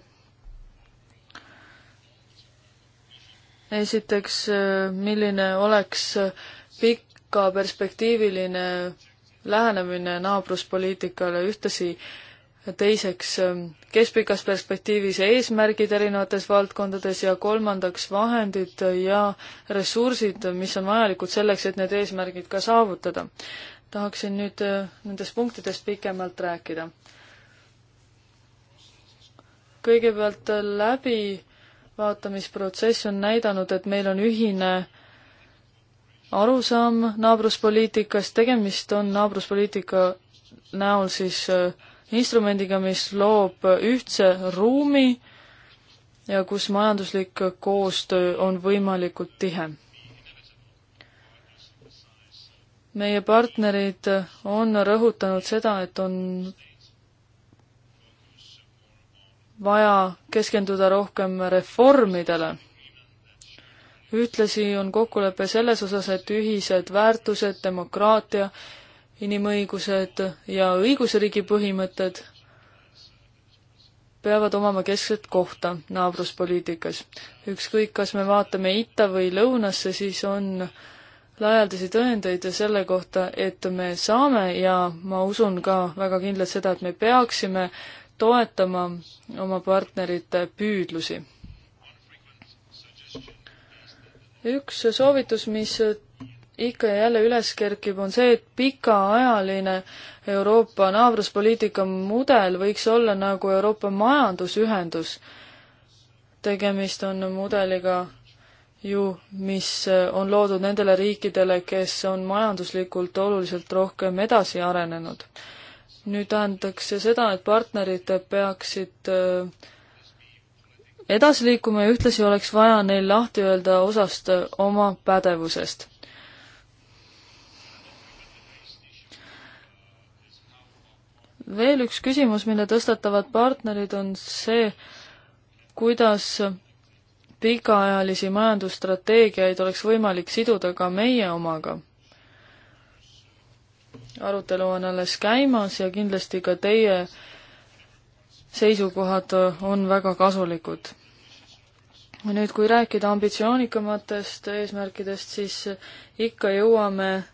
esiteks, milline oleks pikaperspektiiviline lähenemine naabruspoliitikale, ühtlasi äh, teiseks ähm, keskpikas perspektiivis eesmärgid erinevates valdkondades ja kolmandaks vahendid ja ressursid, mis on vajalikud selleks, et need eesmärgid ka saavutada. tahaksin nüüd äh, nendest punktidest pikemalt rääkida. kõigepealt äh, läbivaatamisprotsess on näidanud, et meil on ühine arusaam naabruspoliitikast, tegemist on naabruspoliitika näol siis äh, instrumendiga, mis loob ühtse ruumi ja kus majanduslik koostöö on võimalikult tihe. meie partnerid on rõhutanud seda, et on vaja keskenduda rohkem reformidele. ühtlasi on kokkulepe selles osas, et ühised väärtused, demokraatia inimõigused ja õigusriigi põhimõtted peavad omama keskset kohta naabruspoliitikas. ükskõik, kas me vaatame itta või lõunasse, siis on laialdasi tõendeid selle kohta, et me saame ja ma usun ka väga kindlalt seda, et me peaksime toetama oma partnerite püüdlusi. üks soovitus, mis ikka ja jälle üles kerkib, on see, et pikaajaline Euroopa naabruspoliitika mudel võiks olla nagu Euroopa majandusühendus. tegemist on mudeliga ju, mis on loodud nendele riikidele, kes on majanduslikult oluliselt rohkem edasi arenenud. nüüd tähendaks see seda, et partnerid peaksid äh, edasi liikuma ja ühtlasi oleks vaja neil lahti öelda osast oma pädevusest veel üks küsimus, mille tõstatavad partnerid, on see, kuidas pikaajalisi majandusstrateegiaid oleks võimalik siduda ka meie omaga. arutelu on alles käimas ja kindlasti ka teie seisukohad on väga kasulikud. nüüd, kui rääkida ambitsioonikamatest eesmärkidest, siis ikka jõuame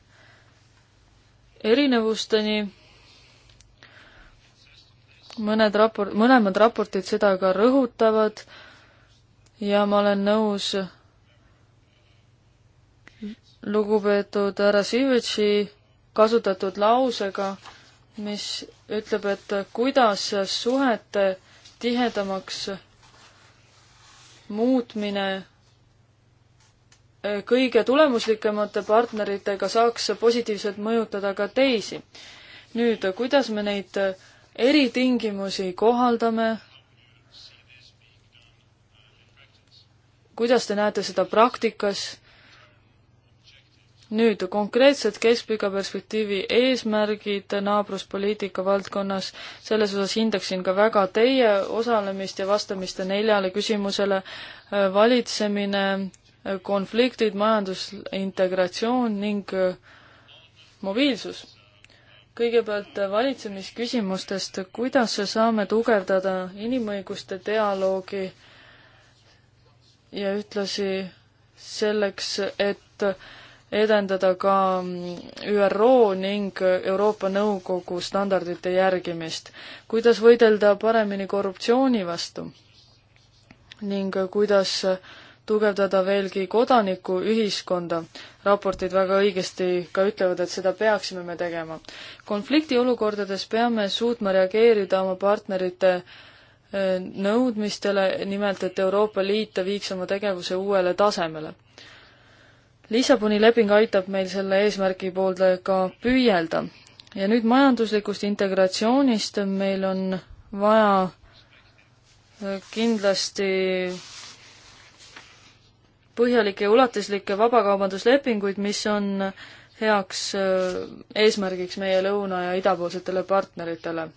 erinevusteni mõned raport, mõlemad raportid seda ka rõhutavad ja ma olen nõus lugupeetud härra Sivitši kasutatud lausega, mis ütleb, et kuidas suhete tihedamaks muutmine kõige tulemuslikemate partneritega saaks positiivselt mõjutada ka teisi. nüüd, kuidas me neid eritingimusi kohaldame? kuidas te näete seda praktikas? nüüd konkreetsed keskpika perspektiivi eesmärgid naabruspoliitika valdkonnas, selles osas hindaksin ka väga teie osalemist ja vastamist neljale küsimusele. valitsemine, konfliktid, majandusintegratsioon ning mobiilsus kõigepealt valitsemisküsimustest, kuidas saame tugevdada inimõiguste dialoogi ja ühtlasi selleks, et edendada ka ÜRO ning Euroopa Nõukogu standardite järgimist. kuidas võidelda paremini korruptsiooni vastu ning kuidas äh, tugevdada veelgi kodanikuühiskonda. raportid väga õigesti ka ütlevad, et seda peaksime me tegema. konfliktiolukordades peame suutma reageerida oma partnerite eh, nõudmistele, nimelt et Euroopa Liit viiks oma tegevuse uuele tasemele. Lissaboni leping aitab meil selle eesmärgi poole ka püüelda. ja nüüd majanduslikust integratsioonist meil on vaja eh, kindlasti põhjalikke ja ulatuslikke vabakaubanduslepinguid, mis on heaks äh, eesmärgiks meie lõuna- ja idapoolsetele partneritele.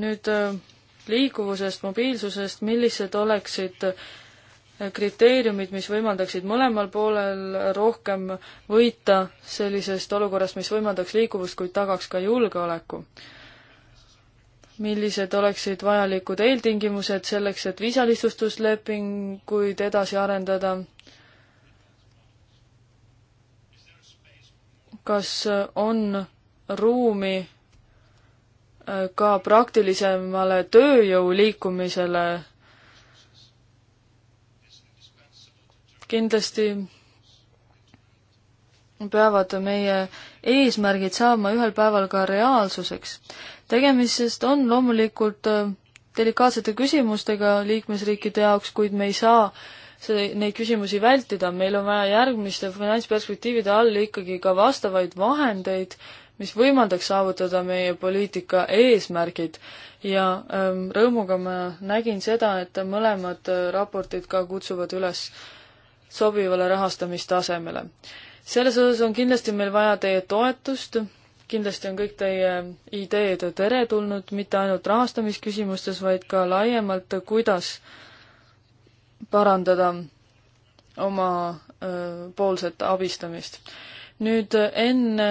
nüüd äh, liikuvusest, mobiilsusest, millised oleksid äh, kriteeriumid, mis võimaldaksid mõlemal poolel rohkem võita sellisest olukorrast, mis võimaldaks liikuvust, kuid tagaks ka julgeoleku millised oleksid vajalikud eeltingimused selleks, et viisalihtsustuslepinguid edasi arendada? kas on ruumi äh, ka praktilisemale tööjõu liikumisele? kindlasti peavad meie eesmärgid saama ühel päeval ka reaalsuseks tegemist on loomulikult äh, delikaatsete küsimustega liikmesriikide jaoks, kuid me ei saa see, neid küsimusi vältida, meil on vaja järgmiste finantsperspektiivide all ikkagi ka vastavaid vahendeid, mis võimaldaks saavutada meie poliitika eesmärgid ja ähm, rõõmuga ma nägin seda, et mõlemad äh, raportid ka kutsuvad üles sobivale rahastamistasemele. selles osas on kindlasti meil vaja teie toetust kindlasti on kõik teie ideed teretulnud, mitte ainult rahastamisküsimustes, vaid ka laiemalt, kuidas parandada oma öö, poolset abistamist. nüüd enne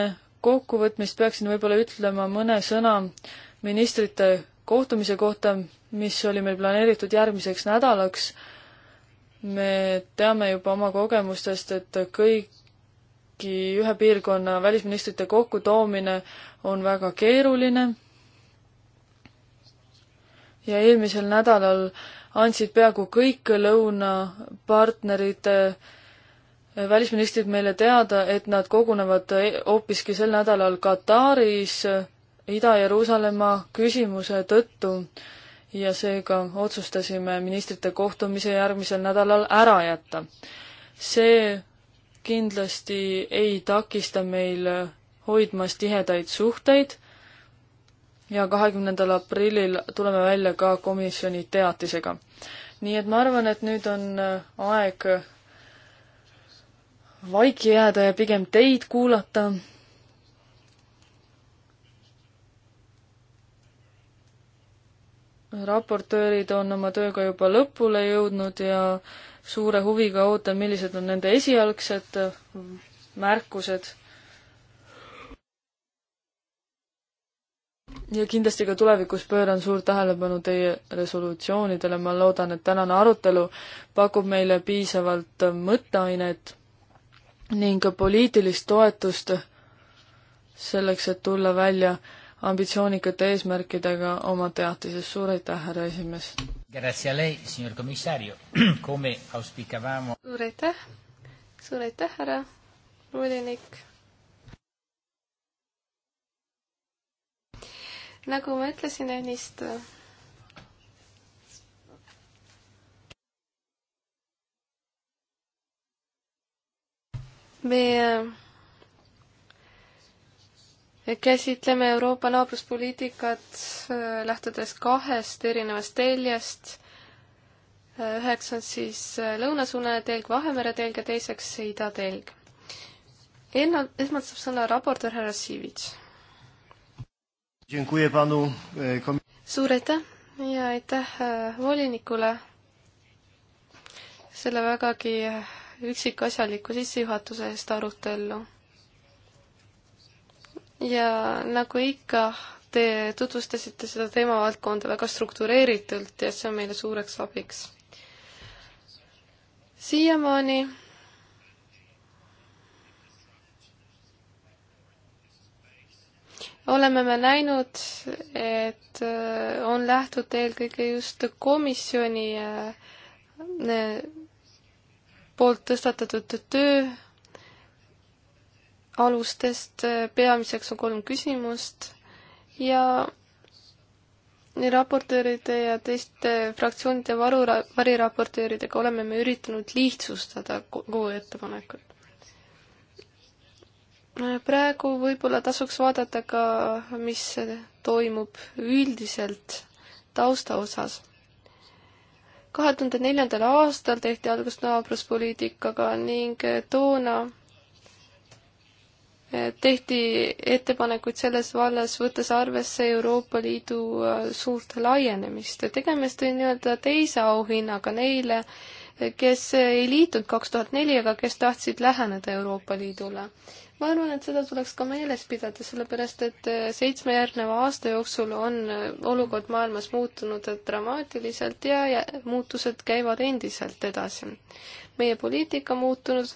kokkuvõtmist peaksin võib-olla ütlema mõne sõna ministrite kohtumise kohta, mis oli meil planeeritud järgmiseks nädalaks. me teame juba oma kogemustest, et kõik kõigi ühe piirkonna välisministrite kokkutoomine on väga keeruline. ja eelmisel nädalal andsid peaaegu kõik lõunapartnerite välisministrid meile teada, et nad kogunevad e-, hoopiski sel nädalal Kataris Ida-Jeruusalemma küsimuse tõttu ja seega otsustasime ministrite kohtumise järgmisel nädalal ära jätta. see kindlasti ei takista meil hoidmas tihedaid suhteid ja kahekümnendal aprillil tuleme välja ka komisjoni teatisega. nii et ma arvan, et nüüd on aeg vaiki jääda ja pigem teid kuulata. raportöörid on oma tööga juba lõpule jõudnud ja suure huviga ootan, millised on nende esialgsed mm, märkused. ja kindlasti ka tulevikus pööran suurt tähelepanu teie resolutsioonidele, ma loodan, et tänane arutelu pakub meile piisavalt mõtteainet ning ka poliitilist toetust selleks, et tulla välja ambitsioonikate eesmärkidega oma teatises. suur aitäh, härra esimees! Grazie a lei, signor commissario. Come auspicavamo... suur aitäh, suur aitäh, härra volinik. nagu ma ütlesin ennist, me käsitleme Euroopa naabruspoliitikat äh, lähtudes kahest erinevast teljest. Äh, üheks on siis äh, lõunasuunaline telg, Vahemere telg ja teiseks idatelg. Ennal-, esmalt saab sõna raportöör härra Siivits. E, suur aitäh ja aitäh e, volinikule selle vägagi e, üksikasjaliku sissejuhatuse eest arutellu ja nagu ikka, te tutvustasite seda teemavaldkonda väga struktureeritult ja see on meile suureks abiks. siiamaani oleme me näinud, et äh, on lähtud eelkõige just komisjoni äh, poolt tõstatatud töö alustest, äh, peamiseks on kolm küsimust ja nii raportööride ja teiste fraktsioonide varu, variraportööridega oleme me üritanud lihtsustada kogu ettepanekut. praegu võib-olla tasuks vaadata ka, mis toimub üldiselt tausta osas. kahe tuhande neljandal aastal tehti algust naabruspoliitikaga ning toona tehti ettepanekuid selles vallas, võttes arvesse Euroopa Liidu äh, suurt laienemist. tegemist oli nii-öelda teise auhinnaga neile, kes ei liitunud kaks tuhat neli, aga kes tahtsid läheneda Euroopa Liidule. ma arvan, et seda tuleks ka meeles pidada, sellepärast et äh, seitsme järgneva aasta jooksul on äh, olukord maailmas muutunud dramaatiliselt ja, ja muutused käivad endiselt edasi. meie poliitika muutunud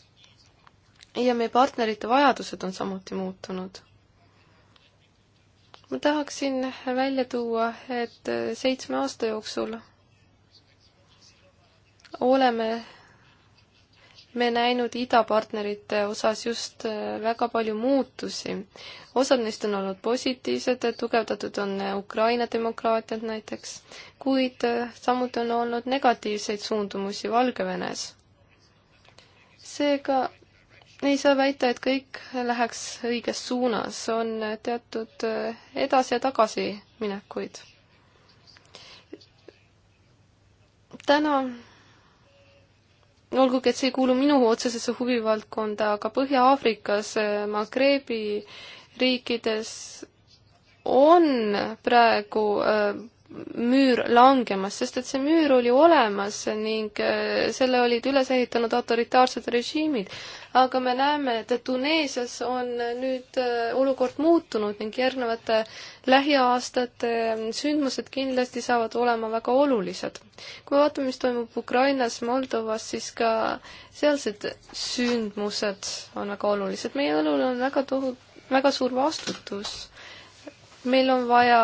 ja meie partnerite vajadused on samuti muutunud. ma tahaksin välja tuua, et seitsme aasta jooksul oleme me näinud idapartnerite osas just väga palju muutusi. osad neist on olnud positiivsed, tugevdatud on Ukraina demokraatiat näiteks, kuid samuti on olnud negatiivseid suundumusi Valgevenes. seega ei saa väita, et kõik läheks õiges suunas, on teatud eh, edasi- ja tagasiminekuid. täna, olgugi, et see ei kuulu minu otsesesse huvivaldkonda, aga Põhja-Aafrikas, eh, Magrebi riikides on praegu eh, müür langemas, sest et see müür oli olemas ning äh, selle olid üles ehitanud autoritaarsed režiimid. aga me näeme, et Tuneesias on nüüd äh, olukord muutunud ning järgnevate lähiaastate äh, sündmused kindlasti saavad olema väga olulised. kui vaatame, mis toimub Ukrainas, Moldovas, siis ka sealsed sündmused on väga olulised. meie õlul on väga tohu-, väga suur vastutus. meil on vaja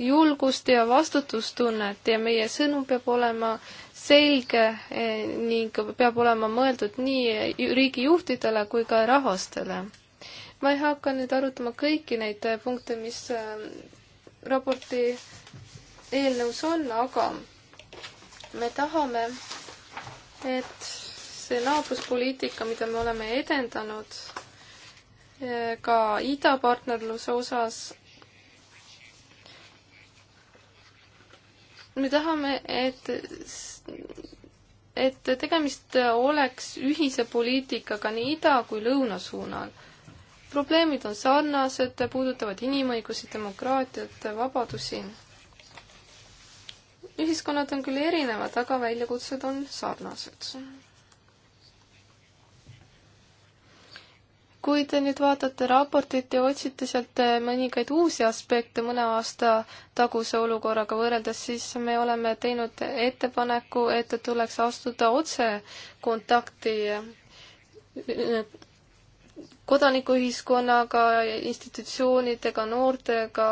julgust ja vastutustunnet ja meie sõnum peab olema selge eh, ning peab olema mõeldud nii riigijuhtidele kui ka rahvastele. ma ei hakka nüüd arutama kõiki neid eh, punkte, mis eh, raporti eelnõus on, aga me tahame, et see naabruspoliitika, mida me oleme edendanud ka idapartnerluse osas, me tahame, et, et tegemist oleks ühise poliitikaga nii ida kui lõuna suunal. probleemid on sarnased, puudutavad inimõigusi, demokraatiat, vabadusi. ühiskonnad on küll erinevad, aga väljakutsed on sarnased kui te nüüd vaatate raportit ja otsite sealt eh, mõningaid uusi aspekte mõne aasta taguse olukorraga võrreldes, siis me oleme teinud ettepaneku, et tuleks astuda otse kontakti eh, kodanikuühiskonnaga, institutsioonidega, noortega,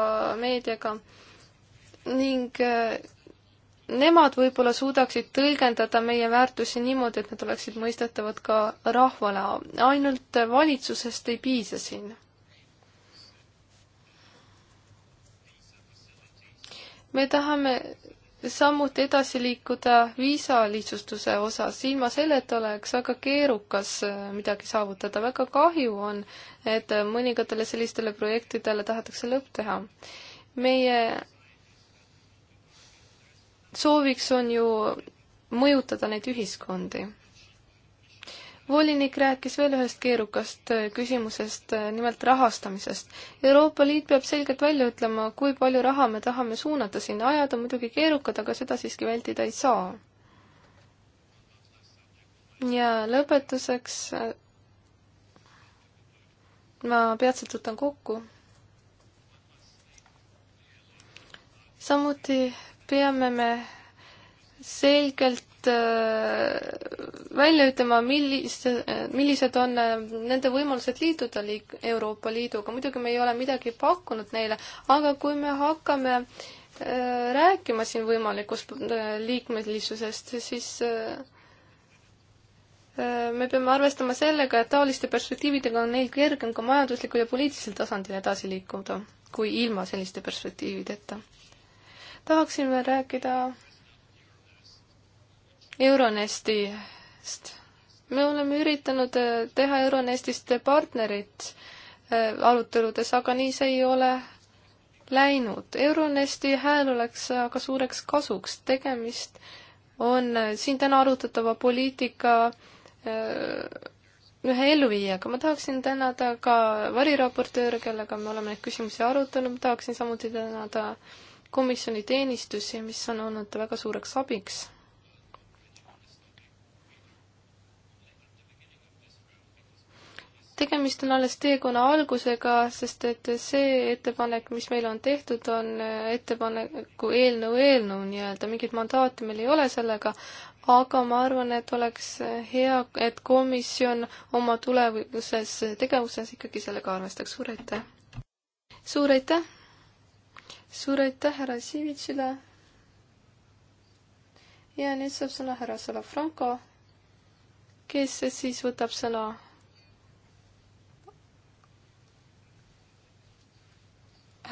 meediaga ning eh, nemad võib-olla suudaksid tõlgendada meie väärtusi niimoodi, et need oleksid mõistetavad ka rahvale. ainult valitsusest ei piisa siin. me tahame samuti edasi liikuda viisalihtsustuse osas, ilma selleta oleks väga keerukas midagi saavutada. väga kahju on, et mõningatele sellistele projektidele tahetakse lõpp teha. meie sooviks on ju mõjutada neid ühiskondi. volinik rääkis veel ühest keerukast äh, küsimusest, äh, nimelt rahastamisest. Euroopa Liit peab selgelt välja ütlema, kui palju raha me tahame suunata sinna, ajad on muidugi keerukad, aga seda siiski vältida ei saa. ja lõpetuseks äh, ma peatselt võtan kokku samuti peame me selgelt äh, välja ütlema, millist, millised on äh, nende võimalused liituda liik-, Euroopa Liiduga, muidugi me ei ole midagi pakkunud neile, aga kui me hakkame äh, rääkima siin võimalikust liikmelisusest, siis me peame arvestama sellega, et taoliste perspektiividega on neil kergem ka majanduslikul ja poliitilisel tasandil edasi liikuda, kui ilma selliste perspektiivideta tahaksin veel rääkida Euronestist. me oleme üritanud äh, teha Euronestist partnerit äh, aruteludes, aga nii see ei ole läinud. Euronesti hääl oleks aga suureks kasuks, tegemist on äh, siin täna arutatava poliitika ühe elluviijaga. ma tahaksin tänada ka variraportööre, kellega me oleme neid küsimusi arutanud, ma tahaksin samuti tänada äh, komisjoni teenistusi, mis on olnud väga suureks abiks. tegemist on alles teekonna algusega, sest et see ettepanek, mis meile on tehtud, on ettepaneku eelnõu eelnõu nii-öelda, mingit mandaati meil ei ole sellega, aga ma arvan, et oleks hea, et komisjon oma tulevises tegevuses ikkagi sellega arvestaks. suur aitäh! suur aitäh! suur aitäh härra Sivitsile. ja nüüd saab sõna härra Salafranco, kes siis võtab sõna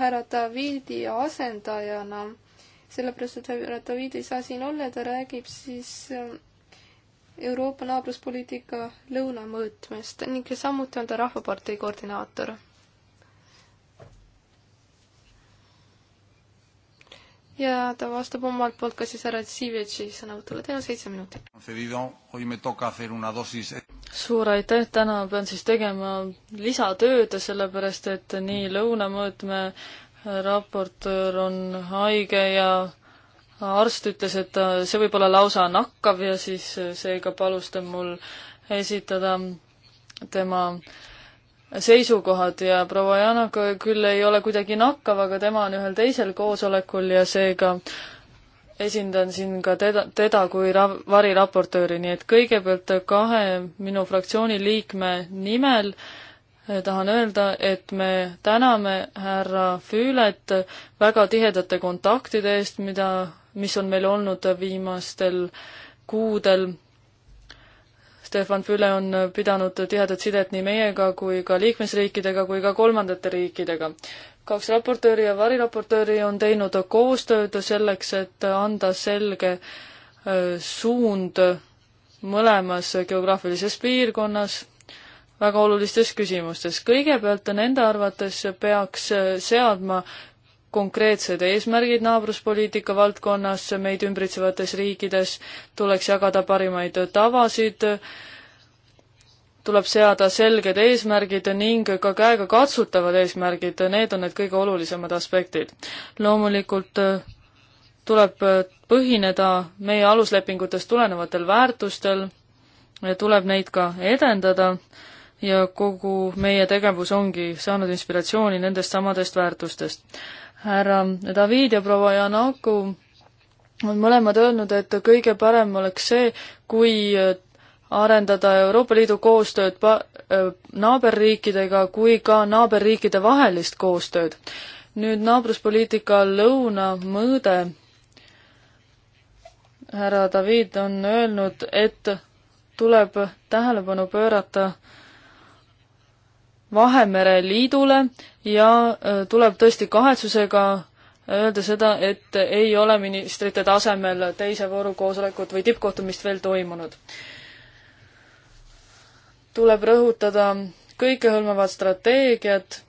härra Davidi asendajana, sellepärast et härra David ei saa siin olla ja ta räägib siis äh, Euroopa naabruspoliitika lõunamõõtmest ning samuti on ta Rahvapartei koordinaator. ja ta vastab omalt poolt ka siis härra Sivjetši sõnavõtule, teil on seitse minutit. suur aitäh, täna pean siis tegema lisatööd, sellepärast et nii lõunamõõtme raportöör on haige ja arst ütles, et see võib olla lausa nakkav ja siis seega palus ta mul esitada tema äh, seisukohad ja proua Janaka küll ei ole kuidagi nakkav, aga tema on ühel teisel koosolekul ja seega esindan siin ka teda, teda kui ra-, variraportööri, nii et kõigepealt kahe minu fraktsiooni liikme nimel eh, tahan öelda, et me täname härra Füület väga tihedate kontaktide eest, mida, mis on meil olnud viimastel kuudel Stefan Füle on pidanud tihedat sidet nii meiega kui ka liikmesriikidega kui ka kolmandate riikidega. kaks raportööri ja variraportööri on teinud koostööd selleks, et anda selge äh, suund mõlemas geograafilises piirkonnas väga olulistes küsimustes. kõigepealt nende arvates peaks seadma konkreetsed eesmärgid naabruspoliitika valdkonnas meid ümbritsevates riikides, tuleks jagada parimaid tavasid, tuleb seada selged eesmärgid ning ka käegakatsutavad eesmärgid, need on need kõige olulisemad aspektid. loomulikult tuleb põhineda meie aluslepingutest tulenevatel väärtustel, tuleb neid ka edendada ja kogu meie tegevus ongi saanud inspiratsiooni nendest samadest väärtustest härra David ja proua Janaku on mõlemad öelnud, et kõige parem oleks see, kui arendada Euroopa Liidu koostööd pa-, naaberriikidega kui ka naaberriikide vahelist koostööd. nüüd naabruspoliitika lõunamõõde. härra David on öelnud, et tuleb tähelepanu pöörata Vahemere Liidule ja äh, tuleb tõesti kahetsusega öelda seda, et ei ole ministrite tasemel teise vooru koosolekut või tippkohtumist veel toimunud. tuleb rõhutada kõikehõlmavat strateegiat,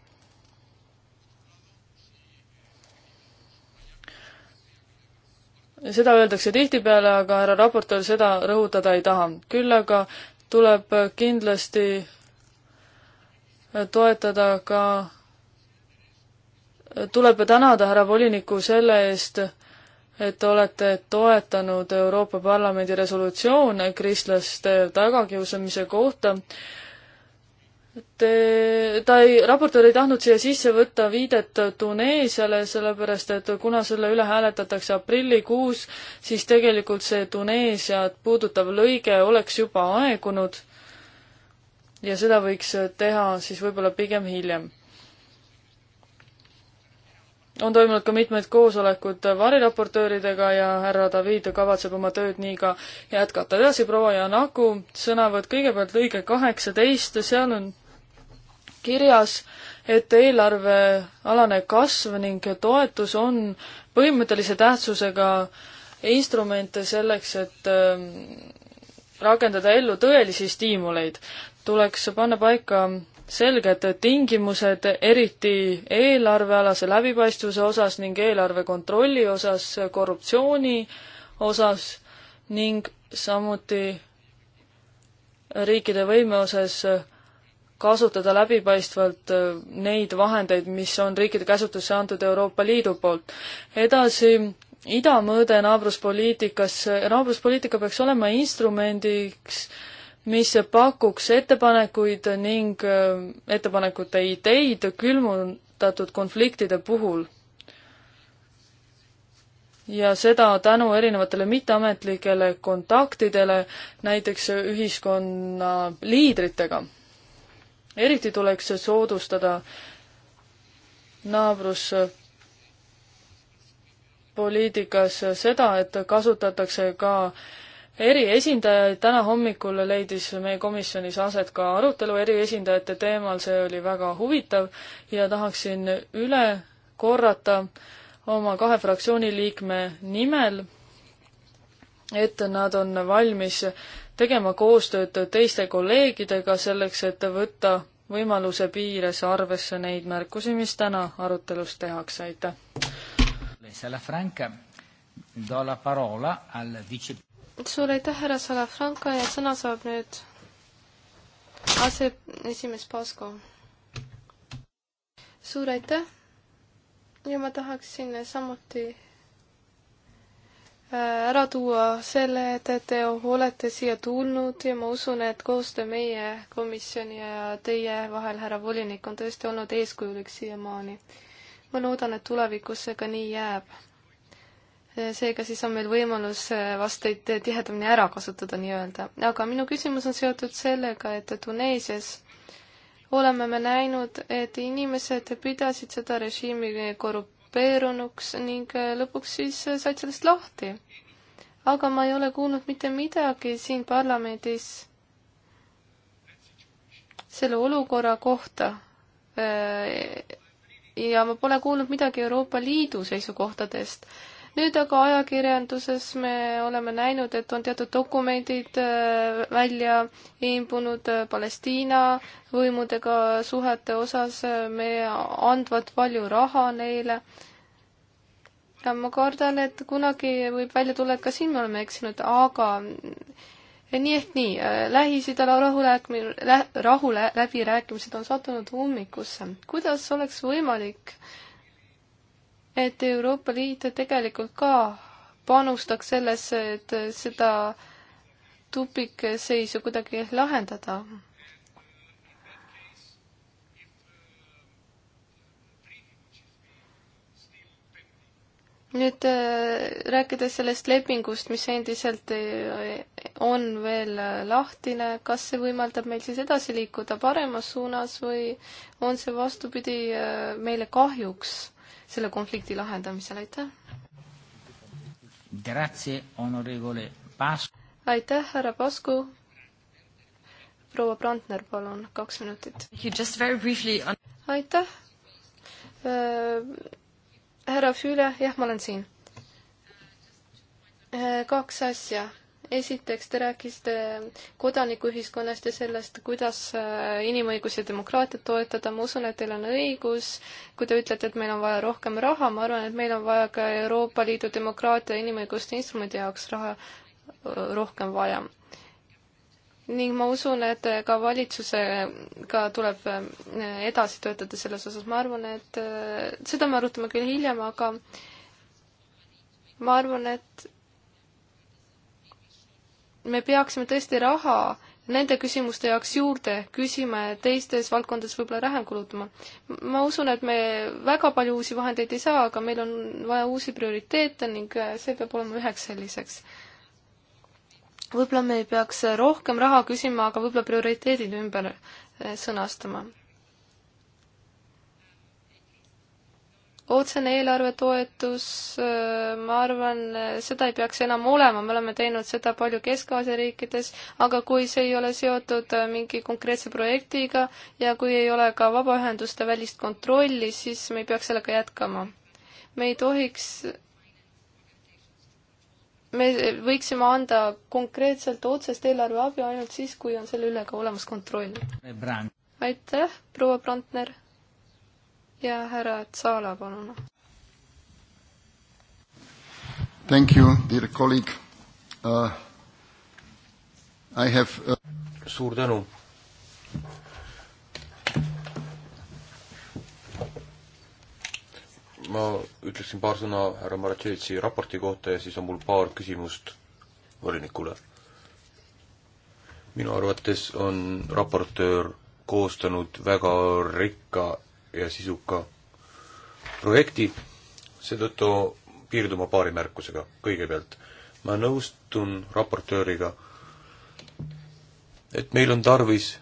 seda öeldakse tihtipeale, aga härra raportöör seda rõhutada ei taha. küll aga tuleb kindlasti toetada ka tuleb tänada härra volinikku selle eest, et olete toetanud Euroopa Parlamendi resolutsioone kristlaste tagakiusamise kohta. Te, ta ei, raportöör ei tahtnud siia sisse võtta viidet Tuneesiale, sellepärast et kuna selle üle hääletatakse aprillikuus, siis tegelikult see Tuneesiat puudutav lõige oleks juba aegunud ja seda võiks teha siis võib-olla pigem hiljem on toimunud ka mitmed koosolekud variraportööridega ja härra David kavatseb oma tööd nii ka jätkata. edasi proua Janaku sõnavõtt, kõigepealt lõige kaheksateist, seal on kirjas, et eelarvealane kasv ning toetus on põhimõttelise tähtsusega instrumente selleks, et ähm, rakendada ellu tõelisi stiimuleid. tuleks panna paika selged tingimused, eriti eelarvealase läbipaistvuse osas ning eelarve kontrolli osas, korruptsiooni osas ning samuti riikide võime osas kasutada läbipaistvalt äh, neid vahendeid, mis on riikide käsutusse antud Euroopa Liidu poolt. edasi, idamõõde naabruspoliitikas, naabruspoliitika peaks olema instrumendiks äh, mis pakuks ettepanekuid ning äh, ettepanekute ideid külmutatud konfliktide puhul. ja seda tänu erinevatele mitteametlikele kontaktidele, näiteks ühiskonna liidritega. eriti tuleks soodustada naabrus poliitikas seda, et kasutatakse ka äh, eriesindajaid, täna hommikul leidis meie komisjonis aset ka arutelu eriesindajate teemal, see oli väga huvitav ja tahaksin üle korrata oma kahe fraktsiooni liikme nimel, et nad on valmis tegema koostööd teiste kolleegidega selleks, et võtta võimaluse piires arvesse neid märkusi, mis täna arutelus tehakse, aitäh! Sala Franca, do la parola al vice suur aitäh, härra Salafranco ja sõna saab nüüd aseesimees Pasko. suur aitäh ja ma tahaksin samuti äh, ära tuua selle, et te olete siia tulnud ja ma usun, et koostöö meie komisjoni ja teie vahel, härra volinik, on tõesti olnud eeskujulik siiamaani. ma loodan, et tulevikus see ka nii jääb seega siis on meil võimalus äh, vasteid äh, tihedamini ära kasutada nii-öelda. aga minu küsimus on seotud sellega, et Tuneesias oleme me näinud, et inimesed pidasid seda režiimi korrumpeerunuks ning äh, lõpuks siis said sellest lahti. aga ma ei ole kuulnud mitte midagi siin parlamendis selle olukorra kohta ja ma pole kuulnud midagi Euroopa Liidu seisukohtadest nüüd aga ajakirjanduses me oleme näinud, et on teatud dokumendid äh, välja imbunud äh, Palestiina võimudega suhete osas, äh, me andvad palju raha neile ja ma kardan, et kunagi võib välja tulla, et ka siin me oleme eksinud, aga mm, nii ehk nii, Lähis-Ida rahuläkmi-, rahule läbirääkimised on sattunud ummikusse. kuidas oleks võimalik äh, et Euroopa Liit tegelikult ka panustaks sellesse, et seda tupikseisu kuidagi lahendada. nüüd äh, rääkides sellest lepingust, mis endiselt äh, on veel lahtine, kas see võimaldab meil siis edasi liikuda paremas suunas või on see vastupidi äh, meile kahjuks? selle konflikti lahendamisel, aitäh! aitäh, härra Pasku! proua Brandner, palun, kaks minutit. On... aitäh äh,! härra Füüle, jah, ma olen siin äh,. kaks asja esiteks te rääkisite kodanikuühiskonnast ja sellest, kuidas äh, inimõigusi ja demokraatiat toetada, ma usun, et teil on õigus, kui te ütlete, et meil on vaja rohkem raha, ma arvan, et meil on vaja ka Euroopa Liidu demokraatia ja inimõiguste instrumendi jaoks raha äh, rohkem vaja. ning ma usun, et ka valitsusega tuleb äh, edasi töötada selles osas, ma arvan, et seda me arutame küll hiljem, aga ma arvan, et me peaksime tõesti raha nende küsimuste jaoks juurde küsima ja teistes valdkondades võib-olla vähem kulutama. ma usun, et me väga palju uusi vahendeid ei saa, aga meil on vaja uusi prioriteete ning see peab olema üheks selliseks. võib-olla me ei peaks rohkem raha küsima, aga võib-olla prioriteedid ümber eh, sõnastama. otsene eelarvetoetus, äh, ma arvan, seda ei peaks enam olema, me oleme teinud seda palju Kesk-Aasia riikides, aga kui see ei ole seotud äh, mingi konkreetse projektiga ja kui ei ole ka vabaühenduste välist kontrolli, siis me ei peaks sellega jätkama. me ei tohiks me võiksime anda konkreetselt otsest eelarveabi ainult siis, kui on selle üle ka olemas kontroll. aitäh, proua Brandner! ja härra Tsala, palun. Thank you, dear colleague uh,. I have uh... suur tänu. ma ütleksin paar sõna härra Maratševitsi raporti kohta ja siis on mul paar küsimust volinikule. minu arvates on raportöör koostanud väga rikka ja sisuka projekti, seetõttu piirduma paari märkusega. kõigepealt, ma nõustun raportööriga, et meil on tarvis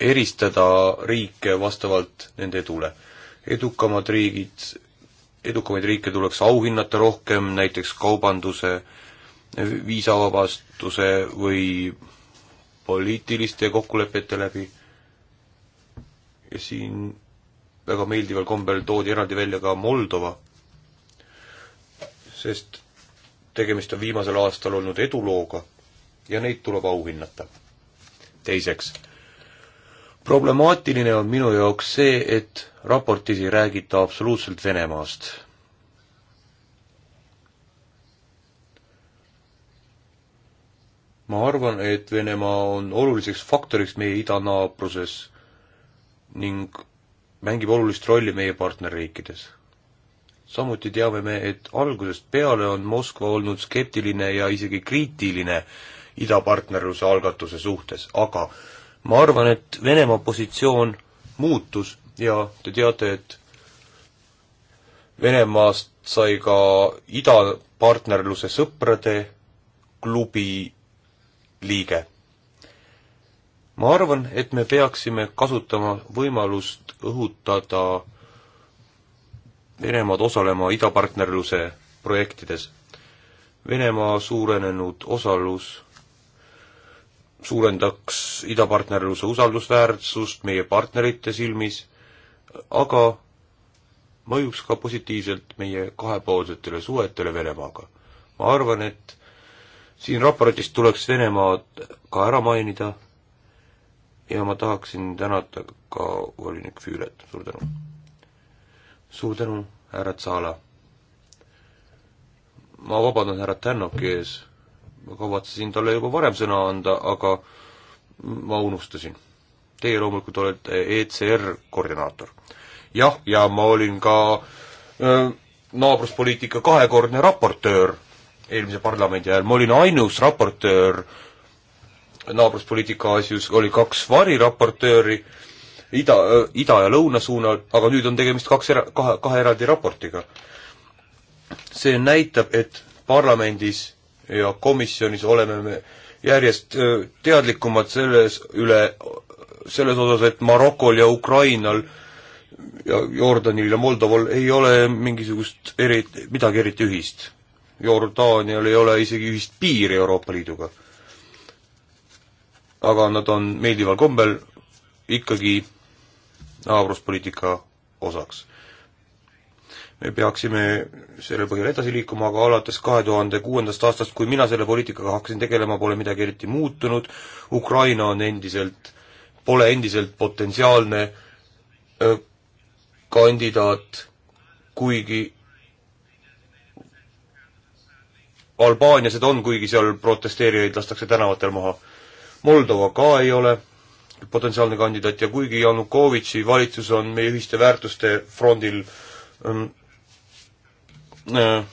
eristada riike vastavalt nende edule. edukamad riigid, edukamaid riike tuleks auhinnata rohkem, näiteks kaubanduse, viisavabastuse või poliitiliste kokkulepete läbi siin väga meeldival kombel toodi eraldi välja ka Moldova, sest tegemist on viimasel aastal olnud edulooga ja neid tuleb auhinnata. teiseks, problemaatiline on minu jaoks see, et raportis ei räägita absoluutselt Venemaast. ma arvan, et Venemaa on oluliseks faktoriks meie idanaabruses ning mängib olulist rolli meie partnerriikides. samuti teame me, et algusest peale on Moskva olnud skeptiline ja isegi kriitiline idapartnerluse algatuse suhtes, aga ma arvan, et Venemaa positsioon muutus ja te teate, et Venemaast sai ka idapartnerluse sõprade klubi liige ma arvan, et me peaksime kasutama võimalust õhutada Venemaad osalema idapartnerluse projektides. Venemaa suurenenud osalus suurendaks idapartnerluse usaldusväärsust meie partnerite silmis, aga mõjuks ka positiivselt meie kahepoolsetele suhetele Venemaaga. ma arvan, et siin raportis tuleks Venemaad ka ära mainida ja ma tahaksin tänada ka volinik Füüret, suur tänu. suur tänu, härra Tsala. ma vabandan härra Tännoki ees, ma kavatsesin talle juba varem sõna anda, aga ma unustasin. Teie loomulikult olete ECR koordinaator. jah, ja ma olin ka öö, naabruspoliitika kahekordne raportöör eelmise parlamendi ajal, ma olin ainus raportöör öö, naabruspoliitika asjus oli kaks variraportööri ida, ida ja lõuna suunal, aga nüüd on tegemist kaks era-, kahe, kahe eraldi raportiga. see näitab, et parlamendis ja komisjonis oleme me järjest teadlikumad selles üle, selles osas, et Marokol ja Ukrainal ja Jordanil ja Moldoval ei ole mingisugust eri, midagi eriti ühist. Jordaanial ei ole isegi ühist piiri Euroopa Liiduga aga nad on meeldival kombel ikkagi naabruspoliitika osaks. me peaksime selle põhjal edasi liikuma, aga alates kahe tuhande kuuendast aastast, kui mina selle poliitikaga hakkasin tegelema, pole midagi eriti muutunud, Ukraina on endiselt, pole endiselt potentsiaalne öö, äh, kandidaat, kuigi Albaaniased on, kuigi seal protesteerijaid lastakse tänavatel maha Moldova ka ei ole potentsiaalne kandidaat ja kuigi Janukovitši valitsus on meie ühiste väärtuste frondil ähm, äh,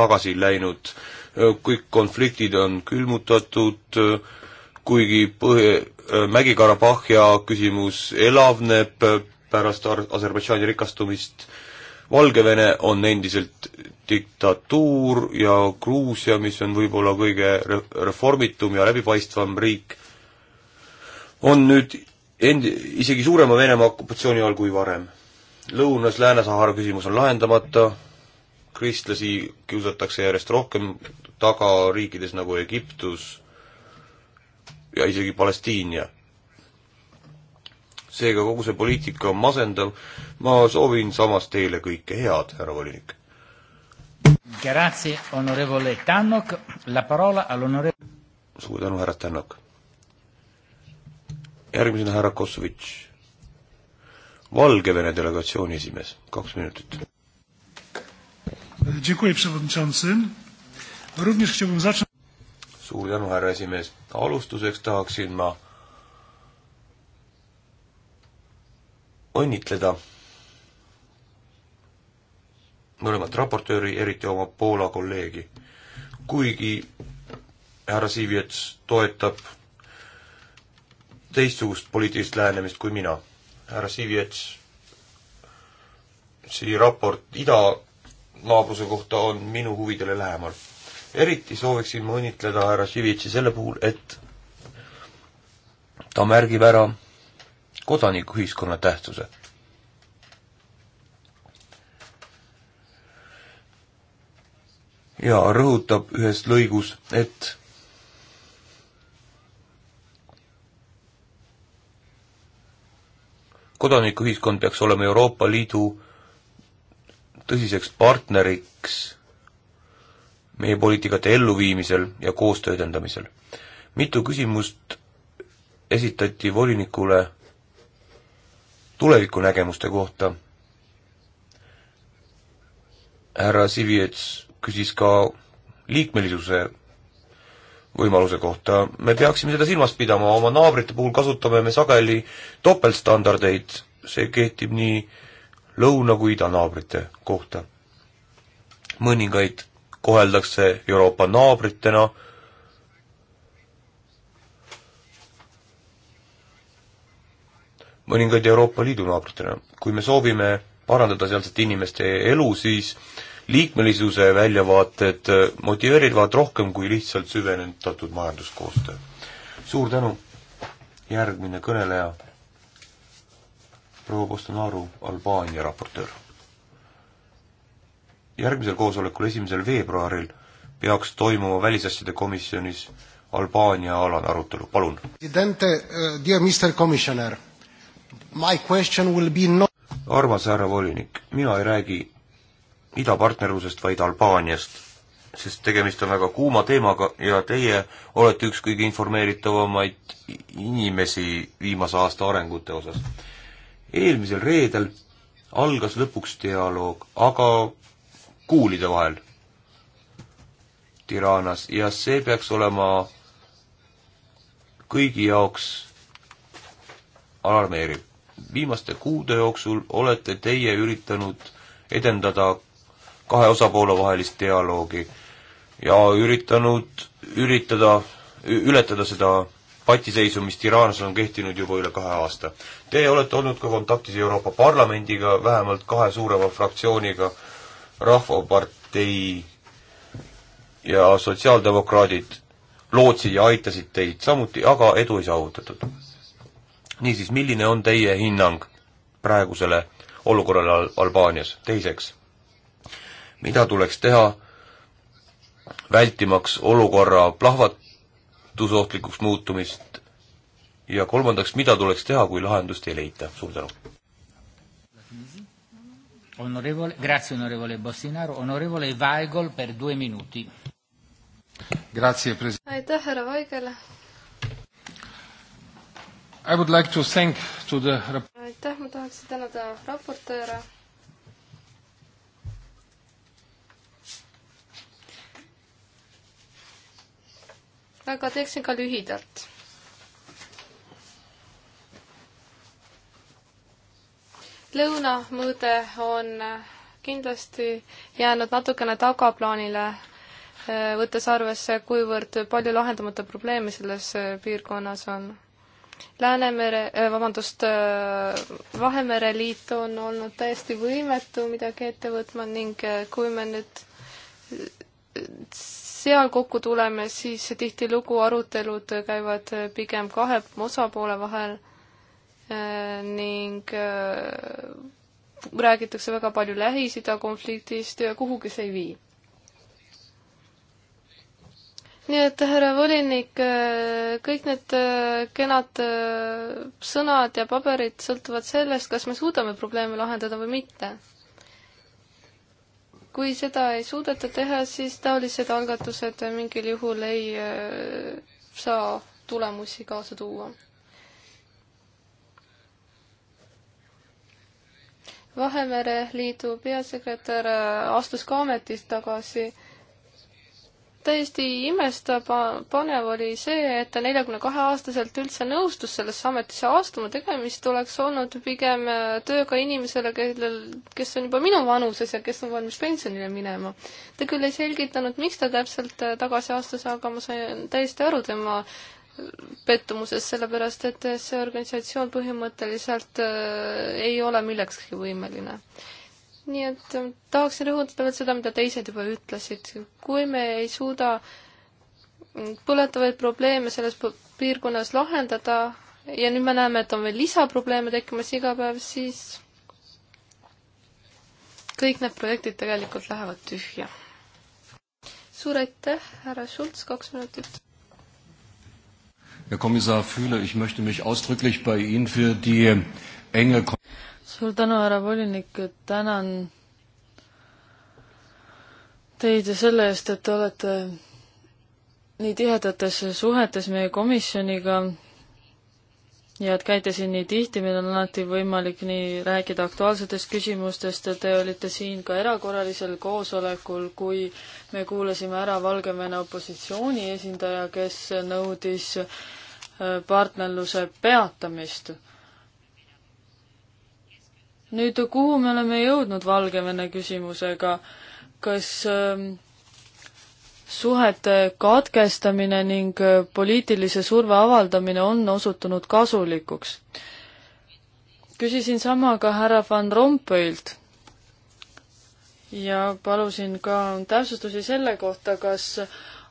tagasi läinud, äh, kõik konfliktid on külmutatud, äh, kuigi põhi, äh, Mägi-Karabahhia küsimus elavneb pärast Aserbaidžaani rikastumist äh,, Valgevene on endiselt diktatuur ja Gruusia, mis on võib-olla kõige re-, reformitum ja läbipaistvam riik, on nüüd endi-, isegi suurema Venemaa okupatsiooni all kui varem. Lõunas Lääne-Sahara küsimus on lahendamata, kristlasi kiusatakse järjest rohkem taga riikides nagu Egiptus ja isegi Palestiinia seega kogu see poliitika on masendav. ma soovin samas teile kõike head, härra volinik. Grazie, onorevole Tannok, la parola all'onore-. suur tänu, härra Tannok. järgmisena härra Kossovitš, Valgevene delegatsiooni esimees, kaks minutit. suur tänu, härra esimees, alustuseks tahaksin ma õnnitleda mõlemat raportööri, eriti oma Poola kolleegi. kuigi härra Siivjets toetab teistsugust poliitilist lähenemist kui mina. härra Siivjets, see raport idanaabruse kohta on minu huvidele lähemal. eriti sooviksin ma õnnitleda härra Siivjetsi selle puhul, et ta märgib ära kodanikuühiskonna tähtsuse. ja rõhutab ühes lõigus, et kodanikuühiskond peaks olema Euroopa Liidu tõsiseks partneriks meie poliitikate elluviimisel ja koostöö edendamisel. mitu küsimust esitati volinikule tulevikunägemuste kohta. härra Siviets küsis ka liikmelisuse võimaluse kohta, me peaksime seda silmas pidama, oma naabrite puhul kasutame me sageli topeltstandardeid, see kehtib nii lõuna- kui idanaabrite kohta. mõningaid koheldakse Euroopa naabritena, mõningaid Euroopa Liidu naabritena. kui me soovime parandada sealsete inimeste elu, siis liikmelisuse väljavaated motiveerivad rohkem kui lihtsalt süvendatud majanduskoostöö. suur tänu, järgmine kõneleja, proua Postonaru, Albaania raportöör. järgmisel koosolekul, esimesel veebruaril, peaks toimuma välisasjade komisjonis Albaania alane arutelu, palun. president, eh, dear Mr Commissioner Not... armas härra volinik, mina ei räägi idapartnerlusest, vaid Albaaniast, sest tegemist on väga kuuma teemaga ja teie olete üks kõige informeeritavamaid inimesi viimase aasta arengute osas. eelmisel reedel algas lõpuks dialoog, aga kuulide vahel Tiranas ja see peaks olema kõigi jaoks alarmeeriv. viimaste kuude jooksul olete teie üritanud edendada kahe osapoole vahelist dialoogi ja üritanud üritada, ületada seda patiseisu, mis Tiranas on kehtinud juba üle kahe aasta. Te olete olnud ka kontaktis Euroopa Parlamendiga, vähemalt kahe suurema fraktsiooniga, Rahvapartei ja sotsiaaldemokraadid lootsid ja aitasid teid samuti, aga edu ei saavutatud niisiis, milline on teie hinnang praegusele olukorrale Al Albaanias? teiseks, mida tuleks teha, vältimaks olukorra plahvatusohtlikuks muutumist ja kolmandaks, mida tuleks teha, kui lahendust ei leita? suur tänu! Onorevole, grazie onorevole Bossinaro, onorevole Vaigol per due minuti. aitäh, härra Vaigel I would like to thank to the aitäh, ma tahaksin tänada raportööre. aga teeksin ka lühidalt. lõunamõõde on kindlasti jäänud natukene tagaplaanile, võttes arvesse, kuivõrd palju lahendamata probleeme selles piirkonnas on Läänemere, äh, vabandust, äh, Vahemere liit on olnud täiesti võimetu midagi ette võtma ning äh, kui me nüüd seal kokku tuleme, siis tihtilugu arutelud käivad pigem kahe osapoole vahel ning räägitakse väga palju Lähis-Ida konfliktist ja kuhugi see ei vii nii et härra volinik, kõik need äh, kenad äh, sõnad ja paberid sõltuvad sellest, kas me suudame probleeme lahendada või mitte. kui seda ei suudeta teha, siis taolised algatused mingil juhul ei äh, saa tulemusi kaasa tuua. Vahemere Liidu peasekretär astus ka ametist tagasi täiesti imestab, panev oli see, et ta neljakümne kahe aastaselt üldse nõustus sellesse ametisse astuma, tegemist oleks olnud pigem äh, tööga inimesele, kellel, kes on juba minu vanuses ja kes on valmis pensionile minema. ta küll ei selgitanud, miks ta täpselt äh, tagasi astus, aga ma sain täiesti aru tema äh, pettumusest, sellepärast et see organisatsioon põhimõtteliselt ei ole millekski võimeline nii et ähm, tahaksin rõhutada veel seda, mida teised juba ütlesid. kui me ei suuda mm, põletavaid probleeme selles piirkonnas lahendada ja nüüd me näeme, et on veel lisaprobleeme tekkimas iga päev, siis kõik need projektid tegelikult lähevad tühja. suur aitäh, härra Schultz, kaks minutit. Herr Kommissar Fühle, ich möchte mich ausdrücklich bei Ihnen für die enge suur tänu, härra volinik, tänan teid ja selle eest, et te olete nii tihedates suhetes meie komisjoniga ja et käite siin nii tihti, meil on alati võimalik nii rääkida aktuaalsetest küsimustest ja te olite siin ka erakorralisel koosolekul, kui me kuulasime ära Valgevene opositsiooni esindaja, kes nõudis äh, partnerluse peatamist nüüd, kuhu me oleme jõudnud Valgevene küsimusega, kas ähm, suhete katkestamine ning äh, poliitilise surve avaldamine on osutunud kasulikuks? küsisin sama ka härra Van Rompuylt ja palusin ka täpsustusi selle kohta, kas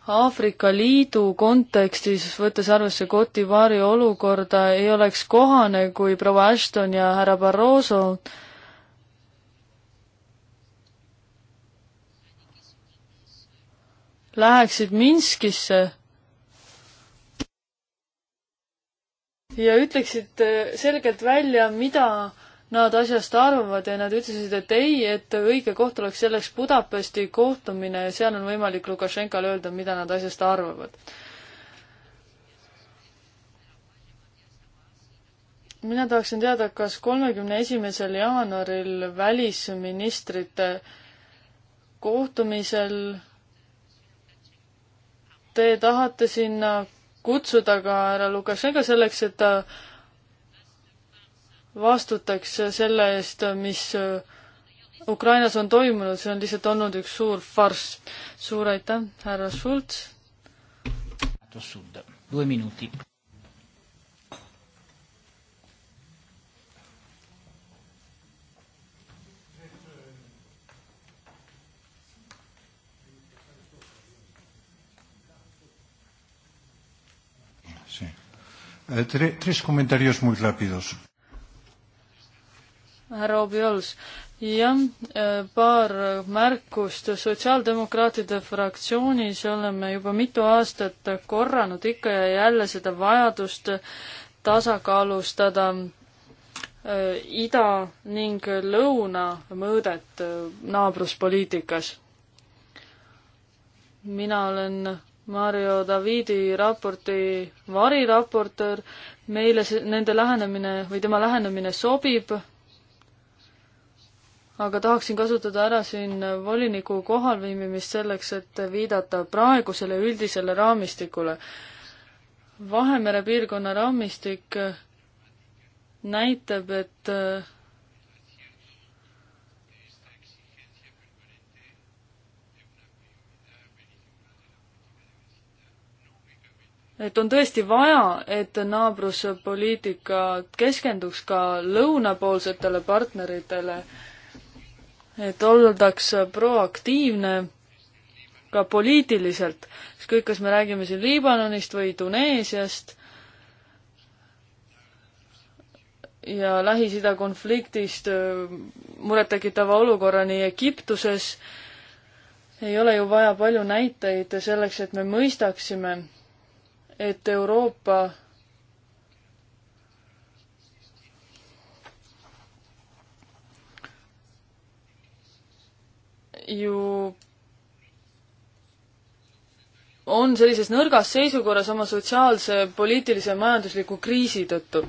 Aafrika Liidu kontekstis, võttes arvesse Cote d'Ivoire'i olukorda, ei oleks kohane, kui proua Ashton ja härra Barroso läheksid Minskisse ja ütleksid selgelt välja, mida nad asjast arvavad ja nad ütlesid, et ei, et õige koht oleks selleks Budapesti kohtumine ja seal on võimalik Lukašenkale öelda, mida nad asjast arvavad. mina tahaksin teada, kas kolmekümne esimesel jaanuaril välisministrite kohtumisel te tahate sinna kutsuda ka härra Lukašenka selleks, et ta vastutaks selle eest, mis äh, Ukrainas on toimunud, see on lihtsalt olnud üks suur farss. suur aitäh, härra Schultz. Eh, tres comentarios muy rápidos härra Obiols. jah, äh, paar märkust. sotsiaaldemokraatide fraktsioonis oleme juba mitu aastat korranud ikka ja jälle seda vajadust tasakaalustada äh, ida ning lõuna mõõdet äh, naabruspoliitikas. mina olen Mario Davidi raporti variraportöör, meile see, nende lähenemine või tema lähenemine sobib, aga tahaksin kasutada ära siin voliniku kohalviimimist selleks, et viidata praegusele üldisele raamistikule. Vahemere piirkonna raamistik näitab, et et on tõesti vaja, et naabruspoliitika keskenduks ka lõunapoolsetele partneritele äh, et oldaks proaktiivne ka poliitiliselt, ükskõik, kas me räägime siin Liibanonist või Tuneesiast ja Lähis-Ida konfliktist äh, murettekitava olukorrani Egiptuses, ei ole ju vaja palju näiteid selleks, et me mõistaksime, et Euroopa ju on sellises nõrgas seisukorras oma sotsiaalse, poliitilise ja majandusliku kriisi tõttu.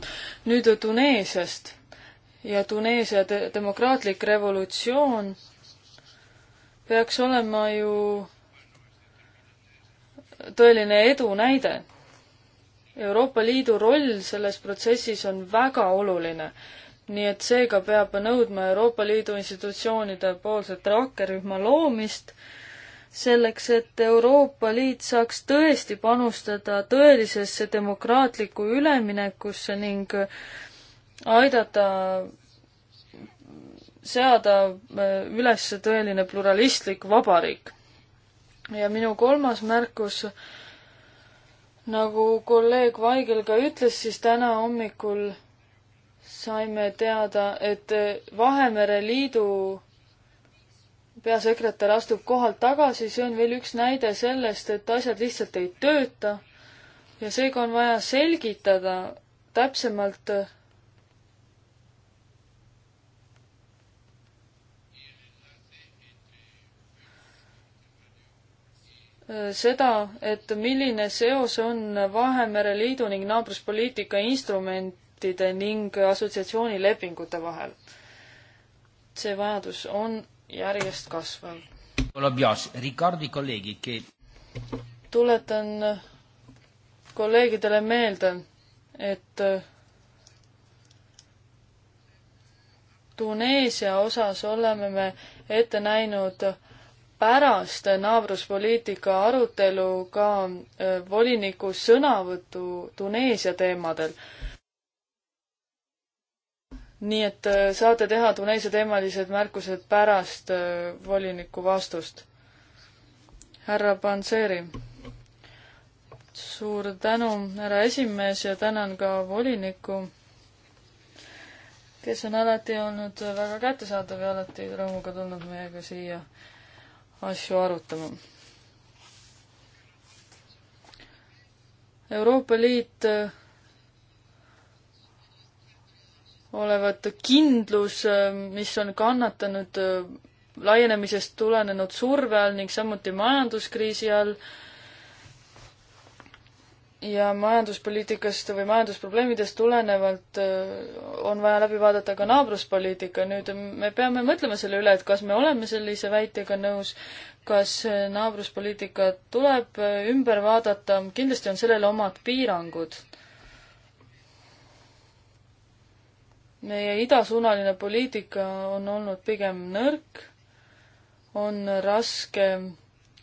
nüüd Tuneesiast ja Tuneesia de demokraatlik revolutsioon peaks olema ju tõeline edu näide. Euroopa Liidu roll selles protsessis on väga oluline nii et seega peab nõudma Euroopa Liidu institutsioonide poolset rakkerühma loomist, selleks et Euroopa Liit saaks tõesti panustada tõelisesse demokraatlikku üleminekusse ning aidata seada äh, üles tõeline pluralistlik vabariik. ja minu kolmas märkus, nagu kolleeg Vaigel ka ütles, siis täna hommikul saime teada, et Vahemere Liidu peasekretär astub kohalt tagasi, see on veel üks näide sellest, et asjad lihtsalt ei tööta ja seega on vaja selgitada täpsemalt äh, seda, et milline seos on Vahemere Liidu ning naabruspoliitika instrument kontaktide ning assotsiatsioonilepingute vahel. see vajadus on järjest kasvav. tuletan kolleegidele meelde, et Tuneesia osas oleme me ette näinud pärast naabruspoliitika arutelu ka voliniku sõnavõttu Tuneesia teemadel nii et äh, saate teha Tuneesia teemalised märkused pärast äh, voliniku vastust. härra Panseri. suur tänu, härra esimees ja tänan ka volinikku, kes on alati olnud väga kättesaadav ja alati rõõmuga tulnud meiega siia asju arutama. Euroopa Liit äh, olevat kindlus, äh, mis on kannatanud äh, laienemisest tulenenud surve all ning samuti majanduskriisi all. ja majanduspoliitikast või majandusprobleemidest tulenevalt äh, on vaja läbi vaadata ka naabruspoliitika. nüüd me peame mõtlema selle üle, et kas me oleme sellise väitega nõus, kas naabruspoliitika tuleb ümber vaadata, kindlasti on sellel omad piirangud meie idasuunaline poliitika on olnud pigem nõrk, on raske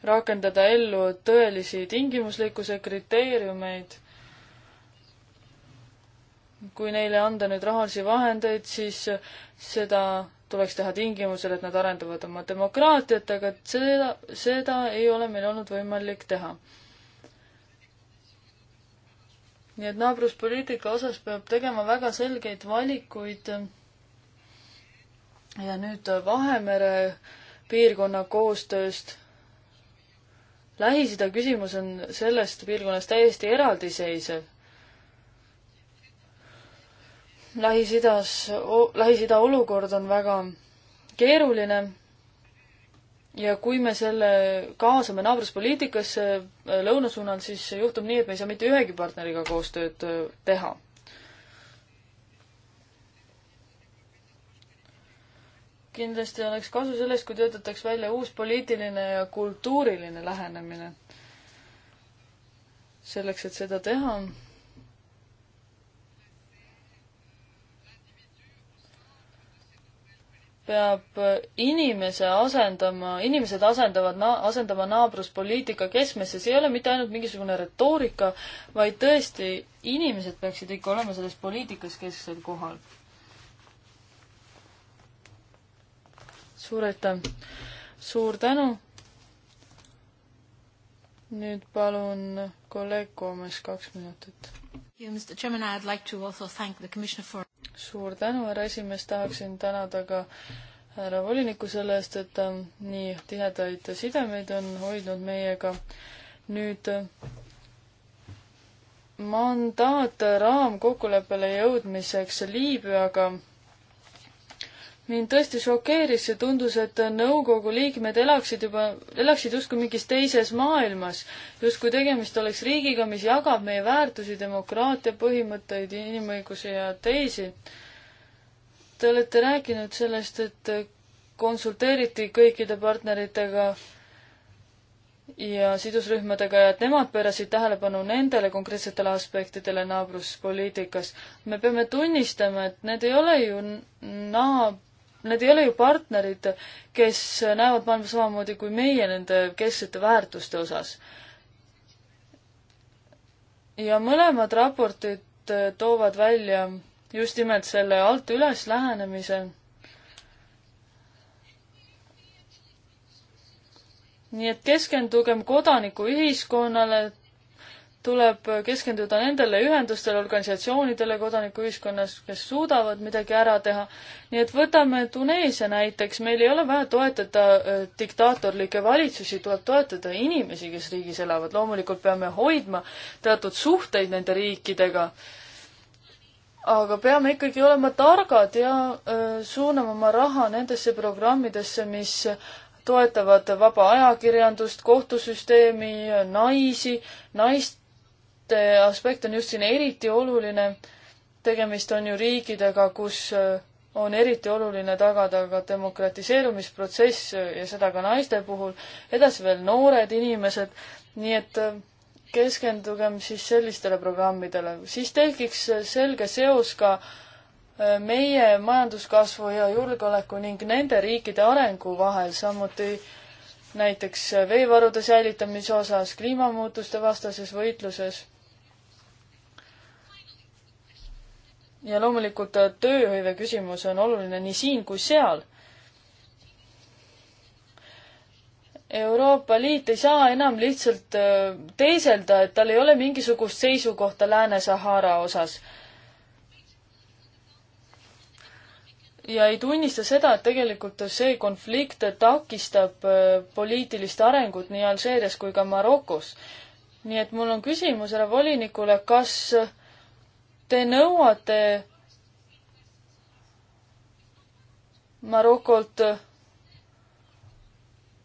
rakendada ellu tõelisi tingimuslikkuse kriteeriumeid. kui neile anda nüüd rahalisi vahendeid, siis seda tuleks teha tingimusel, et nad arendavad oma demokraatiat, aga seda, seda ei ole meil olnud võimalik teha nii et naabruspoliitika osas peab tegema väga selgeid valikuid. ja nüüd Vahemere piirkonna koostööst. Lähis-Ida küsimus on sellest piirkonnast täiesti eraldiseisev. Lähis-Idas, Lähis-Ida olukord on väga keeruline ja kui me selle kaasame naabruspoliitikasse äh, lõuna suunal, siis juhtub nii, et me ei saa mitte ühegi partneriga koostööd äh, teha. kindlasti oleks kasu sellest, kui töötataks välja uus poliitiline ja kultuuriline lähenemine. selleks, et seda teha, peab inimese asendama, inimesed asendavad na-, asendama naabruspoliitika keskmesse, see ei ole mitte ainult mingisugune retoorika, vaid tõesti, inimesed peaksid ikka olema selles poliitikas kesksel kohal. suur aitäh! suur tänu! nüüd palun kolleeg Koomes kaks minutit. Like for suur tänu, härra esimees, tahaksin tänada ka härra volinikku selle eest, et ta nii tihedaid sidemeid on hoidnud meiega. nüüd mandaat raamkokkuleppele jõudmiseks Liibüaga mind tõesti šokeeris see tundus, et nõukogu liikmed elaksid juba, elaksid justkui mingis teises maailmas, justkui tegemist oleks riigiga, mis jagab meie väärtusi, demokraatia põhimõtteid, inimõigusi ja teisi. Te olete rääkinud sellest, et konsulteeriti kõikide partneritega ja sidusrühmadega ja et nemad pöörasid tähelepanu nendele konkreetsetele aspektidele naabruspoliitikas. me peame tunnistama, et need ei ole ju naab-, Nad ei ole ju partnerid, kes näevad maailma samamoodi kui meie nende kesksete väärtuste osas. ja mõlemad raportid toovad välja just nimelt selle alt üles lähenemise nii et keskendugem kodanikuühiskonnale, tuleb keskenduda nendele ühendustele, organisatsioonidele kodanikuühiskonnas, kes suudavad midagi ära teha. nii et võtame Tuneesia näiteks, meil ei ole vaja toetada diktaatorlikke valitsusi, tuleb toetada inimesi, kes riigis elavad. loomulikult peame hoidma teatud suhteid nende riikidega. aga peame ikkagi olema targad ja öö, suunama oma raha nendesse programmidesse, mis toetavad vaba ajakirjandust, kohtusüsteemi, naisi, naist, aspekt on just siin eriti oluline. tegemist on ju riikidega, kus äh, on eriti oluline tagada ka demokratiseerumisprotsess äh, ja seda ka naiste puhul. edasi veel noored inimesed, nii et äh, keskendugem siis sellistele programmidele, siis tekiks selge seos ka meie majanduskasvu ja julgeoleku ning nende riikide arengu vahel, samuti näiteks veevarude säilitamise osas, kliimamuutuste vastases võitluses ja loomulikult äh, tööhõive küsimus on oluline nii siin kui seal. Euroopa Liit ei saa enam lihtsalt äh, teeselda, et tal ei ole mingisugust seisukohta Lääne-Sahara osas. ja ei tunnista seda, et tegelikult see konflikt takistab äh, poliitilist arengut nii Alžeerias kui ka Marokos. nii et mul on küsimus härra volinikule, kas äh, Te nõuate Marokolt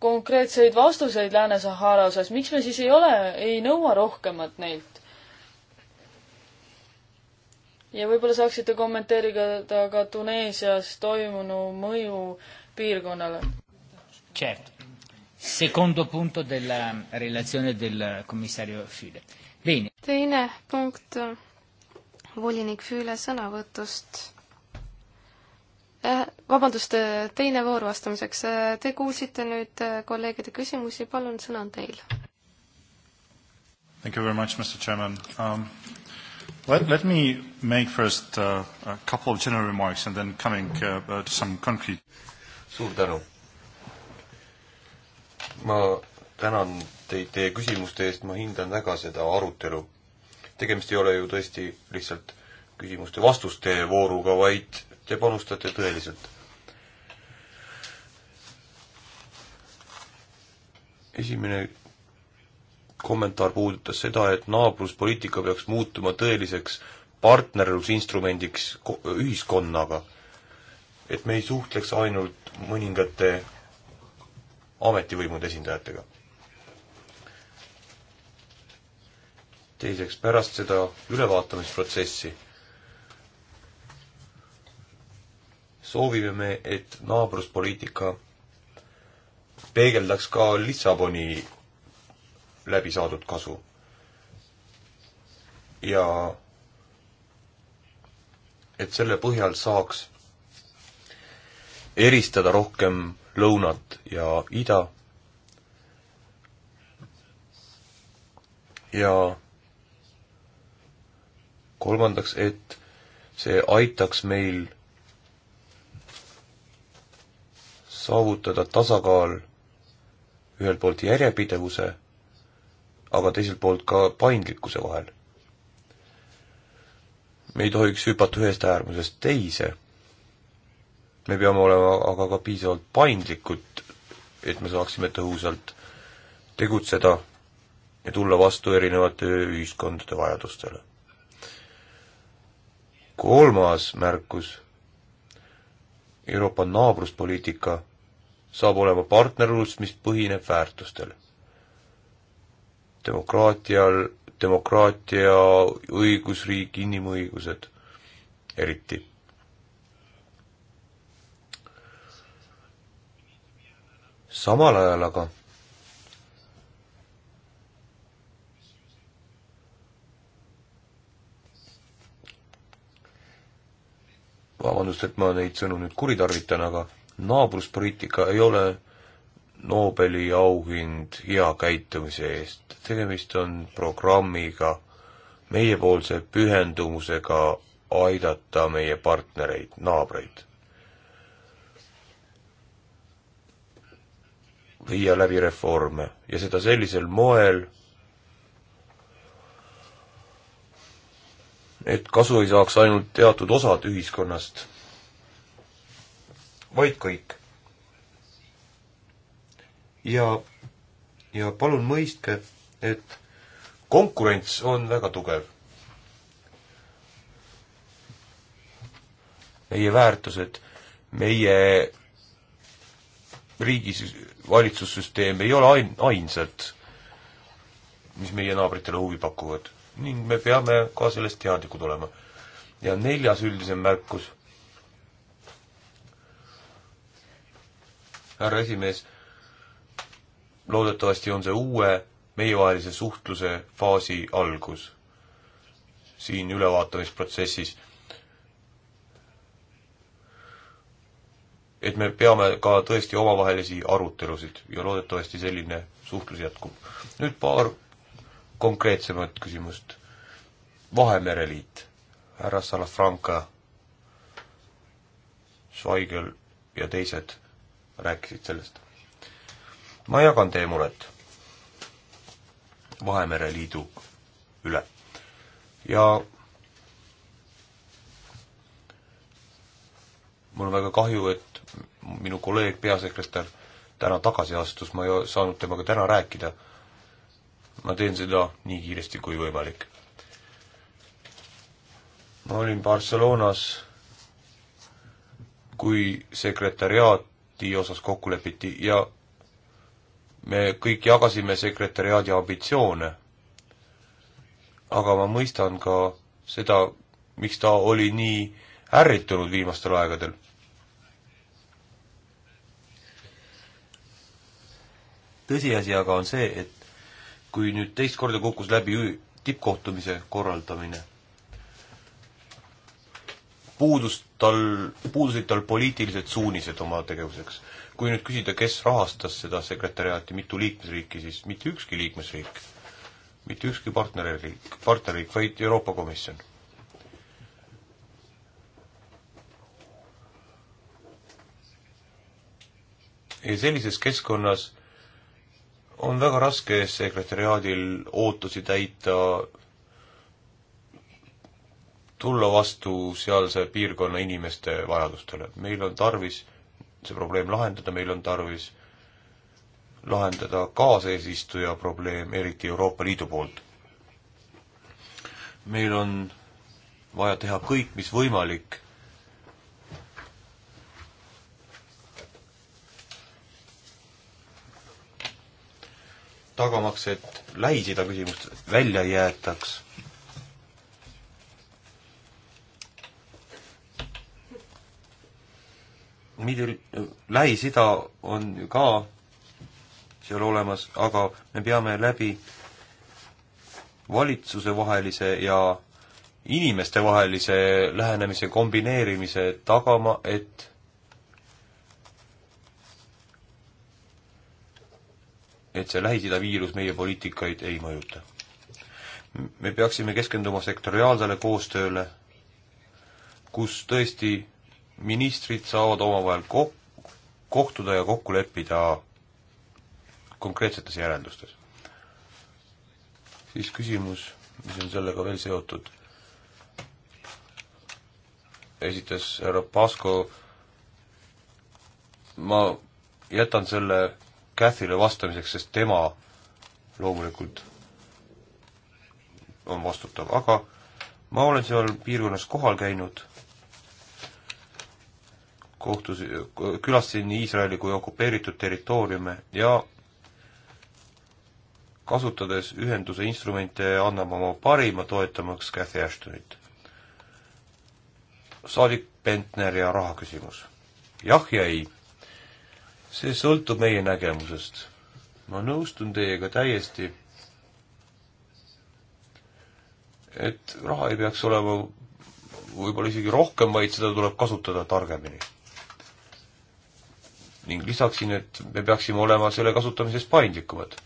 konkreetseid vastuseid Lääne-Sahara osas, miks me siis ei ole, ei nõua rohkemat neilt? ja võib-olla saaksite kommenteerida ka Tuneesias toimunu mõju piirkonnale. Certo. Secondo punto della relazione del commissario Fide. Bene. teine punkt volinik Füüle sõnavõtust. Äh, vabandust, äh, teine voor vastamiseks. Äh, te kuulsite nüüd kolleegide küsimusi, palun, sõna on teil. Thank you very much, Mr Chairman um,. Let, let me make first uh, a couple of general remarks and then coming uh, uh, to some concrete suur tänu! ma tänan teid teie küsimuste eest, ma hindan väga seda arutelu tegemist ei ole ju tõesti lihtsalt küsimuste-vastuste vooruga, vaid te panustate tõeliselt. esimene kommentaar puudutas seda, et naabruspoliitika peaks muutuma tõeliseks partnerlusinstrumendiks ühiskonnaga. et me ei suhtleks ainult mõningate ametivõimude esindajatega teiseks, pärast seda ülevaatamisprotsessi soovime me, et naabruspoliitika peegeldaks ka Lissaboni läbi saadud kasu. ja et selle põhjal saaks eristada rohkem lõunat ja ida ja kolmandaks, et see aitaks meil saavutada tasakaal ühelt poolt järjepidevuse, aga teiselt poolt ka paindlikkuse vahel. me ei tohiks hüpata ühest äärmusest teise. me peame olema aga ka piisavalt paindlikud, et me saaksime tõhusalt tegutseda ja tulla vastu erinevate ühiskondade vajadustele kolmas märkus, Euroopa naabruspoliitika saab olema partnerlus, mis põhineb väärtustel. demokraatial, demokraatia, õigusriik, inimõigused eriti. samal ajal aga vabandust, et ma neid sõnu nüüd kuritarvitan, aga naabruspoliitika ei ole Nobeli auhind hea käitumise eest, tegemist on programmiga, meiepoolse pühendumusega aidata meie partnereid, naabreid. viia läbi reforme ja seda sellisel moel, et kasu ei saaks ainult teatud osad ühiskonnast, vaid kõik. ja, ja palun mõistke, et konkurents on väga tugev. meie väärtused, meie riigis valitsussüsteem ei ole ain-, ainsad, mis meie naabritele huvi pakuvad ning me peame ka sellest teadlikud olema. ja neljas üldisem märkus. härra esimees, loodetavasti on see uue meievahelise suhtluse faasi algus siin ülevaatamisprotsessis. et me peame ka tõesti omavahelisi arutelusid ja loodetavasti selline suhtlus jätkub. nüüd paar konkreetsemat küsimust. Vahemereliit, härra Salafranca, Schweigel ja teised rääkisid sellest. ma jagan teie muret Vahemere Liidu üle ja mul on väga kahju, et minu kolleeg, peasekretär täna tagasi astus, ma ei saanud temaga täna rääkida ma teen seda nii kiiresti kui võimalik. ma olin Barcelonas, kui sekretäriaati osas kokku lepiti ja me kõik jagasime sekretäriaadi ambitsioone. aga ma mõistan ka seda, miks ta oli nii ärritunud viimastel aegadel. tõsiasi aga on see, et kui nüüd teist korda kukkus läbi tippkohtumise korraldamine. puudus tal, puudusid tal poliitilised suunised oma tegevuseks. kui nüüd küsida, kes rahastas seda sekretäriaati, mitu liikmesriiki, siis mitte ükski liikmesriik, mitte ükski partnerriik, partnerriik, vaid Euroopa Komisjon ja sellises keskkonnas on väga raske sekretäriaadil ootusi täita, tulla vastu sealse piirkonna inimeste vajadustele. meil on tarvis see probleem lahendada, meil on tarvis lahendada kaaseesistuja probleem, eriti Euroopa Liidu poolt. meil on vaja teha kõik, mis võimalik tagamaks, et Lähis-Ida küsimust välja ei jäetaks. Midel-, Lähis-Ida on ju ka seal olemas, aga me peame läbi valitsusevahelise ja inimestevahelise lähenemise kombineerimise tagama, et et see Lähis-Ida viirus meie poliitikaid ei mõjuta. me peaksime keskenduma sektoriaalsele koostööle, kus tõesti ministrid saavad omavahel ko-, kohtuda ja kokku leppida konkreetsetes järeldustes. siis küsimus, mis on sellega veel seotud, esitas härra Pasko, ma jätan selle Cathyle vastamiseks, sest tema loomulikult on vastutav, aga ma olen seal piirkonnas kohal käinud, kohtus, külastasin nii Iisraeli kui okupeeritud territooriume ja kasutades ühenduse instrumente, anname oma parima toetamaks Cathy Ashtonit. saadik Pentner ja raha küsimus. jah ja ei see sõltub meie nägemusest. ma nõustun teiega täiesti, et raha ei peaks olema võib-olla isegi rohkem, vaid seda tuleb kasutada targemini. ning lisaksin, et me peaksime olema selle kasutamises paindlikumad.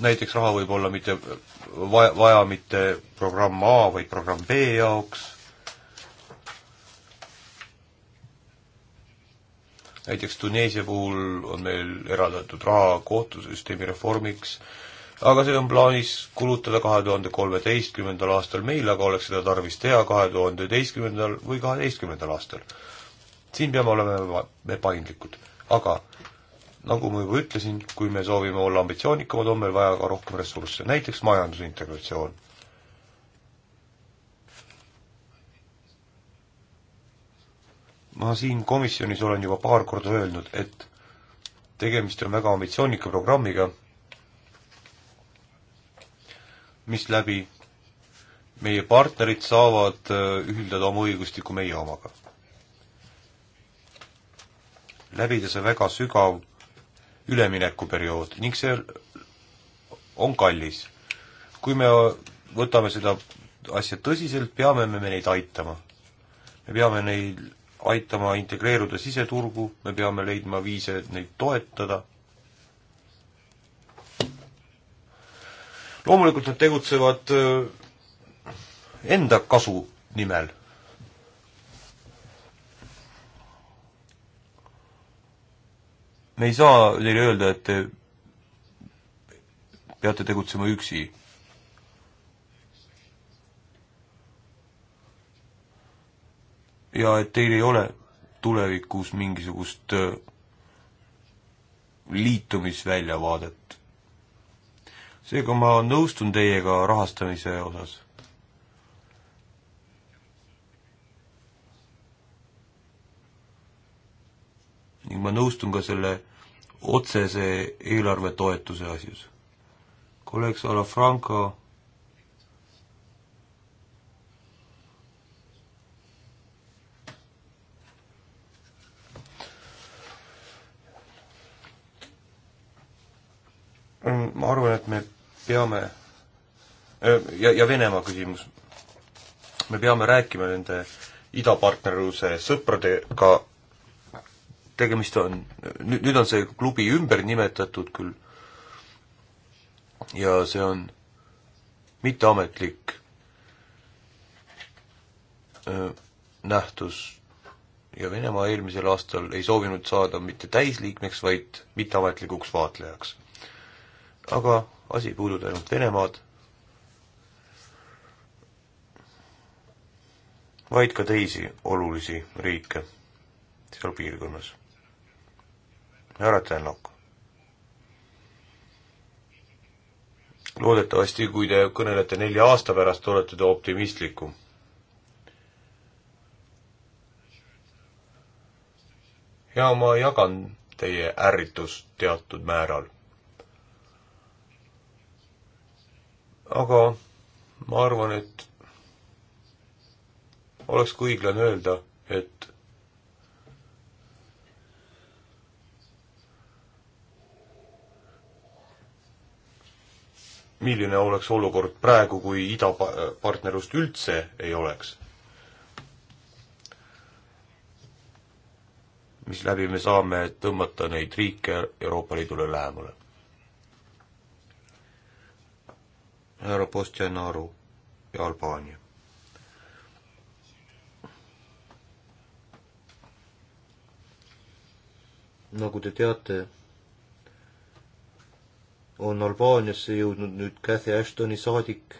näiteks raha võib olla mitte vaja, vaja mitte programm A, vaid programm B jaoks näiteks Tuneesia puhul on meil eraldatud raha kohtusüsteemi reformiks, aga see on plaanis kulutada kahe tuhande kolmeteistkümnendal aastal, meil aga oleks seda tarvis teha kahe tuhande üheteistkümnendal või kaheteistkümnendal aastal. siin peame olema me paindlikud, aga nagu ma juba ütlesin, kui me soovime olla ambitsioonikamad, on meil vaja ka rohkem ressursse, näiteks majandusintegratsioon. ma siin komisjonis olen juba paar korda öelnud, et tegemist on väga ambitsioonika programmiga, mis läbi meie partnerid saavad äh, ühildada oma õigustikku meie omaga. läbida see väga sügav üleminekuperiood ning see on kallis. kui me võtame seda asja tõsiselt, peame me neid aitama. me peame neil aitama integreeruda siseturgu, me peame leidma viise, et neid toetada. loomulikult nad tegutsevad äh, enda kasu nimel. me ei saa teile öelda, et te peate tegutsema üksi ja et teil ei ole tulevikus mingisugust äh, liitumisväljavaadet. seega ma nõustun teiega rahastamise osas. ning ma nõustun ka selle otsese eelarvetoetuse asjus. kolleeg Salafranco Mm, ma arvan, et me peame äh, ja, ja Venemaa küsimus. me peame rääkima nende idapartnerluse sõpradega, tegemist on, nüüd, nüüd on see klubi ümber nimetatud küll ja see on mitteametlik äh, nähtus ja Venemaa eelmisel aastal ei soovinud saada mitte täisliikmeks, vaid mitteametlikuks vaatlejaks aga asi ei puuduta ainult Venemaad, vaid ka teisi olulisi riike seal piirkonnas. härra Tänak. loodetavasti, kui te kõnelete nelja aasta pärast, olete te optimistlikum. ja ma jagan teie ärritust teatud määral. aga ma arvan, et oleks ka õiglane öelda, et milline oleks olukord praegu, kui idapartnerlust üldse ei oleks? misläbi me saame tõmmata neid riike Euroopa Liidule lähemale? härra Postjanaru ja Albaania. nagu te teate, on Albaaniasse jõudnud nüüd Cathy Ashtoni saadik.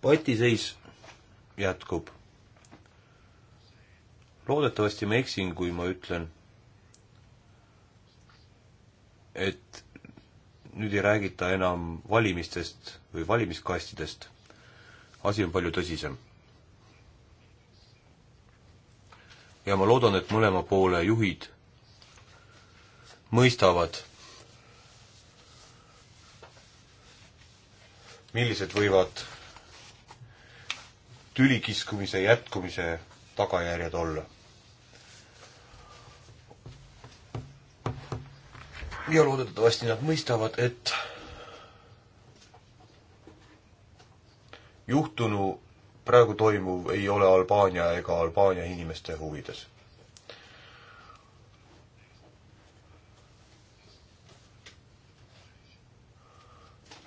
patiseis jätkub. loodetavasti ma eksin, kui ma ütlen et nüüd ei räägita enam valimistest või valimiskastidest. asi on palju tõsisem. ja ma loodan, et mõlema poole juhid mõistavad, millised võivad tülikiskumise jätkumise tagajärjed olla ja loodetavasti nad mõistavad, et juhtunu praegu toimuv ei ole Albaania ega Albaania inimeste huvides.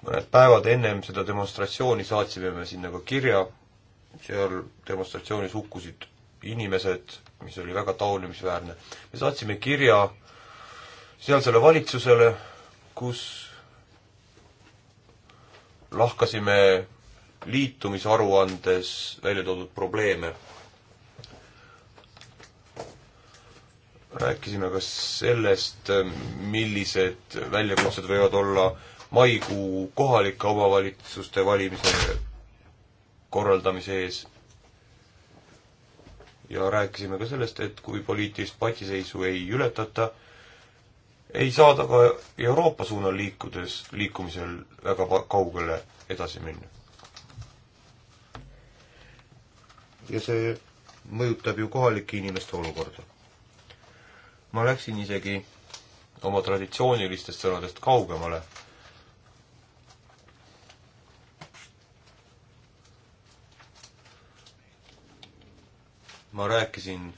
mõned päevad ennem seda demonstratsiooni saatsime me sinna ka kirja, seal demonstratsioonis hukkusid inimesed, mis oli väga taunimisväärne. me saatsime kirja sealsele valitsusele, kus lahkasime liitumisaruandes välja toodud probleeme. rääkisime ka sellest, millised väljakutsed võivad olla maikuu kohalike omavalitsuste valimise korraldamise ees. ja rääkisime ka sellest, et kui poliitilist patiseisu ei ületata, ei saada ka Euroopa suunal liikudes, liikumisel väga kaugele edasi minna. ja see mõjutab ju kohalike inimeste olukorda. ma läksin isegi oma traditsioonilistest sõnadest kaugemale. ma rääkisin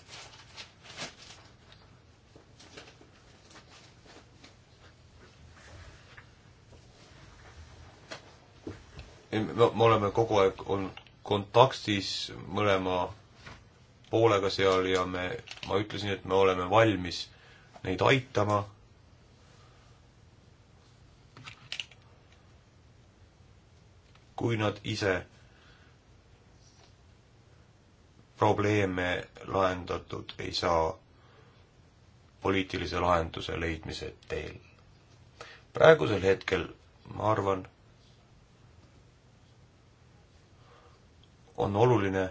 me oleme kogu aeg olnud kontaktis mõlema poolega seal ja me, ma ütlesin, et me oleme valmis neid aitama. kui nad ise probleeme lahendatud ei saa poliitilise lahenduse leidmise teel. praegusel hetkel ma arvan, on oluline,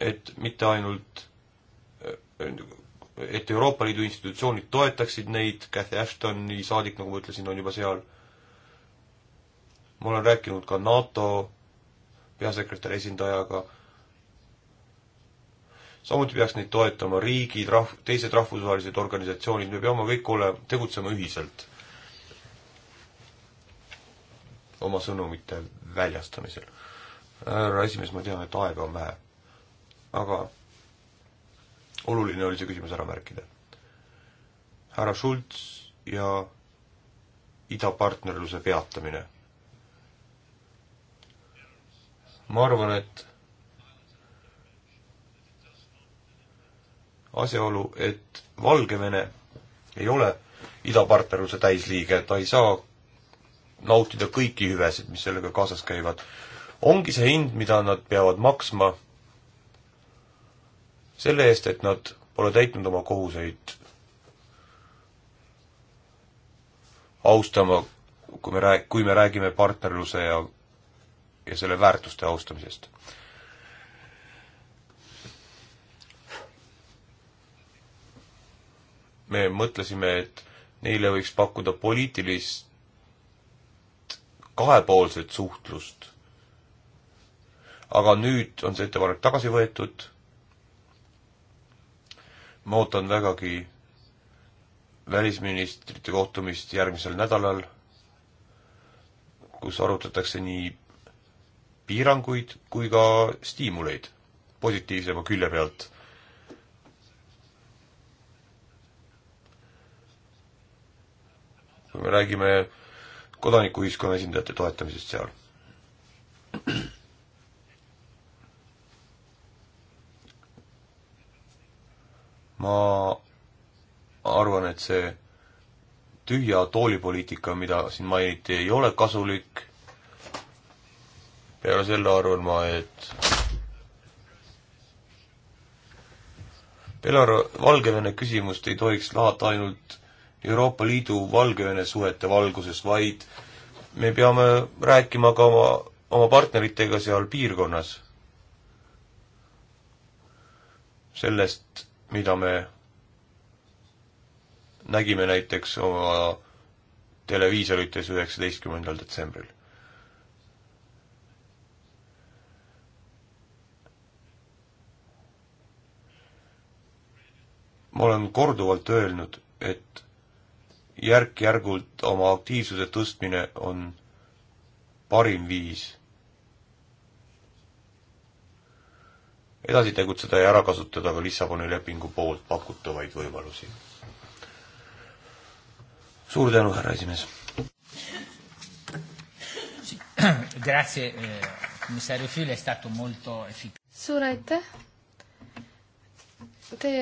et mitte ainult, äh, et Euroopa Liidu institutsioonid toetaksid neid, Cathy Ashtoni saadik, nagu ma ütlesin, on juba seal. ma olen rääkinud ka NATO peasekretäri esindajaga. samuti peaks neid toetama riigid, rahv-, teised rahvusvahelised organisatsioonid, me peame kõik olema, tegutsema ühiselt oma sõnumite väljastamisel. härra esimees, ma tean, et aega on vähe, aga oluline oli see küsimus ära märkida. härra Schultz ja idapartnerluse peatamine. ma arvan, et asjaolu, et Valgevene ei ole idapartnerluse täisliige, ta ei saa nautida kõiki hüvesid, mis sellega kaasas käivad. ongi see hind, mida nad peavad maksma selle eest, et nad pole täitnud oma kohuseid austama, kui me rääg-, kui me räägime partnerluse ja, ja selle väärtuste austamisest. me mõtlesime, et neile võiks pakkuda poliitilist kahepoolset suhtlust. aga nüüd on see ettepanek tagasi võetud. ma ootan vägagi välisministrite kohtumist järgmisel nädalal, kus arutatakse nii piiranguid kui ka stiimuleid positiivsema külje pealt. kui me räägime kodanikuühiskonna esindajate toetamisest seal. ma arvan, et see tühja toolipoliitika, mida siin mainiti, ei ole kasulik. peale selle arvan ma, et Belar-, Valgevene küsimust ei tohiks lahata ainult Euroopa Liidu Valgevene suhete valguses, vaid me peame rääkima ka oma, oma partneritega seal piirkonnas sellest, mida me nägime näiteks oma televiisorites üheksateistkümnendal detsembril. ma olen korduvalt öelnud, et järk-järgult oma aktiivsuse tõstmine on parim viis edasi tegutseda ja ära kasutada ka Lissaboni lepingu poolt pakutavaid võimalusi. suur tänu, härra esimees! Eh, suur aitäh! Te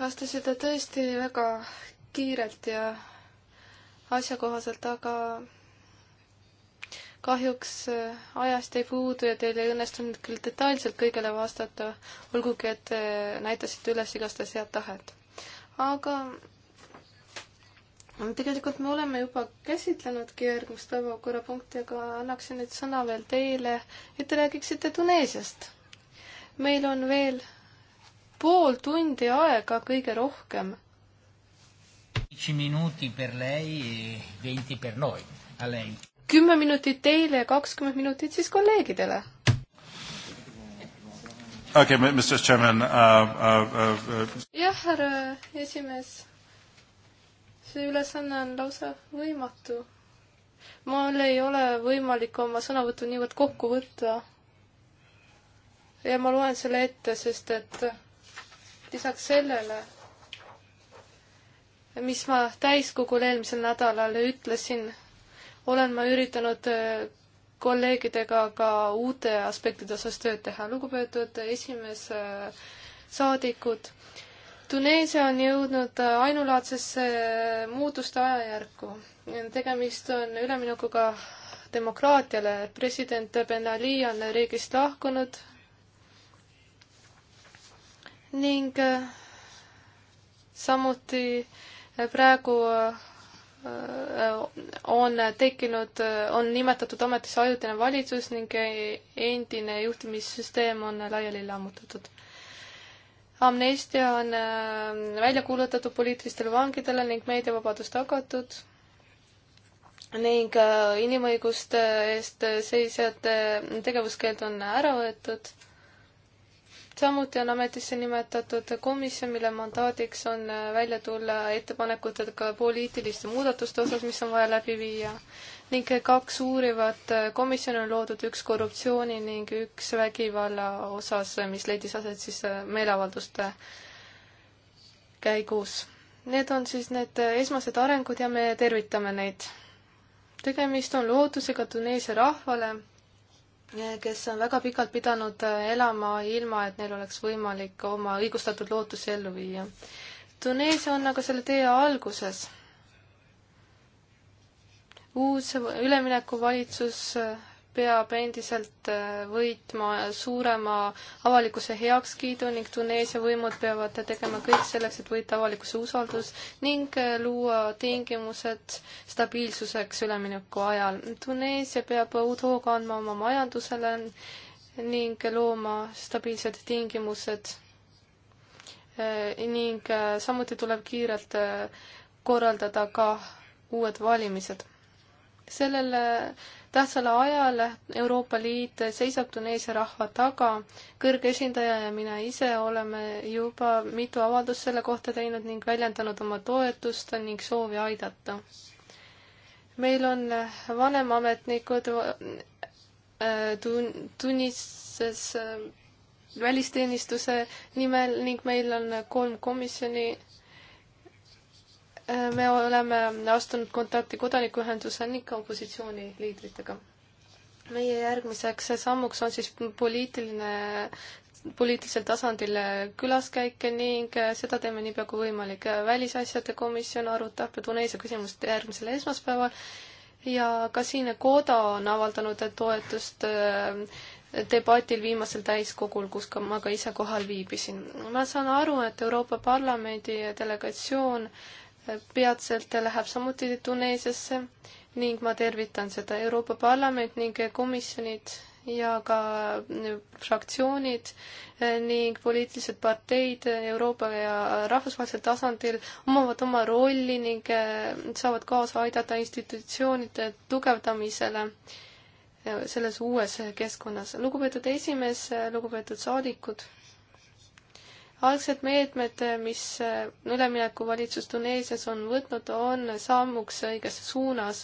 vastasite tõesti väga kiirelt ja asjakohaselt, aga kahjuks äh, ajast jäi puudu ja teil ei õnnestunud küll detailselt kõigele vastata, olgugi et äh, näitasite üles igastahes head tahet. aga tegelikult me oleme juba käsitlenudki järgmist päevakorrapunkti, aga annaksin nüüd sõna veel teile, et te räägiksite Tuneesiast. meil on veel pool tundi aega kõige rohkem E kümme minutit teile ja kakskümmend minutit siis kolleegidele. okei okay,, Mr Chairman uh, uh,. Uh, uh, jah, härra esimees. see ülesanne on lausa võimatu. mul ei ole võimalik oma sõnavõttu niivõrd kokku võtta. ja ma loen selle ette, sest et lisaks sellele mis ma täiskogul eelmisel nädalal ütlesin, olen ma üritanud äh, kolleegidega ka uute aspektide osas tööd teha. lugupeetud esimees, äh, saadikud, Tuneesia on jõudnud äh, ainulaadsesse muutuste ajajärku. tegemist on üleminekuga demokraatiale. president Ben Ali on riigist lahkunud ning samuti äh, praegu äh, on tekkinud, äh, on nimetatud ametisse ajutine valitsus ning endine juhtimissüsteem on laiali lammutatud. amnestia on äh, välja kuulutatud poliitilistele vangidele ning meediavabadus tagatud ning inimõiguste eest seisjate tegevuskeeld on ära võetud samuti on ametisse nimetatud komisjon, mille mandaadiks on äh, välja tulla ettepanekutega poliitiliste muudatuste osas, mis on vaja läbi viia ning kaks uurivat äh, komisjoni on loodud, üks korruptsiooni ning üks vägivalla osas, äh, mis leidis aset siis meeleavalduste käigus. Need on siis need esmased arengud ja me tervitame neid. tegemist on lootusega Tuneesia rahvale kes on väga pikalt pidanud äh, elama ilma, et neil oleks võimalik oma õigustatud lootusi ellu viia. Tuneesia on aga selle tee alguses. uus üleminekuvalitsus äh, peab endiselt äh, võitma suurema avalikkuse heakskiidu ning Tuneesia võimud peavad tegema kõik selleks, et võita avalikkuse usaldus ning äh, luua tingimused stabiilsuseks ülemineku ajal. Tuneesia peab uut hooga andma oma majandusele ning looma stabiilsed tingimused äh, ning samuti tuleb kiirelt korraldada ka uued valimised. sellele tähtsal ajal Euroopa Liit seisab Tuneesia rahva taga. kõrge esindaja ja mina ise oleme juba mitu avaldust selle kohta teinud ning väljendanud oma toetust ning soovi aidata. meil on vanemametnikud äh, tun-, tunnises äh, välisteenistuse nimel ning meil on kolm komisjoni me oleme astunud kontakti kodanikuühenduse ning ka opositsiooni liidritega. meie järgmiseks sammuks on siis poliitiline poliitilisel tasandil külaskäike ning seda teeme niipea kui võimalik. välisasjade komisjon arutab Tuneesia küsimust järgmisel esmaspäeval ja ka siin Koda on avaldanud toetust äh, debatil viimasel täiskogul, kus ka ma ka ise kohal viibisin. ma saan aru, et Euroopa Parlamendi delegatsioon äh, peatselt läheb samuti Tuneesiasse ning ma tervitan seda. Euroopa Parlament ning komisjonid ja ka eh, fraktsioonid eh, ning poliitilised parteid Euroopa ja rahvusvahelisel tasandil omavad oma rolli ning eh, saavad kaasa aidata institutsioonide tugevdamisele selles uues keskkonnas. lugupeetud esimees, lugupeetud saadikud algsed meetmed, mis äh, üleminekuvalitsus Tuneesias on võtnud, on sammuks õiges suunas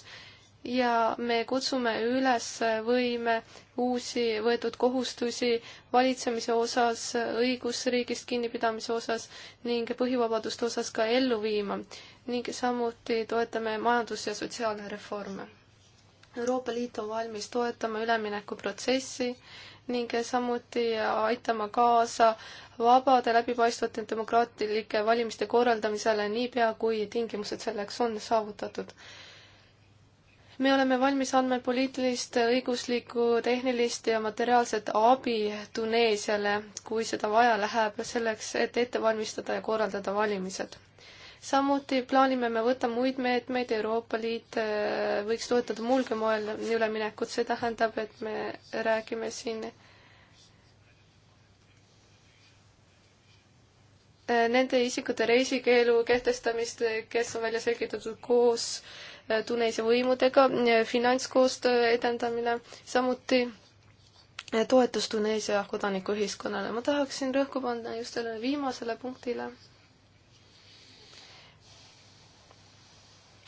ja me kutsume üles võime uusi võetud kohustusi valitsemise osas, õigusriigist kinnipidamise osas ning põhivabaduste osas ka ellu viima ning samuti toetame majandus- ja sotsiaalreforme Euroopa Liit on valmis toetama üleminekuprotsessi ning samuti aitama kaasa vabade, läbipaistvate demokraatlike valimiste korraldamisele niipea, kui tingimused selleks on saavutatud. me oleme valmis andma poliitilist, õiguslikku, tehnilist ja materiaalset abi Tuneesiale, kui seda vaja läheb, selleks et ette valmistada ja korraldada valimised samuti plaanime me võtta muid meetmeid, Euroopa Liit äh, võiks toetada muulgi moel üleminekut, see tähendab, et me räägime siin äh, nende isikute reisikeelu kehtestamist, kes on välja selgitatud koos äh, Tuneesia võimudega, finantskoostöö edendamine, samuti toetus Tuneesia kodanikuühiskonnale. ma tahaksin rõhku panna just sellele viimasele punktile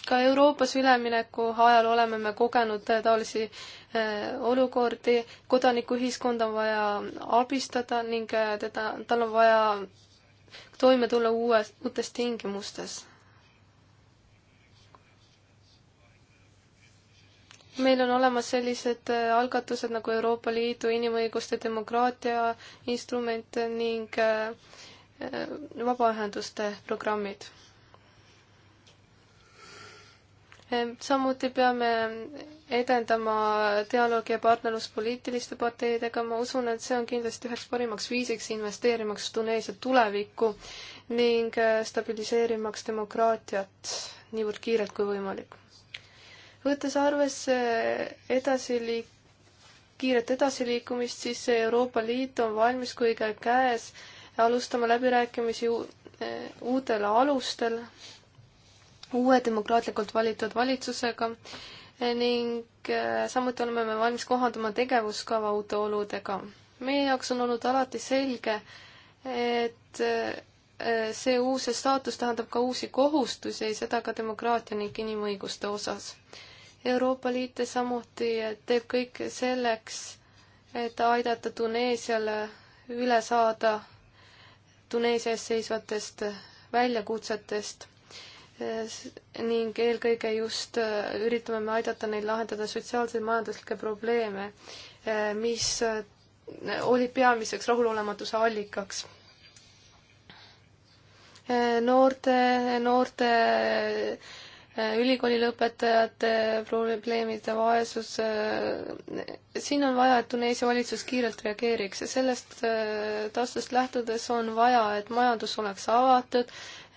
ka Euroopas ülemineku ajal oleme me kogenud taolisi eh, olukordi, kodanikuühiskonda on vaja abistada ning eh, teda, tal on vaja toime tulla uues, uutes tingimustes meil on olemas sellised eh, algatused nagu Euroopa Liidu inimõiguste demokraatia instrument ning vabaühenduste programmid. Ehm, samuti peame edendama dialoogi ja partnerlust poliitiliste parteidega, ma usun, et see on kindlasti üheks parimaks viisiks investeerimaks Tuneesia tulevikku ning äh, stabiliseerimaks demokraatiat niivõrd kiirelt kui võimalik. võttes arvesse edasiliik-, kiiret edasiliikumist, siis Euroopa Liit on valmis kui ka käes alustama läbirääkimisi äh, uutel alustel uue demokraatlikult valitud valitsusega ning äh, samuti oleme me valmis kohanduma tegevuskava uute oludega. meie jaoks on olnud alati selge, et äh, see uus staatus tähendab ka uusi kohustusi, seda ka demokraatia ning inimõiguste osas. Euroopa Liit samuti teeb kõik selleks, et aidata Tuneesiale üle saada Tuneesias seisvatest väljakutsetest ning eelkõige just äh, üritame me aidata neil lahendada sotsiaalseid majanduslikke probleeme, äh, mis äh, olid peamiseks rahulolematuse allikaks. noorte, noorte ülikooli lõpetajate probleemid, vaesus, siin on vaja, et Tuneesia valitsus kiirelt reageeriks ja sellest taustast lähtudes on vaja, et majandus oleks avatud,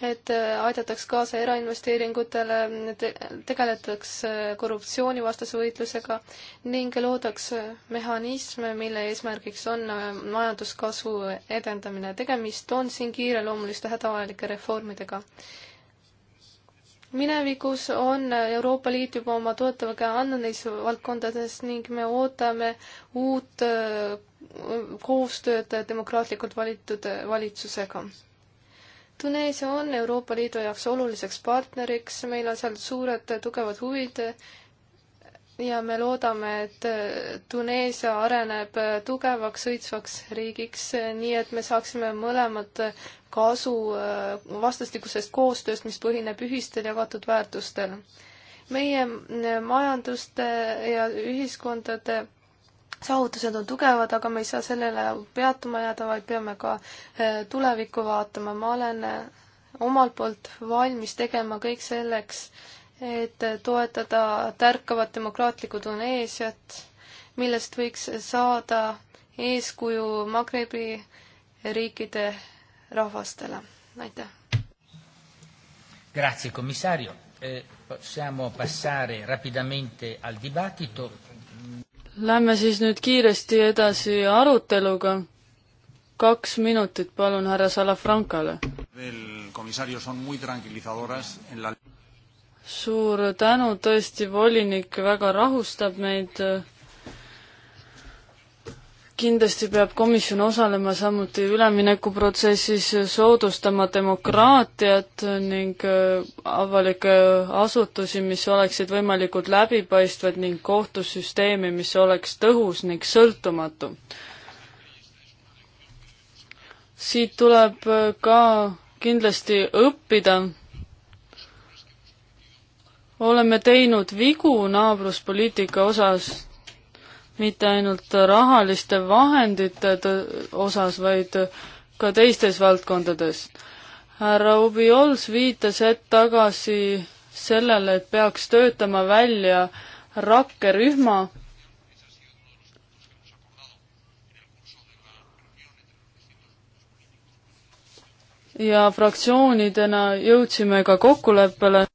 et äh, aidataks kaasa erainvesteeringutele, tegeletaks äh, korruptsioonivastase võitlusega ning loodaks äh, mehhanisme, mille eesmärgiks on majanduskasvu edendamine. tegemist on siin kiireloomuliste hädavajalike reformidega minevikus on Euroopa Liit juba oma toetava käe andnud neis valdkondades ning me ootame uut koostööd demokraatlikult valitud valitsusega. Tuneesia on Euroopa Liidu jaoks oluliseks partneriks, meil on seal suured tugevad huvid ja me loodame, et Tuneesia areneb tugevaks õitsvaks riigiks, nii et me saaksime mõlemad kasu äh, vastastikusest koostööst, mis põhineb ühistel jagatud väärtustel. meie majanduste ja ühiskondade saavutused on tugevad, aga me ei saa sellele peatuma jääda, vaid peame ka äh, tulevikku vaatama. ma olen äh, omalt poolt valmis tegema kõik selleks, et äh, toetada tärkavat demokraatlikku Tuneesiat, millest võiks saada eeskuju Magrebi riikide rahvastele. aitäh! Grazie commissario eh,, possiamo passare rapidamente al dibattito Lähme siis nüüd kiiresti edasi aruteluga. kaks minutit, palun, härra Salafrancale. suur tänu, tõesti, volinik väga rahustab meid kindlasti peab komisjon osalema samuti üleminekuprotsessis, soodustama demokraatiat ning äh, avalikke asutusi, mis oleksid võimalikult läbipaistvad ning kohtusüsteemi, mis oleks tõhus ning sõltumatu. siit tuleb äh, ka kindlasti õppida oleme teinud vigu naabruspoliitika osas mitte ainult rahaliste vahendite osas, vaid ka teistes valdkondades. härra Ubiols viitas hetk tagasi sellele, et peaks töötama välja rakkerühma, ja fraktsioonidena jõudsime ka kokkuleppele,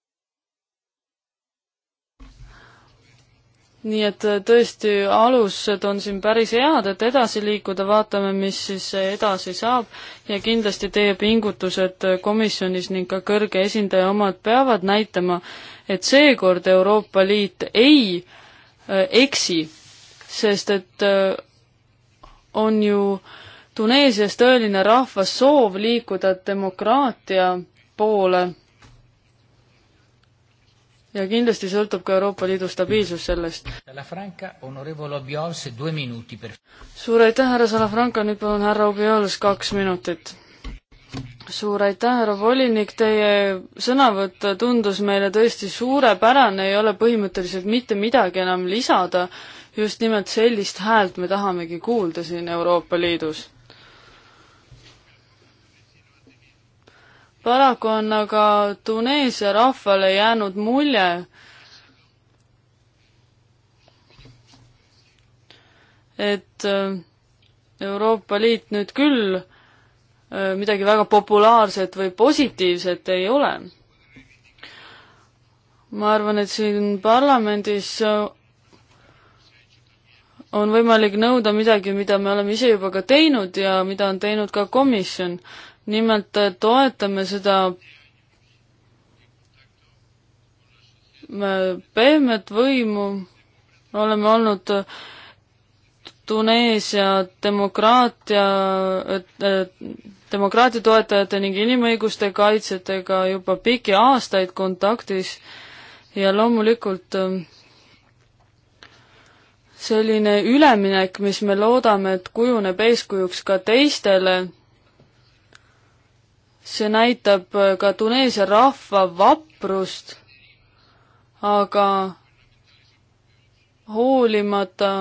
nii et äh, tõesti, alused on siin päris head, et edasi liikuda, vaatame, mis siis äh, edasi saab ja kindlasti teie pingutused äh, komisjonis ning ka kõrge esindaja omad peavad näitama, et seekord Euroopa Liit ei äh, eksi, sest et äh, on ju Tuneesias tõeline rahva soov liikuda demokraatia poole ja kindlasti sõltub ka Euroopa Liidu stabiilsus sellest. suur aitäh, härra Salafranca, nüüd palun härra Obiols kaks minutit. suur aitäh, härra volinik, teie sõnavõtt tundus meile tõesti suurepärane, ei ole põhimõtteliselt mitte midagi enam lisada, just nimelt sellist häält me tahamegi kuulda siin Euroopa Liidus paraku on aga Tuneesia rahvale jäänud mulje, et äh, Euroopa Liit nüüd küll äh, midagi väga populaarset või positiivset ei ole. ma arvan, et siin parlamendis äh, on võimalik nõuda midagi, mida me oleme ise juba ka teinud ja mida on teinud ka komisjon nimelt äh, toetame seda pehmet võimu, oleme olnud äh, Tuneesia demokraatia, demokraatia toetajate ning inimõiguste kaitsjatega juba pikki aastaid kontaktis ja loomulikult äh, selline üleminek, mis me loodame, et kujuneb eeskujuks ka teistele see näitab äh, ka Tuneesia rahva vaprust, aga hoolimata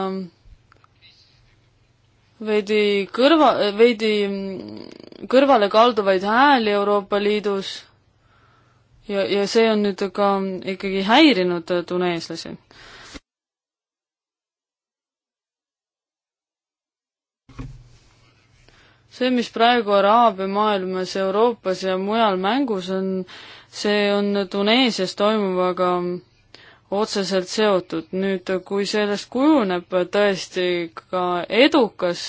veidi kõrva, veidi kõrvalekalduvaid hääli Euroopa Liidus ja, ja see on nüüd ka ikkagi häirinud tuneeslasi see, mis praegu Araabia maailmas, Euroopas ja mujal mängus on, see on Tuneesias toimuvaga otseselt seotud. nüüd, kui sellest kujuneb tõesti ka edukas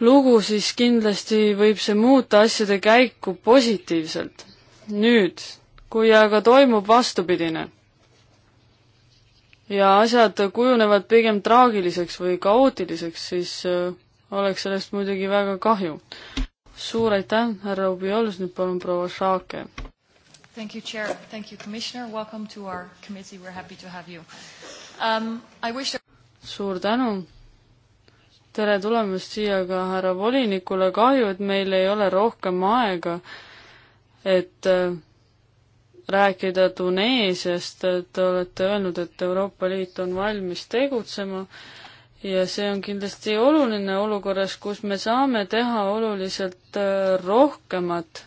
lugu, siis kindlasti võib see muuta asjade käiku positiivselt. nüüd, kui aga toimub vastupidine ja asjad kujunevad pigem traagiliseks või kaootiliseks, siis äh, oleks sellest muidugi väga kahju. suur aitäh, härra Ubiols, nüüd palun proua Šaake. Thank you, Chair. Thank you, Commissioner. Welcome to our committee. We're happy to have you. Um, I wish... Suur tänu. Tere tulemast siia ka härra volinikule. Kahju, et meil ei ole rohkem aega, et äh, rääkida Tuneesiast. Te olete öelnud, et Euroopa Liit on valmis tegutsema. Äh, ja see on kindlasti oluline olukorras, kus me saame teha oluliselt äh, rohkemat.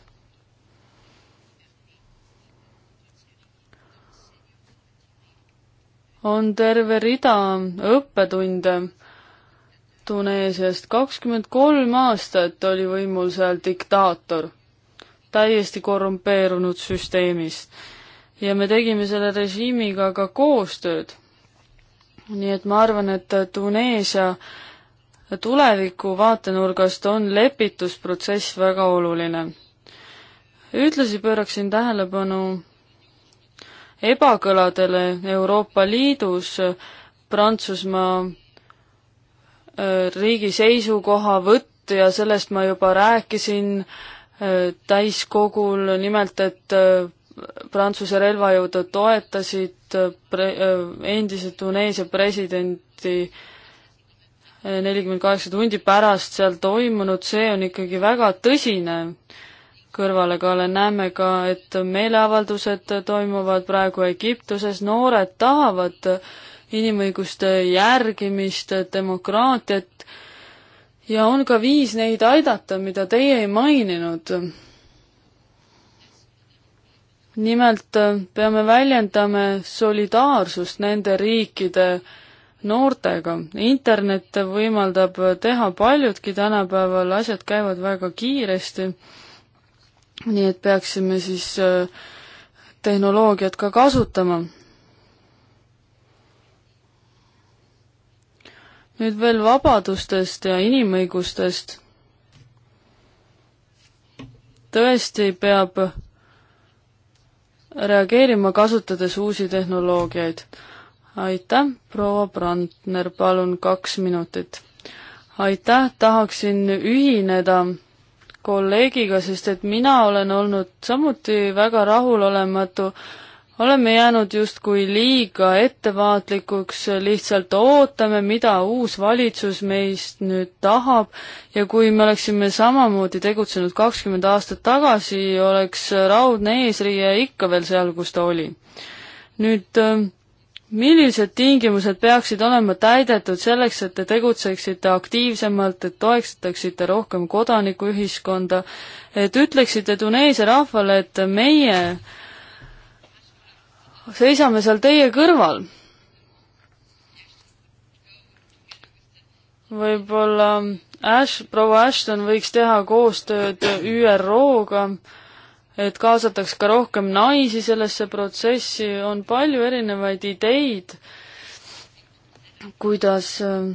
on terve rida õppetunde Tuneesiast, kakskümmend kolm aastat oli võimul seal diktaator, täiesti korrumpeerunud süsteemis. ja me tegime selle režiimiga ka koostööd nii et ma arvan, et Tuneesia tuleviku vaatenurgast on lepitusprotsess väga oluline. ühtlasi pööraksin tähelepanu ebakõladele Euroopa Liidus Prantsusmaa äh, riigi seisukohavõtt ja sellest ma juba rääkisin äh, täiskogul, nimelt et äh, Prantsuse relvajõud toetasid pre-, äh, endise Tuneesia presidenti nelikümmend kaheksa tundi pärast seal toimunut, see on ikkagi väga tõsine kõrvalekaale, näeme ka, et meeleavaldused toimuvad praegu Egiptuses, noored tahavad inimõiguste järgimist, demokraatiat ja on ka viis neid aidata, mida teie ei maininud nimelt äh, peame väljendama solidaarsust nende riikide noortega. internet võimaldab teha paljutki, tänapäeval asjad käivad väga kiiresti, nii et peaksime siis äh, tehnoloogiat ka kasutama. nüüd veel vabadustest ja inimõigustest. tõesti peab reageerima, kasutades uusi tehnoloogiaid. aitäh, proua Brandner, palun kaks minutit. aitäh, tahaksin ühineda kolleegiga, sest et mina olen olnud samuti väga rahulolematu äh, oleme jäänud justkui liiga ettevaatlikuks, lihtsalt ootame, mida uus valitsus meist nüüd tahab ja kui me oleksime samamoodi tegutsenud kakskümmend aastat tagasi, oleks raudne eesriie ikka veel seal, kus ta oli. nüüd ähm, millised tingimused peaksid olema täidetud selleks, et te tegutseksite aktiivsemalt, et toetaksite rohkem kodanikuühiskonda, et ütleksite Tuneesia rahvale, et meie seisame seal teie kõrval. võib-olla Ash, proua Ashton võiks teha koostööd ÜRO-ga, et kaasataks ka rohkem naisi sellesse protsessi, on palju erinevaid ideid, kuidas äh,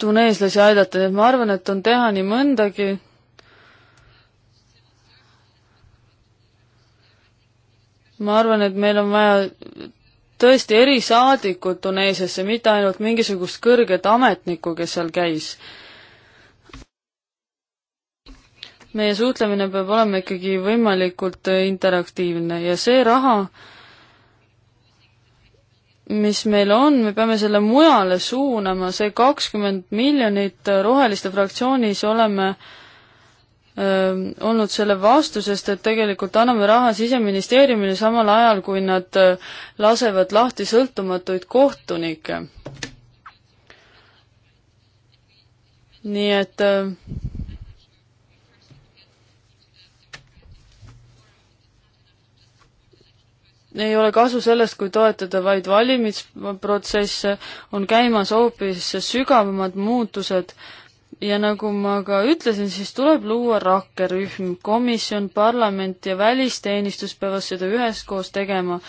tuneeslasi aidata, nii et ma arvan, et on teha nii mõndagi ma arvan, et meil on vaja tõesti erisaadikut Tuneesiasse, mitte ainult mingisugust kõrget ametnikku, kes seal käis. meie suhtlemine peab olema ikkagi võimalikult äh, interaktiivne ja see raha, mis meil on, me peame selle mujale suunama, see kakskümmend miljonit äh, Roheliste fraktsioonis oleme äh, Ähm, olnud selle vastu, sest et tegelikult anname raha Siseministeeriumile samal ajal, kui nad äh, lasevad lahti sõltumatuid kohtunikke. nii et äh, ei ole kasu sellest, kui toetada vaid valimisprotsesse, on käimas hoopis sügavamad muutused äh, ja nagu ma ka ütlesin, siis tuleb luua rakkerühm, komisjon, parlament ja välisteenistus peavad seda üheskoos tegema,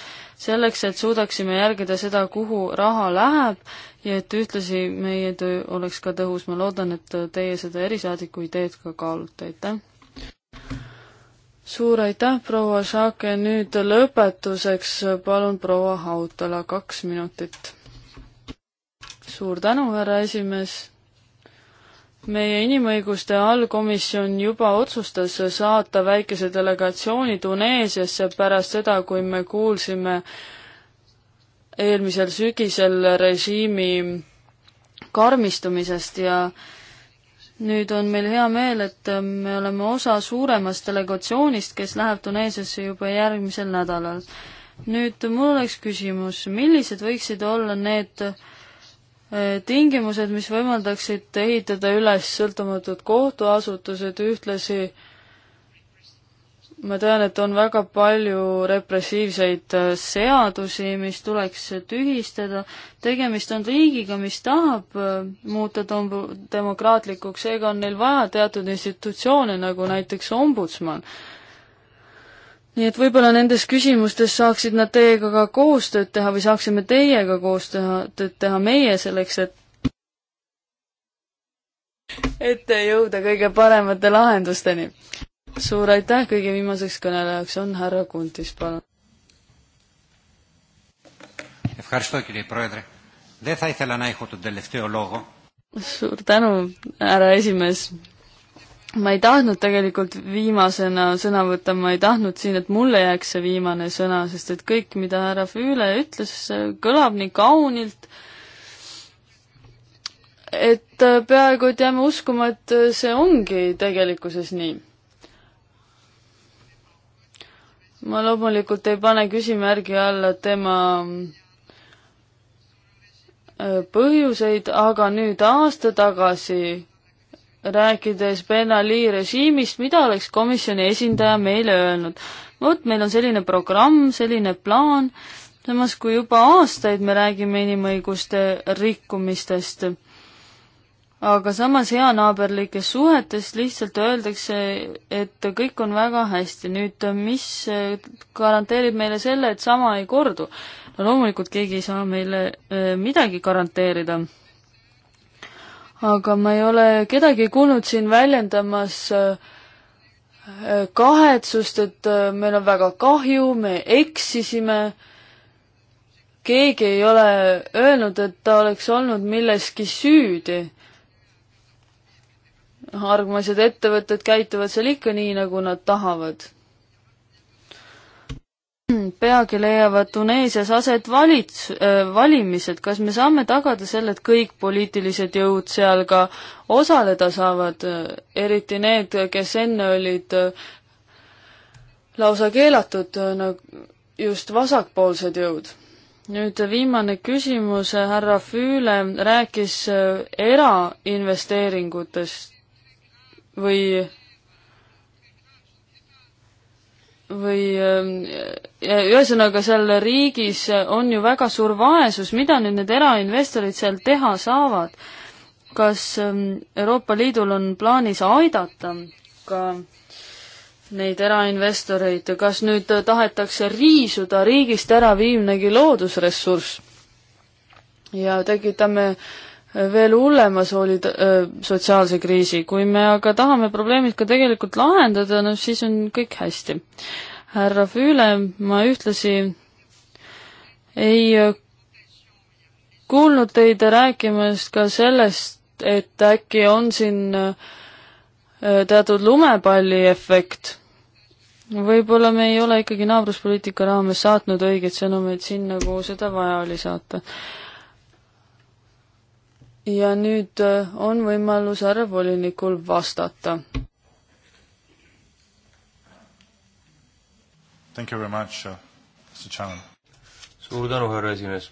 selleks et suudaksime järgida seda, kuhu raha läheb ja et ühtlasi meie töö oleks ka tõhus. ma loodan, et teie seda erisaadiku ideed ka kaalute, aitäh! suur aitäh, proua Šake, nüüd lõpetuseks palun proua Hautala kaks minutit. suur tänu, härra esimees meie inimõiguste allkomisjon juba otsustas saata väikese delegatsiooni Tuneesiasse pärast seda, kui me kuulsime eelmisel sügisel režiimi karmistumisest ja nüüd on meil hea meel, et me oleme osa suuremast delegatsioonist, kes läheb Tuneesiasse juba järgmisel nädalal. nüüd mul oleks küsimus, millised võiksid olla need äh, Äh, tingimused, mis võimaldaksid ehitada üles sõltumatud kohtuasutused, ühtlasi ma tean, et on väga palju repressiivseid äh, seadusi, mis tuleks tühistada, tegemist on riigiga, mis tahab äh, muuta demokraatlikuks, seega on neil vaja teatud institutsioone, nagu näiteks ombudsman nii et võib-olla nendes küsimustes saaksid nad teiega ka koostööd teha või saaksime teiega koostööd teha meie selleks, et et jõuda kõige paremate lahendusteni. suur aitäh, kõige viimaseks kõnelejaks on härra Kuntis, palun. suur tänu, härra esimees ma ei tahtnud tegelikult viimasena sõna võtta, ma ei tahtnud siin, et mulle jääks see viimane sõna, sest et kõik, mida härra Füüle ütles, kõlab nii kaunilt, et äh, peaaegu et jääme uskuma, et äh, see ongi tegelikkuses nii. ma loomulikult ei pane küsimärgi alla tema äh, põhjuseid, aga nüüd aasta tagasi rääkides Ben Ali režiimist, mida oleks komisjoni esindaja meile öelnud? vot, meil on selline programm, selline plaan, samas kui juba aastaid me räägime inimõiguste rikkumistest. aga samas heanaaberlikes suhetes lihtsalt öeldakse, et kõik on väga hästi. nüüd, mis garanteerib meile selle, et sama ei kordu? no loomulikult keegi ei saa meile eh, midagi garanteerida aga ma ei ole kedagi kuulnud siin väljendamas äh, äh, kahetsust, et äh, meil on väga kahju, me eksisime. keegi ei ole öelnud, et ta oleks olnud milleski süüdi. Noh, armased ettevõtted käituvad seal ikka nii, nagu nad tahavad peagi leiavad Tuneesias aset valits-, äh, valimised, kas me saame tagada selle, et kõik poliitilised jõud seal ka osaleda saavad, eriti need, kes enne olid äh, lausa keelatud, äh, nagu just vasakpoolsed jõud? nüüd viimane küsimus, härra Füüle rääkis erainvesteeringutest või või ähm, ühesõnaga, seal riigis on ju väga suur vaesus, mida nüüd need erainvestorid seal teha saavad? kas ähm, Euroopa Liidul on plaanis aidata ka neid erainvestoreid, kas nüüd tahetakse riisuda riigist ära viimnegi loodusressurss ja tekitame äh, veel hullemas oli öö, sotsiaalse kriisi. kui me aga tahame probleemid ka tegelikult lahendada, no siis on kõik hästi. härra Füüle, ma ühtlasi ei kuulnud teid rääkimas ka sellest, et äkki on siin teatud lumepalli efekt. võib-olla me ei ole ikkagi naabruspoliitika raames saatnud õigeid sõnumeid sinna, kuhu seda vaja oli saata ja nüüd äh, on võimalus härra volinikul vastata. Uh, suur tänu, härra esimees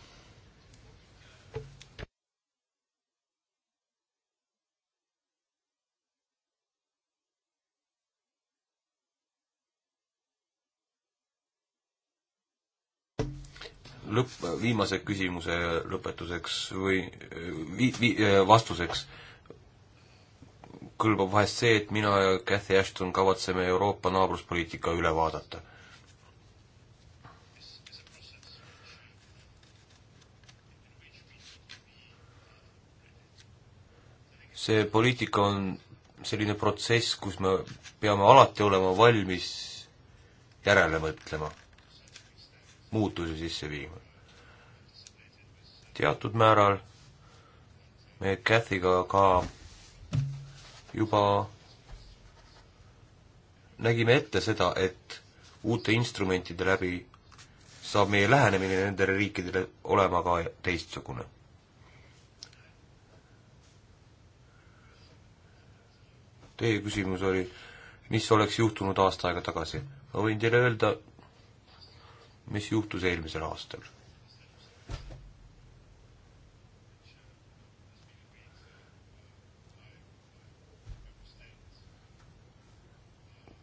lõpp, viimase küsimuse lõpetuseks või vi-, vi-, äh, vastuseks kõlbab vahest see, et mina ja Cathy Ashton kavatseme Euroopa naabruspoliitika üle vaadata. see poliitika on selline protsess, kus me peame alati olema valmis järele mõtlema muutusi sisse viima. teatud määral me Cathy'ga ka juba nägime ette seda, et uute instrumentide läbi saab meie lähenemine nendele riikidele olema ka teistsugune. Teie küsimus oli, mis oleks juhtunud aasta aega tagasi? ma võin teile öelda, mis juhtus eelmisel aastal.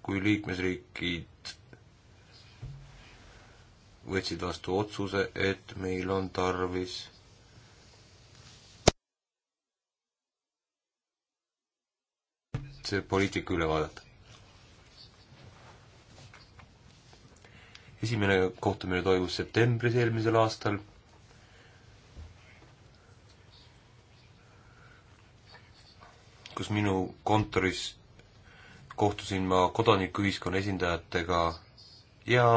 kui liikmesriigid võtsid vastu otsuse, et meil on tarvis see poliitika üle vaadata. esimene kohtumine toimus septembris eelmisel aastal. kus minu kontoris kohtusin ma kodanikuühiskonna esindajatega ja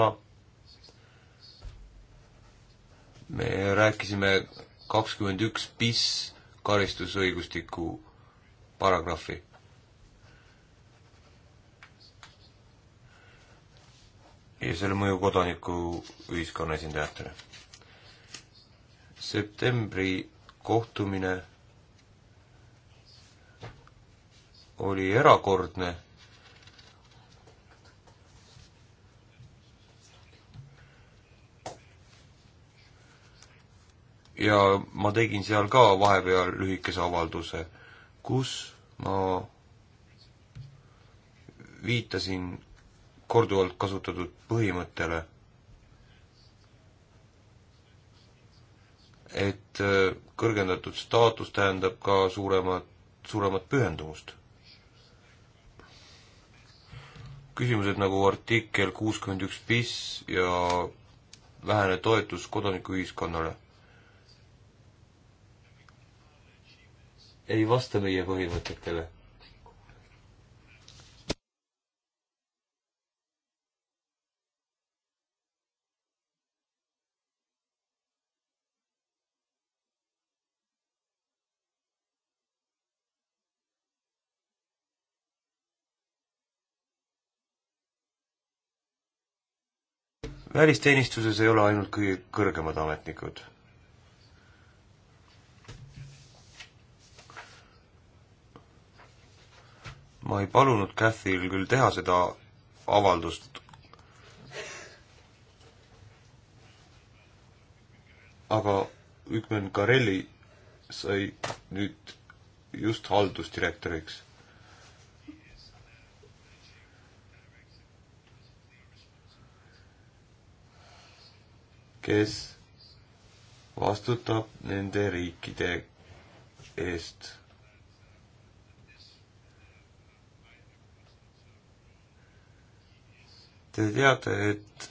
me rääkisime kakskümmend üks bis karistusõigustiku paragrahvi ja selle mõju kodaniku ühiskonna esindajatele. septembri kohtumine oli erakordne. ja ma tegin seal ka vahepeal lühikese avalduse, kus ma viitasin korduvalt kasutatud põhimõttele, et äh, kõrgendatud staatus tähendab ka suuremat, suuremat pühendumust. küsimused nagu artikkel kuuskümmend üks bis ja vähene toetus kodanikuühiskonnale ei vasta meie põhimõtetele välisteenistuses ei ole ainult kõige kõrgemad ametnikud. ma ei palunud Cathil küll teha seda avaldust, aga Ükmen Karelli sai nüüd just haldusdirektoriks kes vastutab nende riikide eest. Te teate, et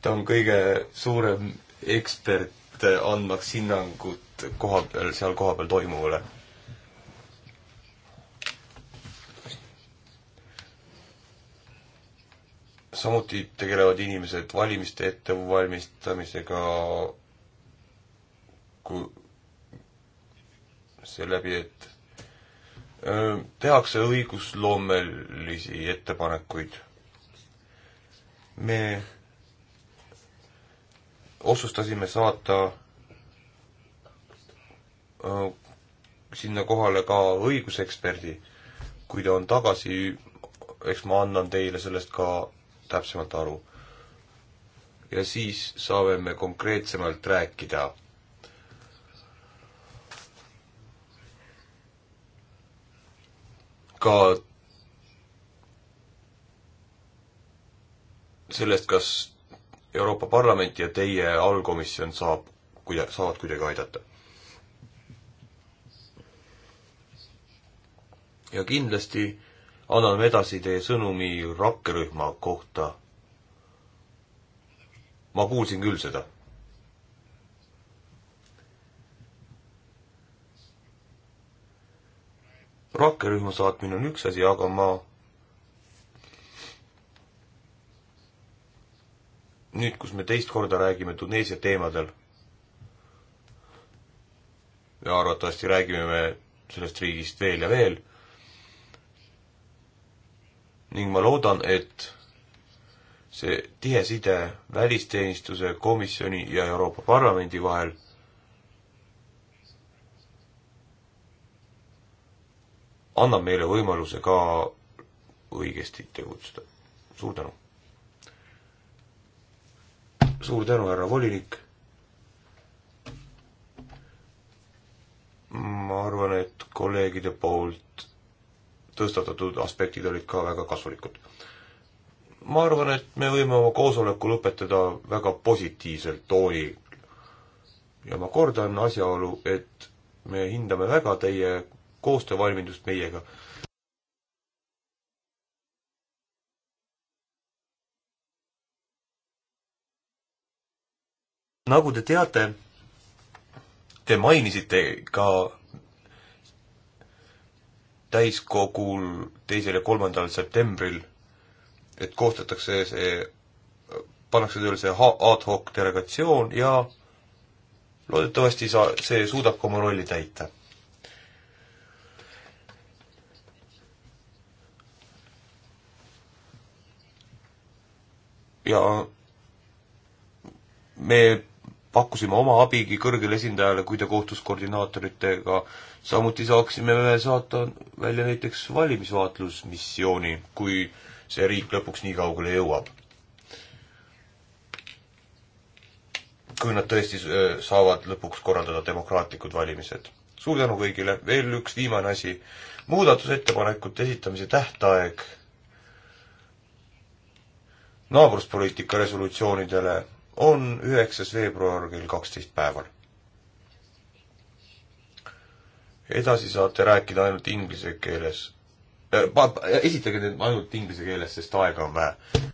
ta on kõige suurem ekspert andmaks hinnangut koha peal, seal kohapeal toimuvale samuti tegelevad inimesed valimiste ettevalmistamisega, kui seeläbi, et öö, tehakse õigusloomelisi ettepanekuid. me otsustasime saata öö, sinna kohale ka õiguseksperdi, kui ta on tagasi, eks ma annan teile sellest ka täpsemalt aru. ja siis saame me konkreetsemalt rääkida ka sellest, kas Euroopa Parlament ja teie allkomisjon saab, kuida-, saavad kuidagi aidata. ja kindlasti anname edasi teie sõnumi rakkerühma kohta. ma kuulsin küll seda. rakkerühma saatmine on üks asi, aga ma nüüd, kus me teist korda räägime Tuneesia teemadel ja arvatavasti räägime me sellest riigist veel ja veel ning ma loodan, et see tihe side välisteenistuse, komisjoni ja Euroopa Parlamendi vahel annab meile võimaluse ka õigesti tegutseda. suur tänu! suur tänu, härra volinik! ma arvan, et kolleegide poolt tõstatatud aspektid olid ka väga kasulikud. ma arvan, et me võime oma koosoleku lõpetada väga positiivsel toonil. ja ma kordan asjaolu, et me hindame väga teie koostöövalmidust meiega. nagu te teate, te mainisite ka täiskogul teisel ja kolmandal septembril, et koostatakse see, pannakse tööle see ad hoc delegatsioon ja loodetavasti sa, see suudab ka oma rolli täita. ja me pakkusime oma abigi kõrgele esindajale, kui ta kohtus koordinaatoritega. samuti saaksime me saata välja näiteks valimisvaatlusmissiooni, kui see riik lõpuks nii kaugele jõuab. kui nad tõesti äh, saavad lõpuks korraldada demokraatlikud valimised. suur tänu kõigile, veel üks viimane asi. muudatusettepanekute esitamise tähtaeg naabruspoliitika resolutsioonidele on üheksas veebruar kell kaksteist päeval. edasi saate rääkida ainult inglise keeles. Äh, esitage need ainult inglise keeles, sest aega on vähe.